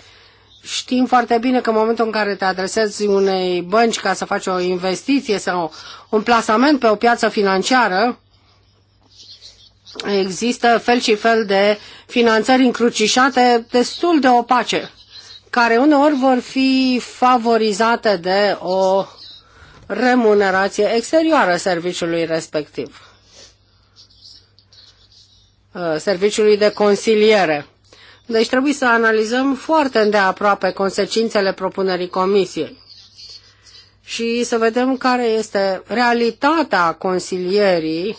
Știm foarte bine că în momentul în care te adresezi unei bănci ca să faci o investiție sau un plasament pe o piață financiară, există fel și fel de finanțări încrucișate destul de opace, care uneori vor fi favorizate de o remunerație exterioară serviciului respectiv, uh, serviciului de consiliere. Deci trebuie să analizăm foarte îndeaproape consecințele propunerii comisiei și să vedem care este realitatea consilierii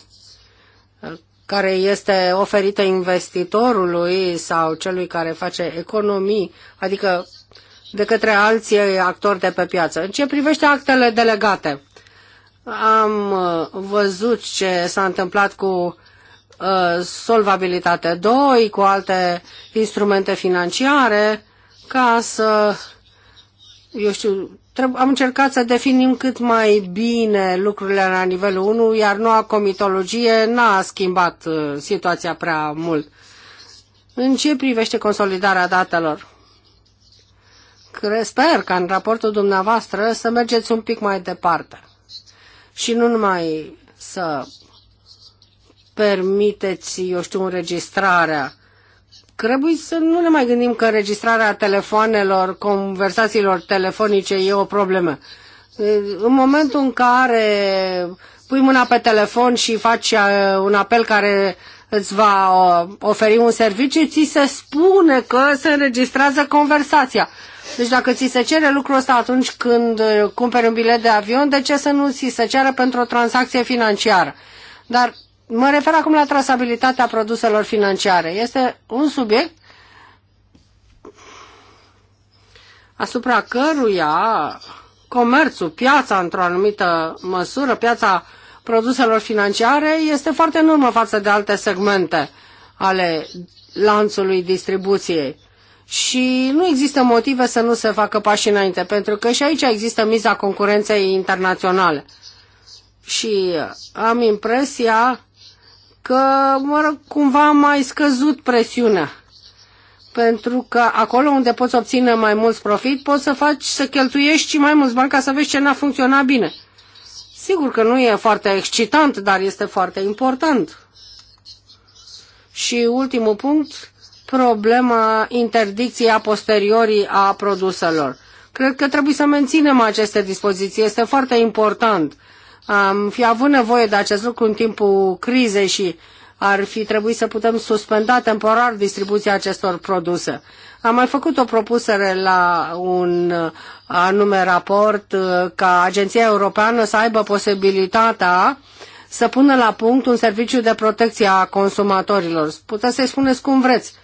care este oferită investitorului sau celui care face economii, adică de către alții actori de pe piață. În ce privește actele delegate, am uh, văzut ce s-a întâmplat cu Uh, solvabilitate 2 cu alte instrumente financiare ca să, eu știu, am încercat să definim cât mai bine lucrurile la nivelul 1, iar noua comitologie n-a schimbat uh, situația prea mult. În ce privește consolidarea datelor? Sper ca în raportul dumneavoastră să mergeți un pic mai departe și nu numai să permiteți, eu știu, înregistrarea. Trebuie să nu ne mai gândim că înregistrarea telefoanelor, conversațiilor telefonice e o problemă. În momentul în care pui mâna pe telefon și faci uh, un apel care îți va uh, oferi un serviciu, ți se spune că se înregistrează conversația. Deci dacă ți se cere lucrul ăsta atunci când uh, cumperi un bilet de avion, de ce să nu ți se ceară pentru o tranzacție financiară? Dar Mă refer acum la trasabilitatea produselor financiare. Este un subiect asupra căruia comerțul, piața într-o anumită măsură, piața produselor financiare este foarte în urmă față de alte segmente ale lanțului distribuției. Și nu există motive să nu se facă pași înainte, pentru că și aici există miza concurenței internaționale. Și am impresia că, mă rog, cumva am mai scăzut presiunea. Pentru că acolo unde poți obține mai mulți profit, poți să faci, să cheltuiești și mai mulți bani ca să vezi ce n-a funcționat bine. Sigur că nu e foarte excitant, dar este foarte important. Și ultimul punct, problema interdicției a posteriorii a produselor. Cred că trebuie să menținem aceste dispoziții. Este foarte important am fi avut nevoie de acest lucru în timpul crizei și ar fi trebuit să putem suspenda temporar distribuția acestor produse. Am mai făcut o propunere la un uh, anume raport uh, ca Agenția Europeană să aibă posibilitatea să pună la punct un serviciu de protecție a consumatorilor. Puteți să-i spuneți cum vreți.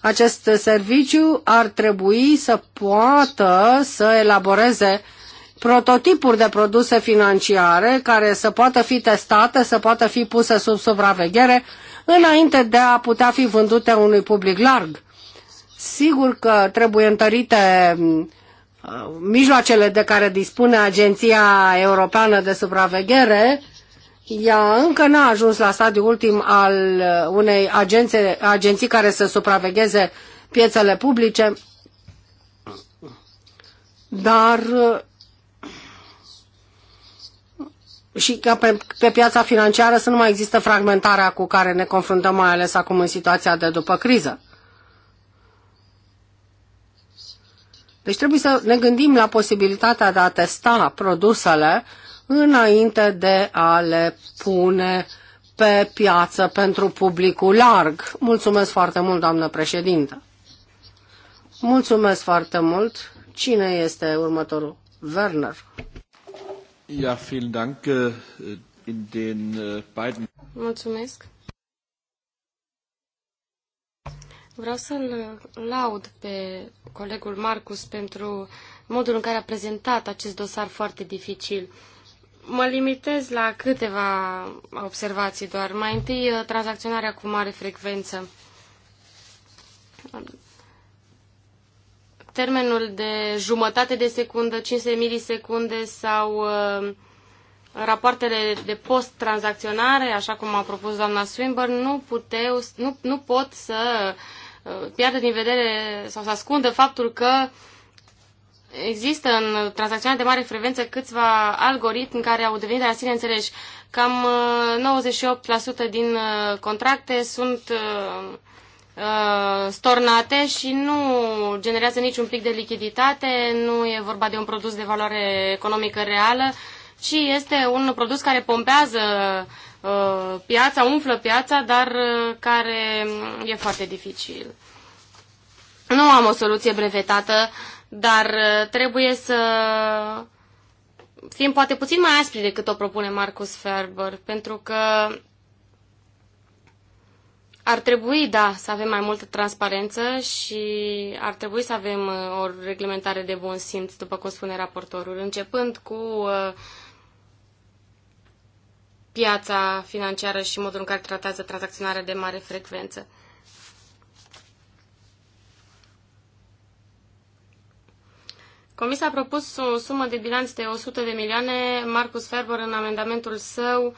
Acest serviciu ar trebui să poată să elaboreze uh, prototipuri de produse financiare care să poată fi testate, să poată fi puse sub supraveghere înainte de a putea fi vândute unui public larg. Sigur că trebuie întărite mm, uh, mijloacele de care dispune Agenția Europeană de Supraveghere, ea încă n-a ajuns la stadiul ultim al uh, unei agențe, agenții care să supravegheze piețele publice, dar uh, și că pe, pe piața financiară să nu mai există fragmentarea cu care ne confruntăm, mai ales acum în situația de după criză. Deci trebuie să ne gândim la posibilitatea de a testa produsele înainte de a le pune pe piață pentru publicul larg. Mulțumesc foarte mult, doamnă președintă. Mulțumesc foarte mult. Cine este următorul? Werner. Ja, vielen Dank äh, in den äh, beiden. Mulțumesc. Vreau să-l laud pe colegul Marcus pentru modul în care a prezentat acest dosar foarte dificil. Mă limitez la câteva observații doar. Mai întâi, eh, tranzacționarea cu mare frecvență termenul de jumătate de secundă, 500 milisecunde sau uh, rapoartele de post-tranzacționare, așa cum a propus doamna Swinburne, nu, puteu, nu, nu pot să uh, piardă din vedere sau să ascundă faptul că există în tranzacționare de mare frecvență câțiva algoritmi care au devenit de la sine înțeleși. Cam 98% uh, din contracte sunt uh, Uh, stornate și nu generează niciun pic de lichiditate, nu e vorba de un produs de valoare economică reală, ci este un produs care pompează uh, piața, umflă piața, dar uh, care e foarte dificil. Nu am o soluție brevetată, dar uh, trebuie să fim poate puțin mai aspri decât o propune Marcus Ferber, pentru că ar trebui, da, să avem mai multă transparență și ar trebui să avem uh, o reglementare de bun simț, după cum spune raportorul, începând cu uh, piața financiară și modul în care tratează tranzacționarea de mare frecvență. Comisia a propus o sumă de bilanț de 100 de milioane. Marcus Ferber, în amendamentul său,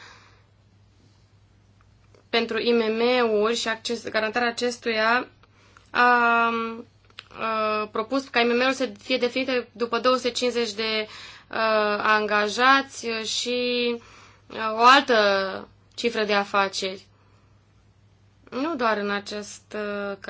pentru IMM-uri și acces, garantarea acestuia a, a, a propus ca imm ul să fie definite după 250 de a, angajați și a, o altă cifră de afaceri. Nu doar în acest,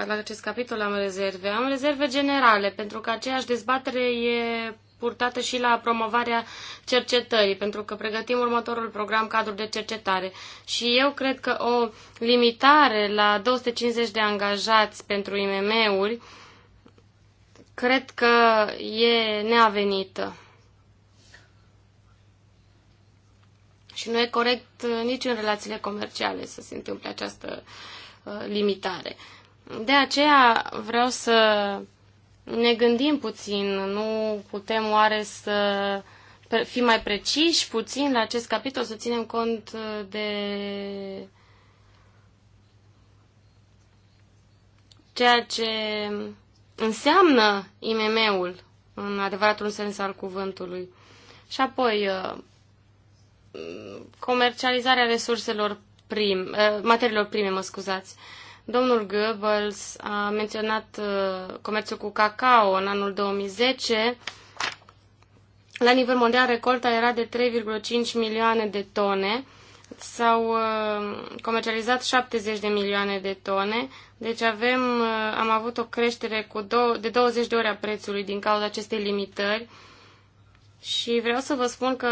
la acest capitol am rezerve, am rezerve generale, pentru că aceeași dezbatere e purtată și la promovarea cercetării, pentru că pregătim următorul program cadru de cercetare. Și eu cred că o limitare la 250 de angajați pentru IMM-uri, cred că e neavenită. Și nu e corect uh, nici în relațiile comerciale să se întâmple această uh, limitare. De aceea vreau să ne gândim puțin, nu putem oare să fi mai preciși puțin la acest capitol, să ținem cont uh, de ceea ce înseamnă IMM-ul în adevăratul sens al cuvântului. Și apoi, uh, comercializarea resurselor prim, uh, materiilor prime, mă scuzați. Domnul Goebbels a menționat uh, comerțul cu cacao în anul 2010. La nivel mondial, recolta era de 3,5 milioane de tone. S-au uh, comercializat 70 de milioane de tone, deci avem, uh, am avut o creștere cu dou- de 20 de ori a prețului din cauza acestei limitări. Și vreau să vă spun că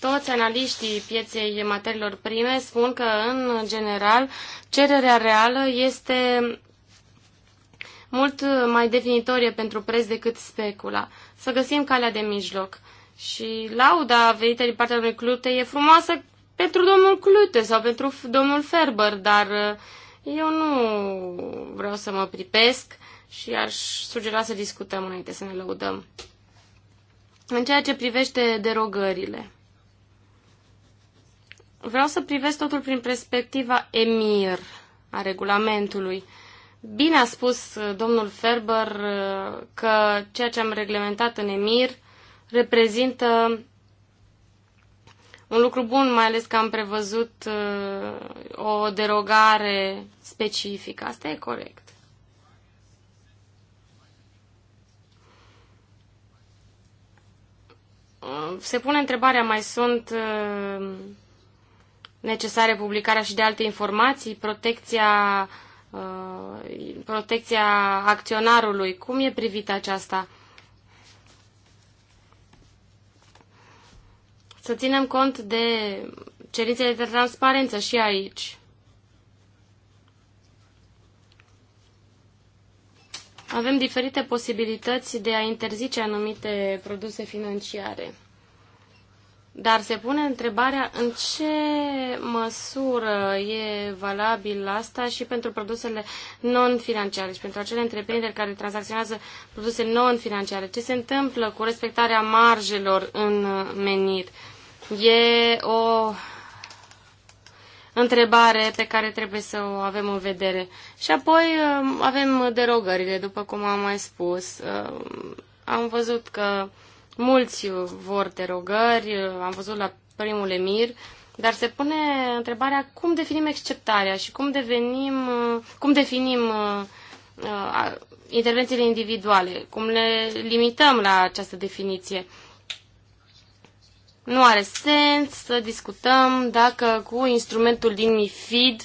toți analiștii pieței materiilor prime spun că, în general, cererea reală este mult mai definitorie pentru preț decât specula. Să găsim calea de mijloc. Și lauda venită din partea lui Clute e frumoasă pentru domnul Clute sau pentru domnul Ferber, dar uh, eu nu vreau să mă pripesc și aș sugera să discutăm înainte să ne lăudăm. În ceea ce privește derogările, vreau să privesc totul prin perspectiva EMIR a regulamentului. Bine a spus uh, domnul Ferber uh, că ceea ce am reglementat în EMIR reprezintă un lucru bun, mai ales că am prevăzut uh, o derogare specifică. Asta e corect. Uh, se pune întrebarea, mai sunt uh, necesare publicarea și de alte informații, protecția, uh, protecția acționarului, cum e privită aceasta? Să ținem cont de cerințele de transparență și aici. avem diferite posibilități de a interzice anumite produse financiare. Dar se pune întrebarea în ce măsură e valabil asta și pentru produsele non-financiare și pentru acele întreprinderi care tranzacționează produse non-financiare. Ce se întâmplă cu respectarea marjelor în menit? E o întrebare pe care trebuie să o avem în vedere. Și apoi um, avem derogările, după cum am mai spus. Um, am văzut că mulți vor derogări, uh, am văzut la primul emir, dar se pune întrebarea cum definim acceptarea și cum, devenim, uh, cum definim uh, intervențiile individuale, cum le limităm la această definiție. Nu are sens să discutăm dacă cu instrumentul din MIFID,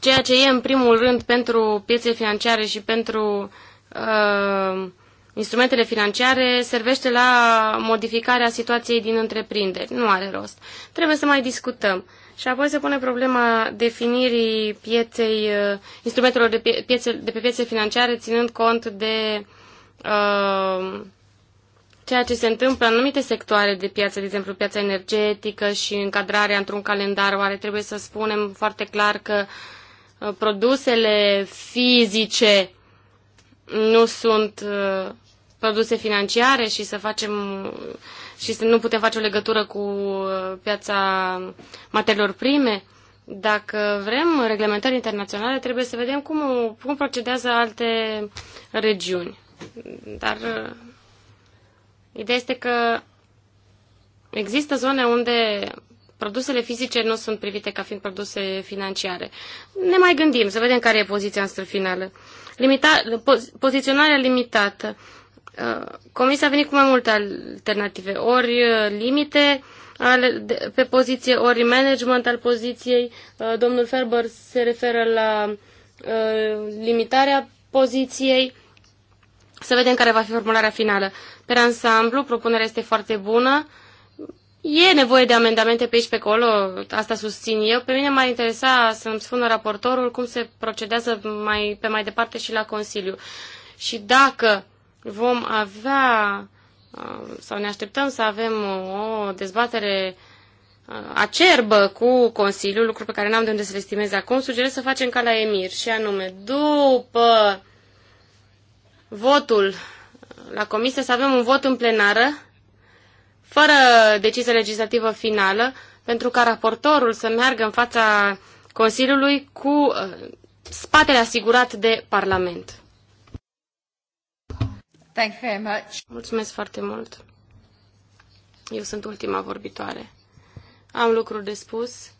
ceea ce e în primul rând pentru piețe financiare și pentru uh, instrumentele financiare, servește la modificarea situației din întreprinderi. Nu are rost. Trebuie să mai discutăm. Și apoi se pune problema definirii pieței, uh, instrumentelor de, pie, piețe, de pe piețe financiare, ținând cont de uh, ceea ce se întâmplă în anumite sectoare de piață, de exemplu piața energetică și încadrarea într-un calendar, oare trebuie să spunem foarte clar că uh, produsele fizice nu sunt uh, produse financiare și să facem și să nu putem face o legătură cu uh, piața materiilor prime. Dacă vrem reglementări internaționale, trebuie să vedem cum, cum procedează alte regiuni. Dar Ideea este că există zone unde produsele fizice nu sunt privite ca fiind produse financiare. Ne mai gândim, să vedem care e poziția noastră finală. Limita, po, poziționarea limitată. Uh, Comisia a venit cu mai multe alternative, ori uh, limite ale, pe poziție, ori management al poziției. Uh, domnul Ferber se referă la limitarea poziției. Să vedem care va fi formularea finală. Per ansamblu, propunerea este foarte bună. E nevoie de amendamente pe aici, pe acolo, asta susțin eu. Pe mine m-ar interesa să-mi spună raportorul cum se procedează mai, pe mai departe și la Consiliu. Și dacă vom avea uh, sau ne așteptăm să avem o dezbatere uh, acerbă cu Consiliul, lucru pe care n-am de unde să le estimez acum, sugerez să facem ca la Emir, și anume, după votul la comisie, să avem un vot în plenară, fără decizie legislativă finală, pentru ca raportorul să meargă în fața Consiliului cu uh, spatele asigurat de Parlament. Thank you very much. Mulțumesc foarte mult. Eu sunt ultima vorbitoare. Am lucruri de spus.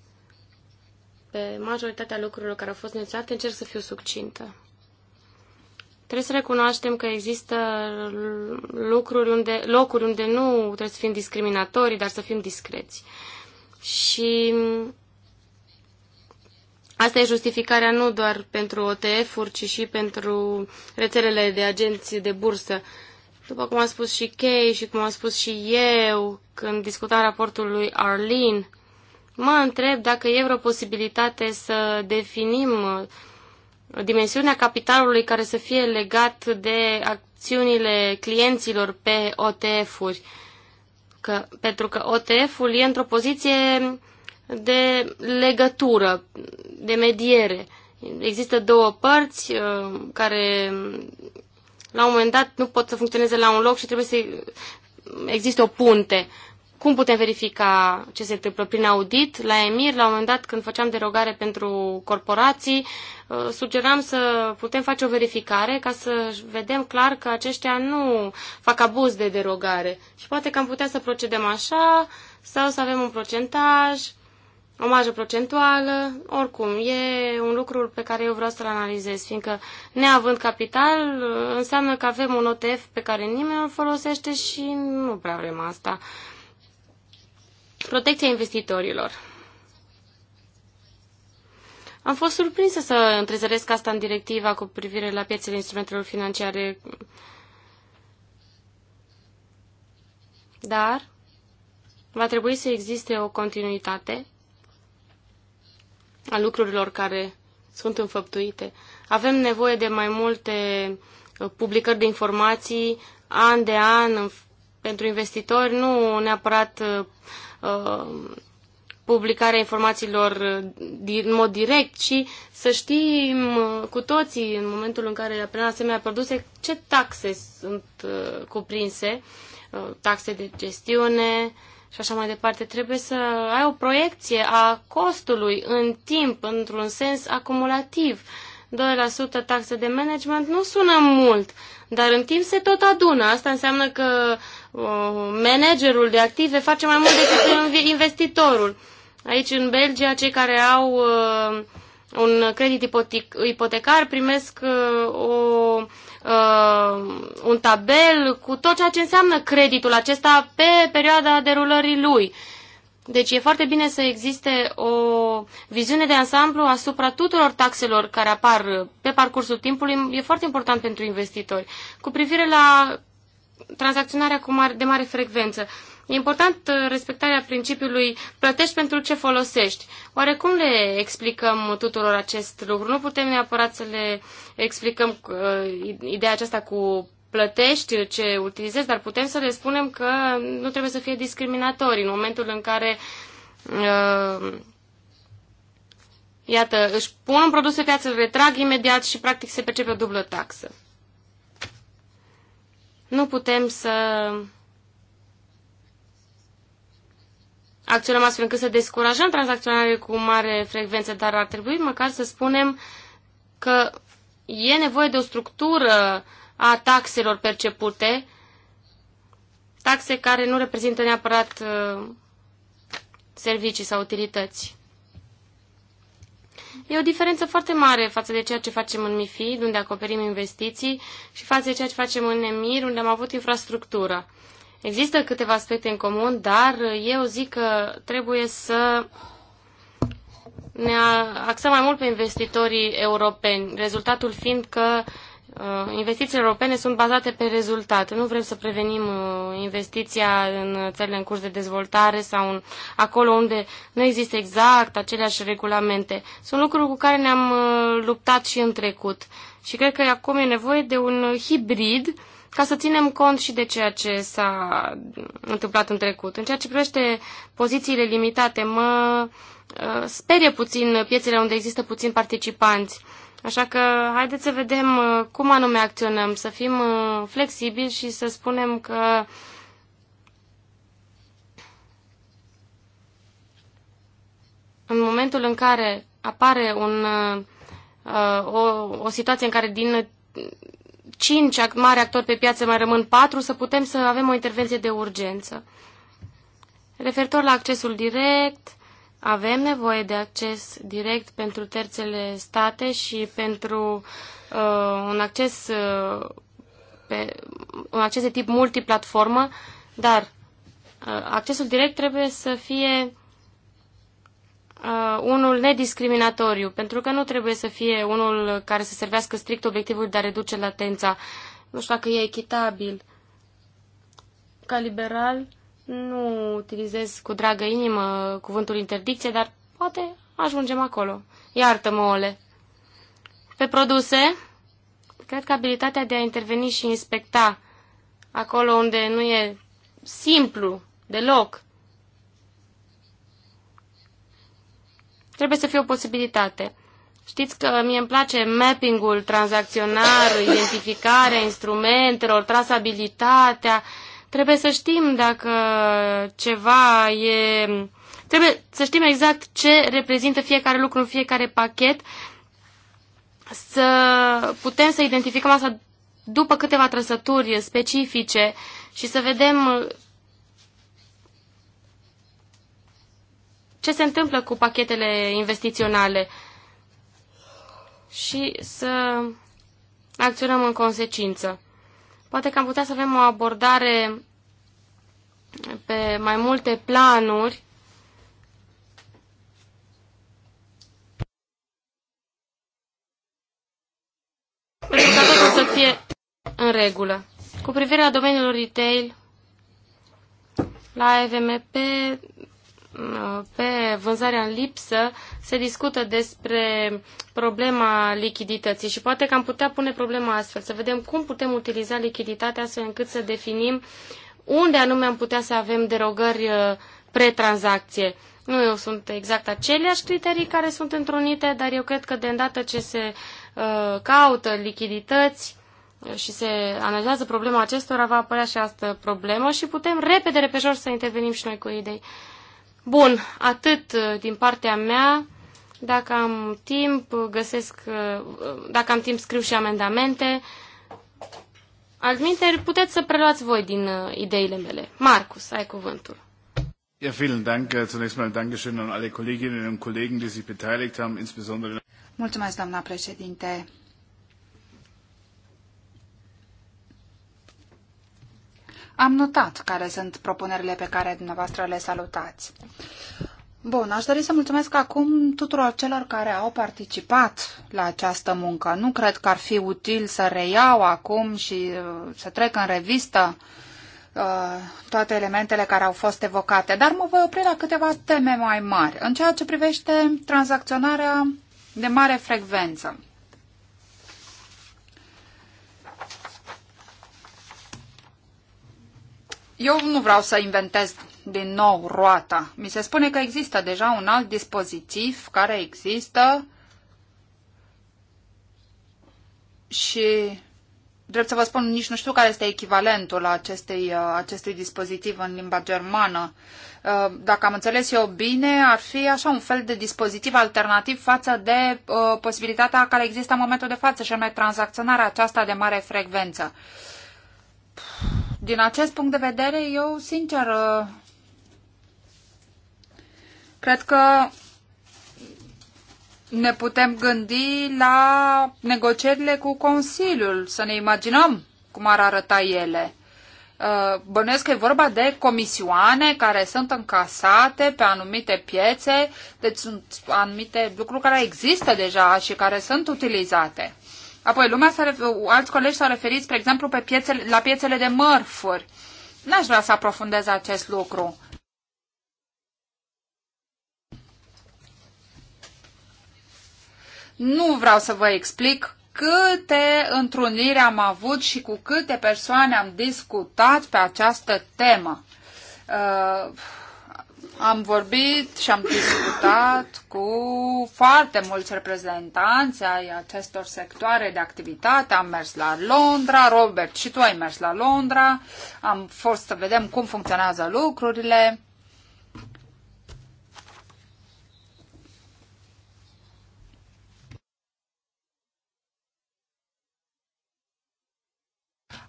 Pe majoritatea lucrurilor care au fost nețate, încerc să fiu succintă. Trebuie să recunoaștem că există lucruri unde, locuri unde nu trebuie să fim discriminatorii, dar să fim discreți. Și asta e justificarea nu doar pentru OTF-uri, ci și pentru rețelele de agenții de bursă. După cum a spus și Kay și cum am spus și eu când discutam raportul lui Arlene, mă întreb dacă e vreo posibilitate să definim dimensiunea capitalului care să fie legat de acțiunile clienților pe OTF-uri. Că, pentru că OTF-ul e într-o poziție de legătură, de mediere. Există două părți uh, care la un moment dat nu pot să funcționeze la un loc și trebuie să existe o punte cum putem verifica ce se întâmplă prin audit. La EMIR, la un moment dat, când făceam derogare pentru corporații, uh, sugeram să putem face o verificare ca să vedem clar că aceștia nu fac abuz de derogare. Și poate că am putea să procedem așa sau să avem un procentaj, o marjă procentuală, oricum, e un lucru pe care eu vreau să-l analizez, fiindcă neavând capital, înseamnă că avem un OTF pe care nimeni nu-l folosește și nu prea vrem asta. Protecția investitorilor. Am fost surprinsă să întrezăresc asta în directiva cu privire la piețele instrumentelor financiare. Dar va trebui să existe o continuitate a lucrurilor care sunt înfăptuite. Avem nevoie de mai multe uh, publicări de informații an de an pentru investitori, nu neapărat uh, Uh, publicarea informațiilor în mod direct, ci să știm cu toții în momentul în care aprenă asemenea produse ce taxe sunt uh, cuprinse, uh, taxe de gestiune și așa mai departe. Trebuie să ai o proiecție a costului în timp, într-un sens acumulativ. 2% taxe de management nu sună mult, dar în timp se tot adună. Asta înseamnă că Uh, managerul de active face mai mult decât investitorul. Aici în Belgia, cei care au uh, un credit ipotecar primesc uh, o, uh, un tabel cu tot ceea ce înseamnă creditul acesta pe perioada derulării lui. Deci e foarte bine să existe o viziune de ansamblu asupra tuturor taxelor care apar pe parcursul timpului. E foarte important pentru investitori. Cu privire la tranzacționarea cu mare, de mare frecvență. E important uh, respectarea principiului plătești pentru ce folosești. Oare cum le explicăm tuturor acest lucru? Nu putem neapărat să le explicăm uh, ideea aceasta cu plătești uh, ce utilizezi, dar putem să le spunem că nu trebuie să fie discriminatori în momentul în care uh, iată, își pun un produs pe piață, îl retrag imediat și practic se percepe o dublă taxă. Nu putem să acționăm astfel încât să descurajăm tranzacționarea cu mare frecvență, dar ar trebui măcar să spunem că e nevoie de o structură a taxelor percepute, taxe care nu reprezintă neapărat uh, servicii sau utilități. E o diferență foarte mare față de ceea ce facem în MIFID, unde acoperim investiții, și față de ceea ce facem în EMIR, unde am avut infrastructură. Există câteva aspecte în comun, dar eu zic că trebuie să ne axăm mai mult pe investitorii europeni, rezultatul fiind că Uh, investițiile europene sunt bazate pe rezultate. Nu vrem să prevenim uh, investiția în țările în curs de dezvoltare sau în, acolo unde nu există exact aceleași regulamente. Sunt lucruri cu care ne-am uh, luptat și în trecut. Și cred că acum e nevoie de un hibrid ca să ținem cont și de ceea ce s-a întâmplat în trecut. În ceea ce privește pozițiile limitate, mă sperie puțin piețele unde există puțin participanți Așa că haideți să vedem uh, cum anume acționăm, să fim uh, flexibili și să spunem că în momentul în care apare un, uh, o, o situație în care din cinci mari actori pe piață mai rămân patru, să putem să avem o intervenție de urgență. Referitor la accesul direct, avem nevoie de acces direct pentru terțele state și pentru uh, un, acces, uh, pe, un acces de tip multiplatformă, dar uh, accesul direct trebuie să fie uh, unul nediscriminatoriu, pentru că nu trebuie să fie unul care să servească strict obiectivul de a reduce latența. Nu știu dacă e echitabil. Ca liberal, nu utilizez cu dragă inimă cuvântul interdicție, dar poate ajungem acolo. Iartă-mă, Ole. Pe produse, cred că abilitatea de a interveni și inspecta acolo unde nu e simplu deloc trebuie să fie o posibilitate. Știți că mie îmi place mapping-ul tranzacționar, identificarea instrumentelor, trasabilitatea Trebuie să știm dacă ceva e... Trebuie să știm exact ce reprezintă fiecare lucru în fiecare pachet, să putem să identificăm asta după câteva trăsături specifice și să vedem ce se întâmplă cu pachetele investiționale și să acționăm în consecință. Poate că am putea să avem o abordare pe mai multe planuri pentru ca totul să fie în regulă. Cu privire la domeniul retail, la EVMP pe vânzarea în lipsă se discută despre problema lichidității și poate că am putea pune problema astfel, să vedem cum putem utiliza lichiditatea astfel încât să definim unde anume am putea să avem derogări uh, pretranzacție. Nu eu sunt exact aceleași criterii care sunt întrunite, dar eu cred că de îndată ce se uh, caută lichidități, uh, și se analizează problema acestora, va apărea și asta problemă și putem repede, repejor să intervenim și noi cu idei. Bun, atât uh, din partea mea. Dacă am timp, găsesc, uh, dacă am timp, scriu și amendamente. Altminteri, puteți să preluați voi din uh, ideile mele. Marcus, ai cuvântul. Ja, vielen Dank. Äh, zunächst mal Dankeschön an alle Kolleginnen und Kollegen, die sich beteiligt haben, insbesondere. Mulțumesc, doamna președinte. Am notat care sunt propunerile pe care dumneavoastră le salutați. Bun, aș dori să mulțumesc acum tuturor celor care au participat la această muncă. Nu cred că ar fi util să reiau acum și uh, să trec în revistă uh, toate elementele care au fost evocate, dar mă voi opri la câteva teme mai mari. În ceea ce privește tranzacționarea de mare frecvență. Eu nu vreau să inventez din nou roata. Mi se spune că există deja un alt dispozitiv care există și, drept să vă spun, nici nu știu care este echivalentul acestei, uh, acestui dispozitiv în limba germană. Uh, dacă am înțeles eu bine, ar fi așa un fel de dispozitiv alternativ față de uh, posibilitatea care există în momentul de față, și anume tranzacționarea aceasta de mare frecvență. Puh din acest punct de vedere, eu, sincer, uh, cred că ne putem gândi la negocierile cu Consiliul, să ne imaginăm cum ar arăta ele. Uh, bănuiesc că e vorba de comisioane care sunt încasate pe anumite piețe, deci sunt anumite lucruri care există deja și care sunt utilizate. Apoi, lumea s-a alți colegi s-au referit, spre exemplu, pe piețele, la piețele de mărfuri. N-aș vrea să aprofundez acest lucru. Nu vreau să vă explic câte întruniri am avut și cu câte persoane am discutat pe această temă. Uh, am vorbit și am discutat cu foarte mulți reprezentanți ai acestor sectoare de activitate. Am mers la Londra, Robert și tu ai mers la Londra, am fost să vedem cum funcționează lucrurile.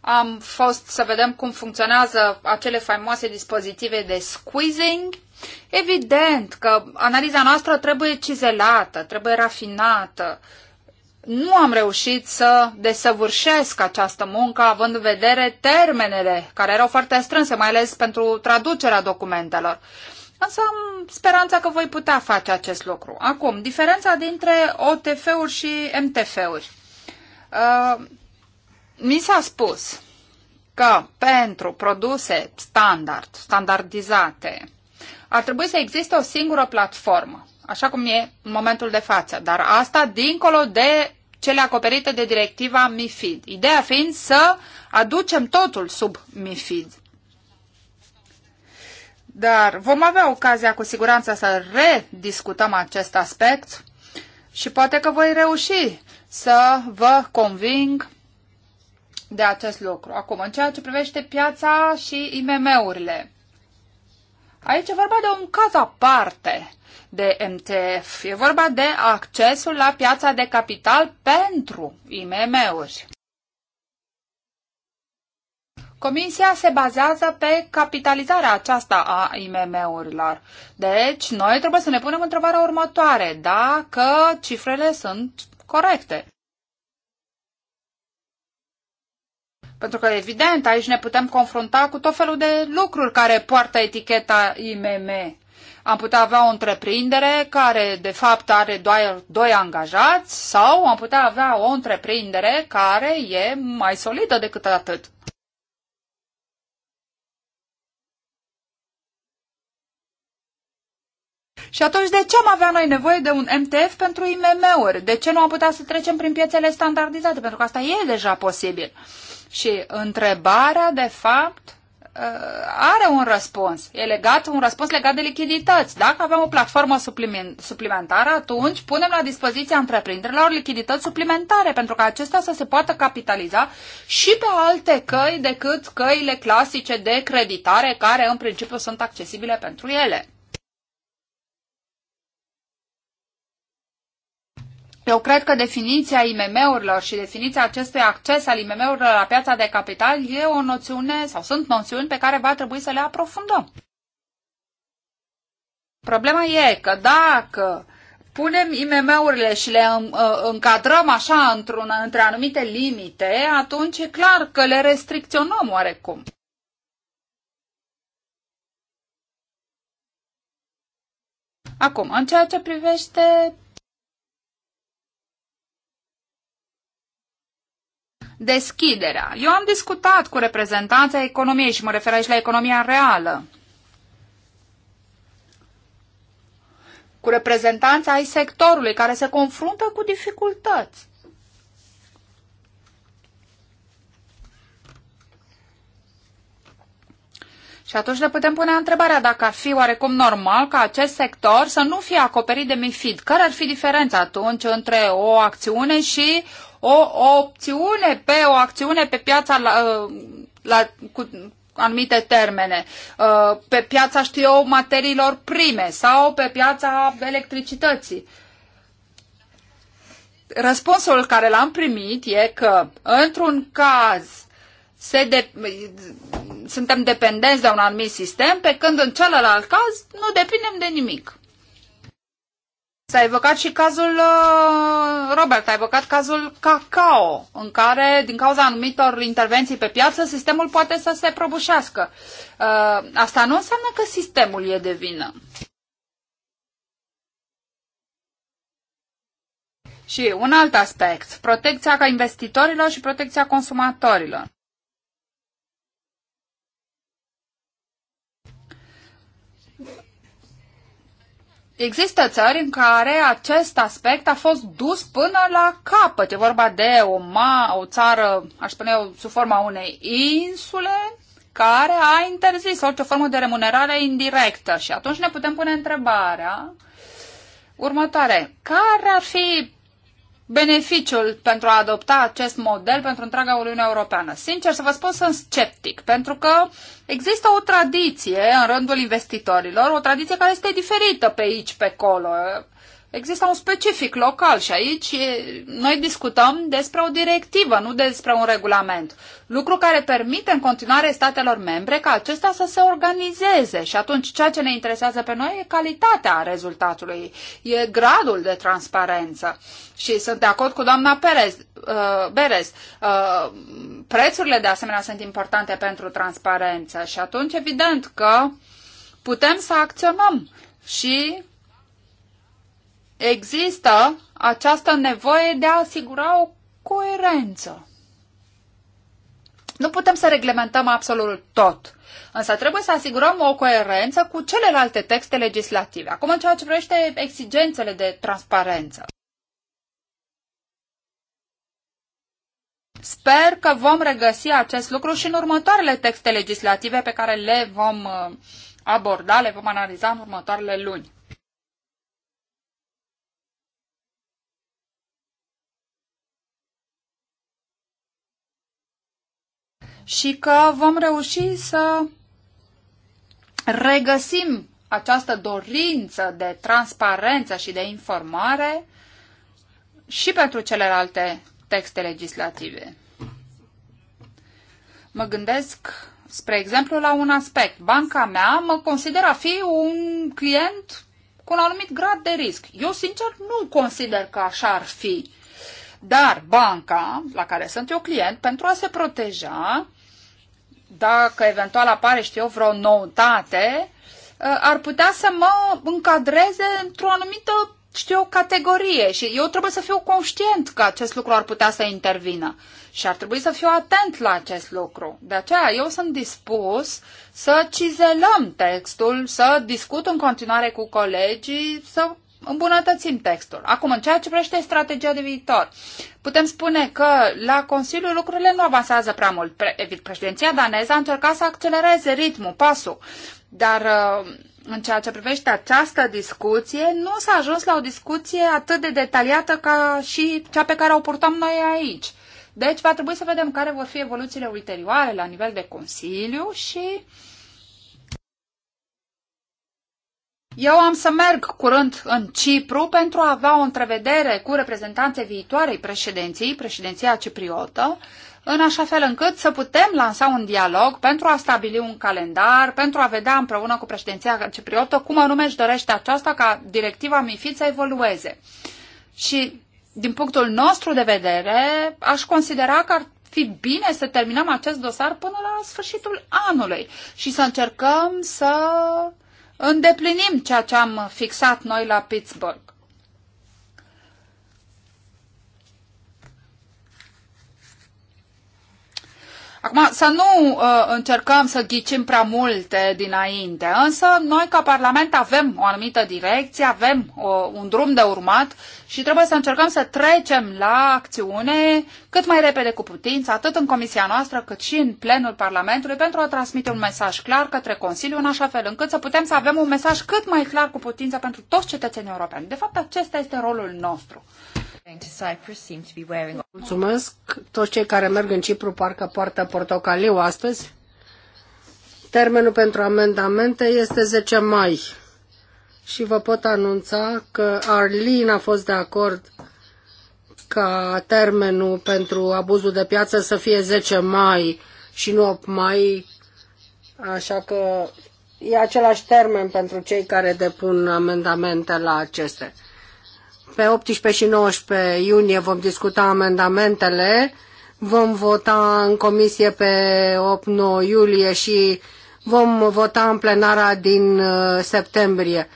am fost să vedem cum funcționează acele faimoase dispozitive de squeezing Evident că analiza noastră trebuie cizelată, trebuie rafinată. Nu am reușit să desăvârșesc această muncă având în vedere termenele care erau foarte strânse, mai ales pentru traducerea documentelor. Însă am speranța că voi putea face acest lucru. Acum, diferența dintre OTF-uri și MTF-uri. Uh, mi s-a spus că pentru produse standard, standardizate, ar trebui să existe o singură platformă, așa cum e în momentul de față, dar asta dincolo de cele acoperite de directiva MIFID. Ideea fiind să aducem totul sub MIFID. Dar vom avea ocazia cu siguranță să rediscutăm acest aspect și poate că voi reuși să vă conving de acest lucru. Acum, în ceea ce privește piața și IMM-urile, Aici e vorba de un caz aparte de MTF. E vorba de accesul la piața de capital pentru IMM-uri. Comisia se bazează pe capitalizarea aceasta a IMM-urilor. Deci, noi trebuie să ne punem întrebarea următoare, dacă cifrele sunt corecte. Pentru că, evident, aici ne putem confrunta cu tot felul de lucruri care poartă eticheta IMM. Am putea avea o întreprindere care, de fapt, are doar doi angajați sau am putea avea o întreprindere care e mai solidă decât atât. Și atunci, de ce am avea noi nevoie de un MTF pentru IMM-uri? De ce nu am putea să trecem prin piețele standardizate? Pentru că asta e deja posibil. Uh, și întrebarea, de fapt, uh, are un răspuns. E legat, un răspuns legat de lichidități. Dacă avem o platformă suplimentară, atunci punem la dispoziția întreprinderilor lichidități suplimentare, pentru ca acestea să se poată capitaliza și pe alte căi decât căile clasice de creditare, care în principiu sunt accesibile pentru ele. Eu cred că definiția IMM-urilor și definiția acestui acces al IMM-urilor la piața de capital e o noțiune sau sunt noțiuni pe care va trebui să le aprofundăm. Problema e că dacă punem IMM-urile și le ă, încadrăm așa într-un, între anumite limite, atunci e clar că le restricționăm oarecum. Acum, în ceea ce privește deschiderea. Eu am discutat cu reprezentanța economiei și mă refer aici la economia reală. Cu reprezentanța ai sectorului care se confruntă cu dificultăți. Și atunci ne putem pune întrebarea dacă ar fi oarecum normal ca acest sector să nu fie acoperit de MIFID. Care ar fi diferența atunci între o acțiune și o, o opțiune pe o acțiune pe piața la, uh, la, cu anumite termene, uh, pe piața, știu eu, materiilor prime sau pe piața electricității. Răspunsul care l-am primit e că, într-un caz, se de, suntem dependenți de un anumit sistem, pe când în celălalt caz nu depindem de nimic. S-a evocat și cazul, uh, Robert, a evocat cazul cacao, în care, din cauza anumitor intervenții pe piață, sistemul poate să se probușească. Uh, asta nu înseamnă că sistemul e de vină. Și un alt aspect, protecția ca investitorilor și protecția consumatorilor. Există țări în care acest aspect a fost dus până la capăt. E vorba de o, ma, o țară, aș spune eu, sub forma unei insule, care a interzis orice formă de remunerare indirectă. Și atunci ne putem pune întrebarea următoare. Care ar fi beneficiul pentru a adopta acest model pentru întreaga Uniune Europeană. Sincer să vă spun, sunt sceptic, pentru că există o tradiție în rândul investitorilor, o tradiție care este diferită pe aici, pe acolo. Există un specific local și aici noi discutăm despre o directivă, nu despre un regulament. Lucru care permite în continuare statelor membre ca acestea să se organizeze și atunci ceea ce ne interesează pe noi e calitatea rezultatului, e gradul de transparență. Și sunt de acord cu doamna Perez, uh, Berez. Uh, prețurile de asemenea sunt importante pentru transparență și atunci evident că putem să acționăm și există această nevoie de a asigura o coerență. Nu putem să reglementăm absolut tot, însă trebuie să asigurăm o coerență cu celelalte texte legislative. Acum, în ceea ce privește exigențele de transparență. Sper că vom regăsi acest lucru și în următoarele texte legislative pe care le vom uh, aborda, le vom analiza în următoarele luni. și că vom reuși să regăsim această dorință de transparență și de informare și pentru celelalte texte legislative. Mă gândesc, spre exemplu, la un aspect. Banca mea mă consideră a fi un client cu un anumit grad de risc. Eu, sincer, nu consider că așa ar fi. Dar banca, la care sunt eu client, pentru a se proteja, dacă eventual apare, știu eu, vreo noutate, uh, ar putea să mă încadreze într-o anumită, știu eu, categorie și eu trebuie să fiu conștient că acest lucru ar putea să intervină și ar trebui să fiu atent la acest lucru. De aceea eu sunt dispus să cizelăm textul, să discut în continuare cu colegii, să îmbunătățim textul. Acum, în ceea ce privește strategia de viitor, putem spune că la Consiliu lucrurile nu avansează prea mult. Pre- președinția daneză a încercat să accelereze ritmul, pasul, dar uh, în ceea ce privește această discuție, nu s-a ajuns la o discuție atât de detaliată ca și cea pe care o purtăm noi aici. Deci va trebui să vedem care vor fi evoluțiile ulterioare la nivel de Consiliu și uh, Eu am să merg curând în Cipru pentru a avea o întrevedere cu reprezentanții viitoarei președinții, președinția cipriotă, în așa fel încât să putem lansa un dialog pentru a stabili un calendar, pentru a vedea împreună cu președinția cipriotă cum anume își dorește aceasta ca directiva MIFID să evolueze. Și din punctul nostru de vedere, aș considera că ar fi bine să terminăm acest dosar până la sfârșitul anului și să încercăm să îndeplinim ceea ce am fixat noi la Pittsburgh. Acum, să nu uh, încercăm să ghicim prea multe dinainte, însă noi ca Parlament avem o anumită direcție, avem uh, un drum de urmat și trebuie să încercăm să trecem la acțiune cât mai repede cu putință, atât în comisia noastră cât și în plenul Parlamentului, pentru a transmite un mesaj clar către Consiliu, în așa fel încât să putem să avem un mesaj cât mai clar cu putință pentru toți cetățenii europeni. De fapt, acesta este rolul nostru. Mulțumesc. Toți cei care merg în Cipru parcă poartă portocaliu astăzi. Termenul pentru amendamente este 10 mai și vă pot anunța că Arlin a fost de acord ca termenul pentru abuzul de piață să fie 10 mai și nu 8 mai, așa că e același termen pentru cei care depun amendamente la aceste. Pe 18 și 19 iunie vom discuta amendamentele, vom vota în comisie pe 8-9 iulie și vom vota în plenara din uh, septembrie.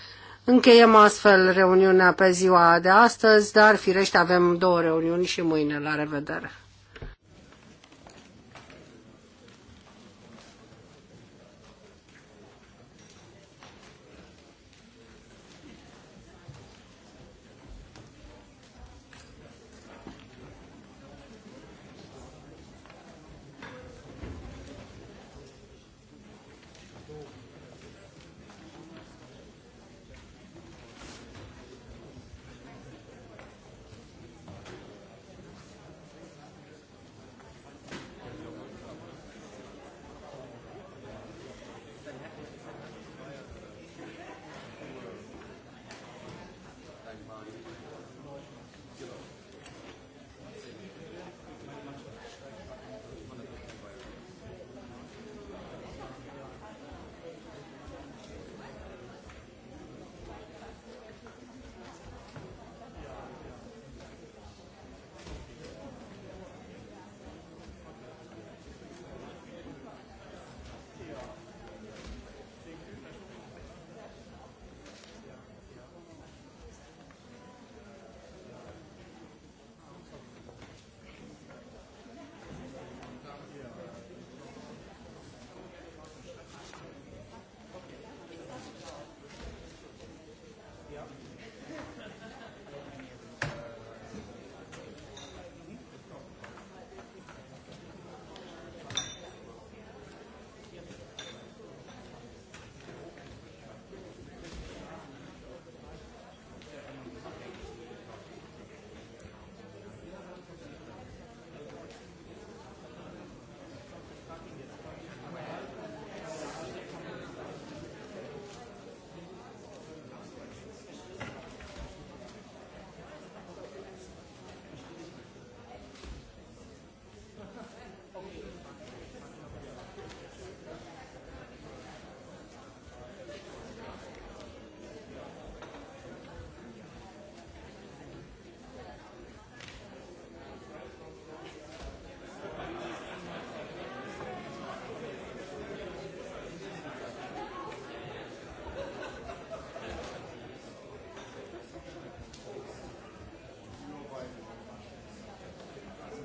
Încheiem astfel reuniunea pe ziua de astăzi, dar firește avem două reuniuni și mâine. La revedere!